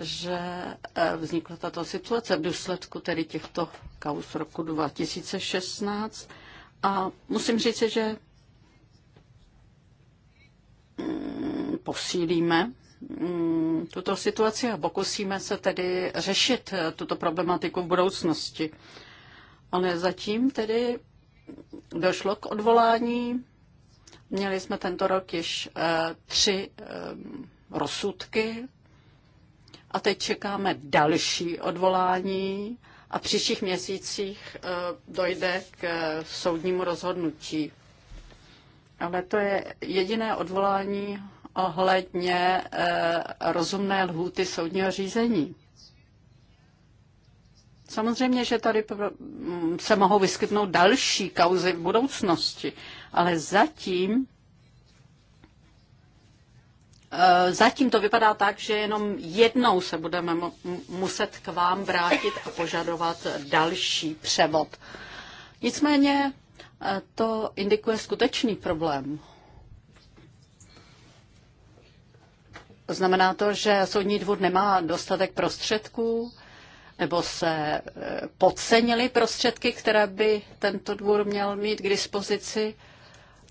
Speaker 1: že eh, vznikla tato situace v důsledku tedy těchto kaus roku 2016 a musím říct, že mm, posílíme mm, tuto situaci a pokusíme se tedy řešit eh, tuto problematiku v budoucnosti. Ale zatím tedy došlo k odvolání. Měli jsme tento rok již eh, tři eh, rozsudky a teď čekáme další odvolání a v příštích měsících dojde k soudnímu rozhodnutí. Ale to je jediné odvolání ohledně eh, rozumné lhůty soudního řízení. Samozřejmě, že tady mm, se mohou vyskytnout další kauzy v budoucnosti, ale zatím eh, Zatím to vypadá tak, že jenom jednou se budeme muset k vám vrátit a požadovat další převod. Nicméně eh, to indikuje skutečný problém. To znamená to, že soudní dvůr nemá dostatek prostředků, nebo se e, podcenily prostředky, které by tento dvůr měl mít k dispozici,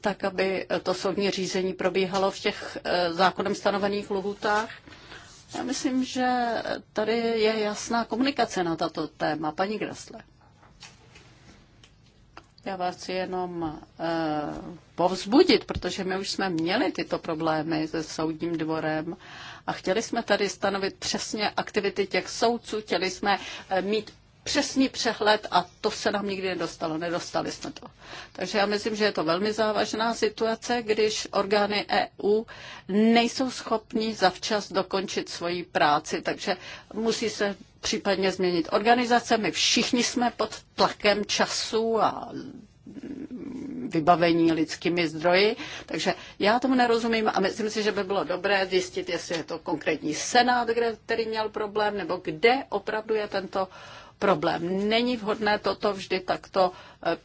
Speaker 1: tak aby to soudní řízení probíhalo v těch e, zákonem stanovených lhutách. Já myslím, že tady je jasná komunikace na tato téma. Paní Grasle. Já vás chci jenom e, povzbudit, protože my už jsme měli tyto problémy se soudním dvorem a chtěli jsme tady stanovit přesně aktivity těch soudců, chtěli jsme eh, mít přesný přehled a to se nám nikdy nedostalo, nedostali jsme to. Takže já myslím, že je to velmi závažná situace, když orgány EU nejsou schopni zavčas dokončit svoji práci, takže musí se případně změnit organizace. My všichni jsme pod tlakem času a vybavení lidskými zdroji. Takže já tomu nerozumím a myslím si, že by bylo dobré zjistit, jestli je to konkrétní senát, kde, který měl problém, nebo kde opravdu je tento problém. Není vhodné toto vždy takto eh,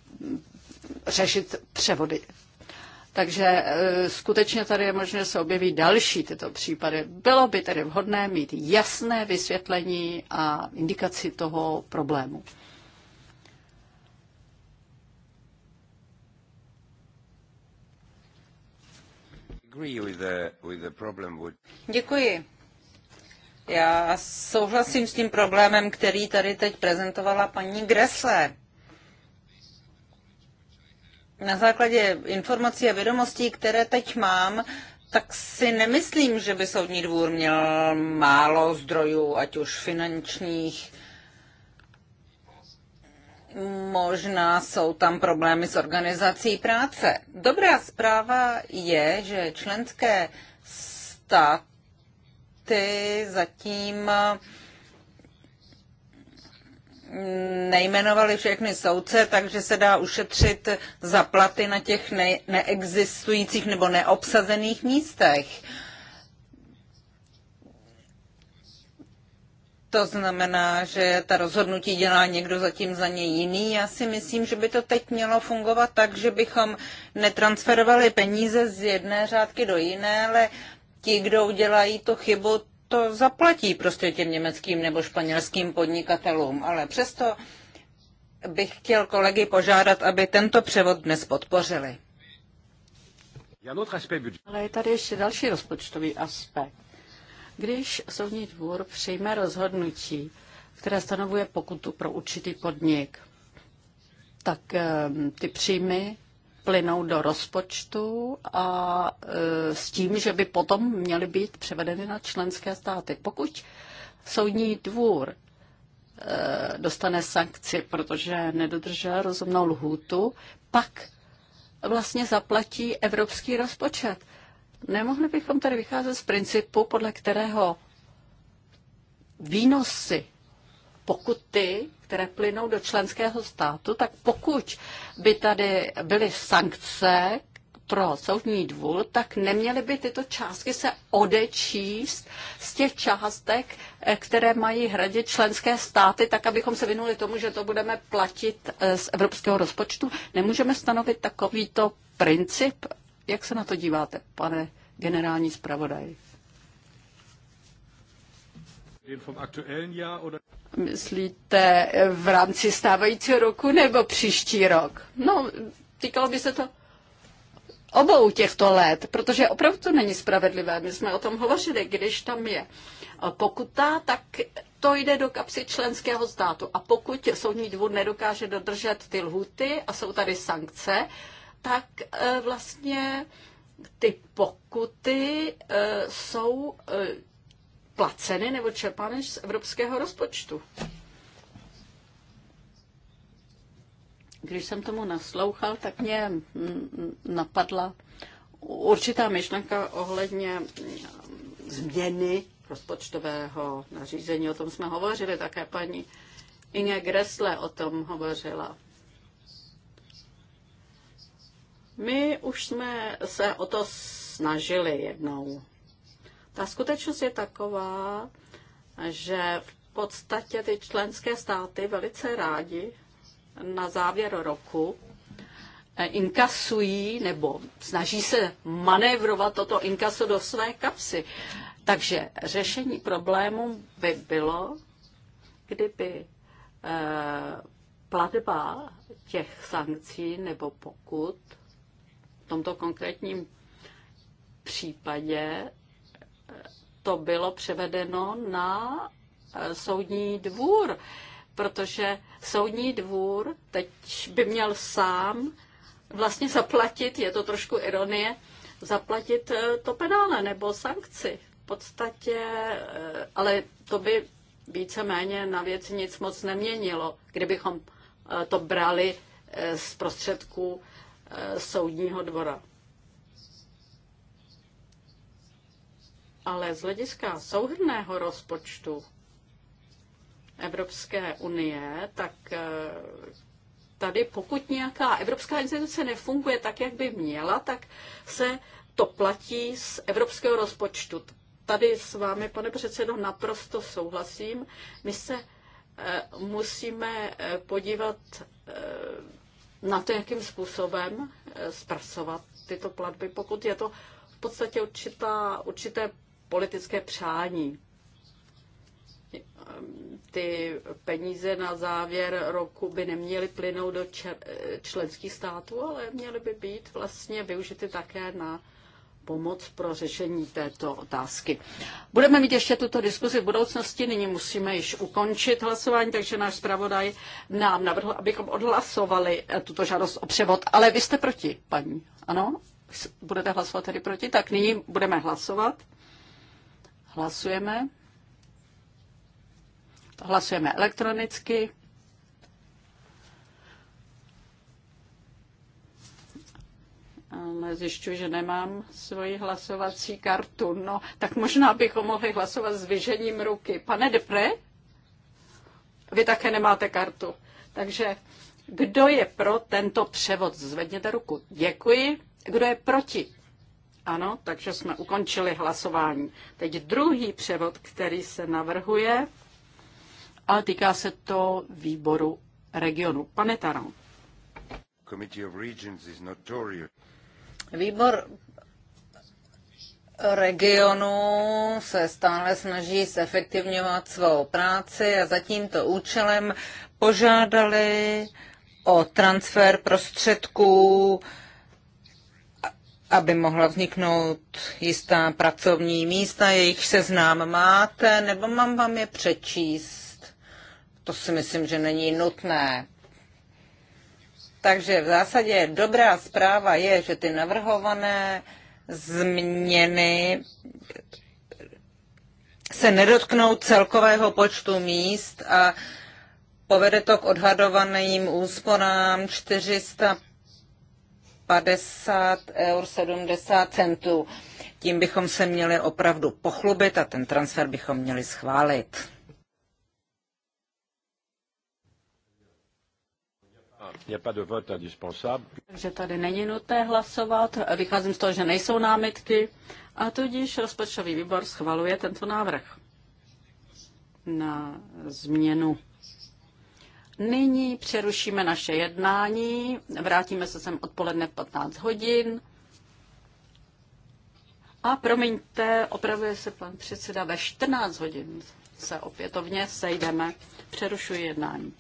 Speaker 1: řešit převody. Takže eh, skutečně tady je možné, že se objeví další tyto případy. Bylo by tedy vhodné mít jasné vysvětlení a indikaci toho problému.
Speaker 2: Děkuji. Já souhlasím s tím problémem, který tady teď prezentovala paní Gressle. Na základě informací a vědomostí, které teď mám, tak si nemyslím, že by Soudní dvůr měl málo zdrojů, ať už finančních, Možná jsou tam problémy s organizací práce. Dobrá zpráva je, že členské státy zatím nejmenovali všechny soudce, takže se dá ušetřit zaplaty na těch ne- neexistujících nebo neobsazených místech. Uh, To znamená, že ta rozhodnutí dělá někdo zatím za ně jiný. Já si myslím, že by to teď mělo fungovat tak, že bychom netransferovali peníze z jedné řádky do jiné, ale ti, kdo udělají tu chybu, to zaplatí prostě těm německým nebo španělským podnikatelům. Ale přesto bych chtěl kolegy požádat, aby tento převod dnes podpořili. Ale je tady
Speaker 1: ještě další rozpočtový aspekt. Když soudní dvůr přijme rozhodnutí, které stanovuje pokutu pro určitý podnik, tak eh, ty příjmy plynou do rozpočtu a eh, s tím, že by potom měly být převedeny na členské státy. Pokud soudní dvůr eh, dostane sankci, protože nedodržel rozumnou lhůtu, pak vlastně zaplatí evropský rozpočet. Nemohli bychom tady vycházet z principu, podle kterého výnosy pokuty, které plynou do členského státu, tak pokud by tady byly sankce pro soudní dvůr, tak neměly by tyto částky se odečíst z těch částek, eh, které mají hradit členské státy, tak abychom se vynuli tomu, že to budeme platit eh, z evropského rozpočtu. Nemůžeme stanovit takovýto princip jak se na to díváte, pane generální zpravodaj? Myslíte v rámci stávajícího roku nebo příští rok? No, týkalo by se to obou těchto let, protože opravdu to není spravedlivé. My jsme o tom hovořili, když tam je pokuta, tak to jde do kapsy členského státu. A pokud soudní dvůr nedokáže dodržet ty lhuty a jsou tady sankce, tak eh, vlastně ty pokuty eh, jsou eh, placeny nebo čerpány z evropského rozpočtu. Když jsem tomu naslouchal, tak mě mm, mm, napadla určitá myšlenka ohledně změny rozpočtového nařízení. O tom jsme hovořili také paní Inge Gressle o tom hovořila. My už jsme se o to snažili jednou. Ta skutečnost je taková, že v podstatě ty členské státy velice rádi na závěr roku eh, inkasují nebo snaží se manévrovat toto inkaso do své kapsy. Takže řešení problému by bylo, kdyby eh, platba těch sankcí nebo pokud tomto konkrétním případě to bylo převedeno na eh, soudní dvůr, protože soudní dvůr teď by měl sám vlastně zaplatit, je to trošku ironie, zaplatit eh, to penále nebo sankci. V podstatě, eh, ale to by víceméně na věci nic moc neměnilo, kdybychom to brali z prostředků Eh, soudního dvora. Ale z hlediska souhrného rozpočtu Evropské unie, tak eh, tady pokud nějaká evropská instituce nefunguje tak, jak by měla, tak se to platí z evropského rozpočtu. Tady s vámi, pane předsedo, naprosto souhlasím. My se eh, musíme podívat na to, jakým způsobem eh, zpracovat tyto platby, pokud je to v podstatě určitá, určité politické přání. Eh, ty peníze na závěr roku by neměly plynout do eh, členských států, ale měly by být vlastně využity také na pomoc pro řešení této otázky. Budeme mít ještě tuto diskuzi v budoucnosti, nyní musíme již ukončit hlasování, takže náš zpravodaj nám navrhl, abychom odhlasovali eh, tuto žádost o převod, ale vy jste proti, paní, ano? Budete hlasovat tedy proti, tak nyní budeme hlasovat. Hlasujeme. Hlasujeme elektronicky. Zjišťuji, že nemám svoji hlasovací kartu. No, tak možná bychom mohli hlasovat s vyžením ruky. Pane Depre, vy také nemáte kartu. Takže kdo je pro tento převod? Zvedněte ruku. Děkuji. Kdo je proti? Ano, takže jsme ukončili hlasování. Teď druhý převod, který se navrhuje, ale týká se to výboru regionu. Pane Taran.
Speaker 2: Výbor regionu se stále snaží zefektivňovat svou práci a za tímto účelem požádali o transfer prostředků, aby mohla vzniknout jistá pracovní místa, jejich seznám máte, nebo mám vám je přečíst? To si myslím, že není nutné. Takže v zásadě dobrá zpráva je, že ty navrhované změny se nedotknou celkového počtu míst a povede to k odhadovaným úsporám 450 eur 70 centů. Tím bychom se měli opravdu pochlubit a ten transfer bychom měli schválit.
Speaker 1: Takže tady není nutné hlasovat. Vycházím z toho, že nejsou námitky a tudíž rozpočtový výbor schvaluje tento návrh na změnu. Nyní přerušíme naše jednání. Vrátíme se sem odpoledne v 15 hodin. A promiňte, opravuje se pan předseda ve 14 hodin. Se opětovně
Speaker 2: sejdeme. Přerušuji jednání.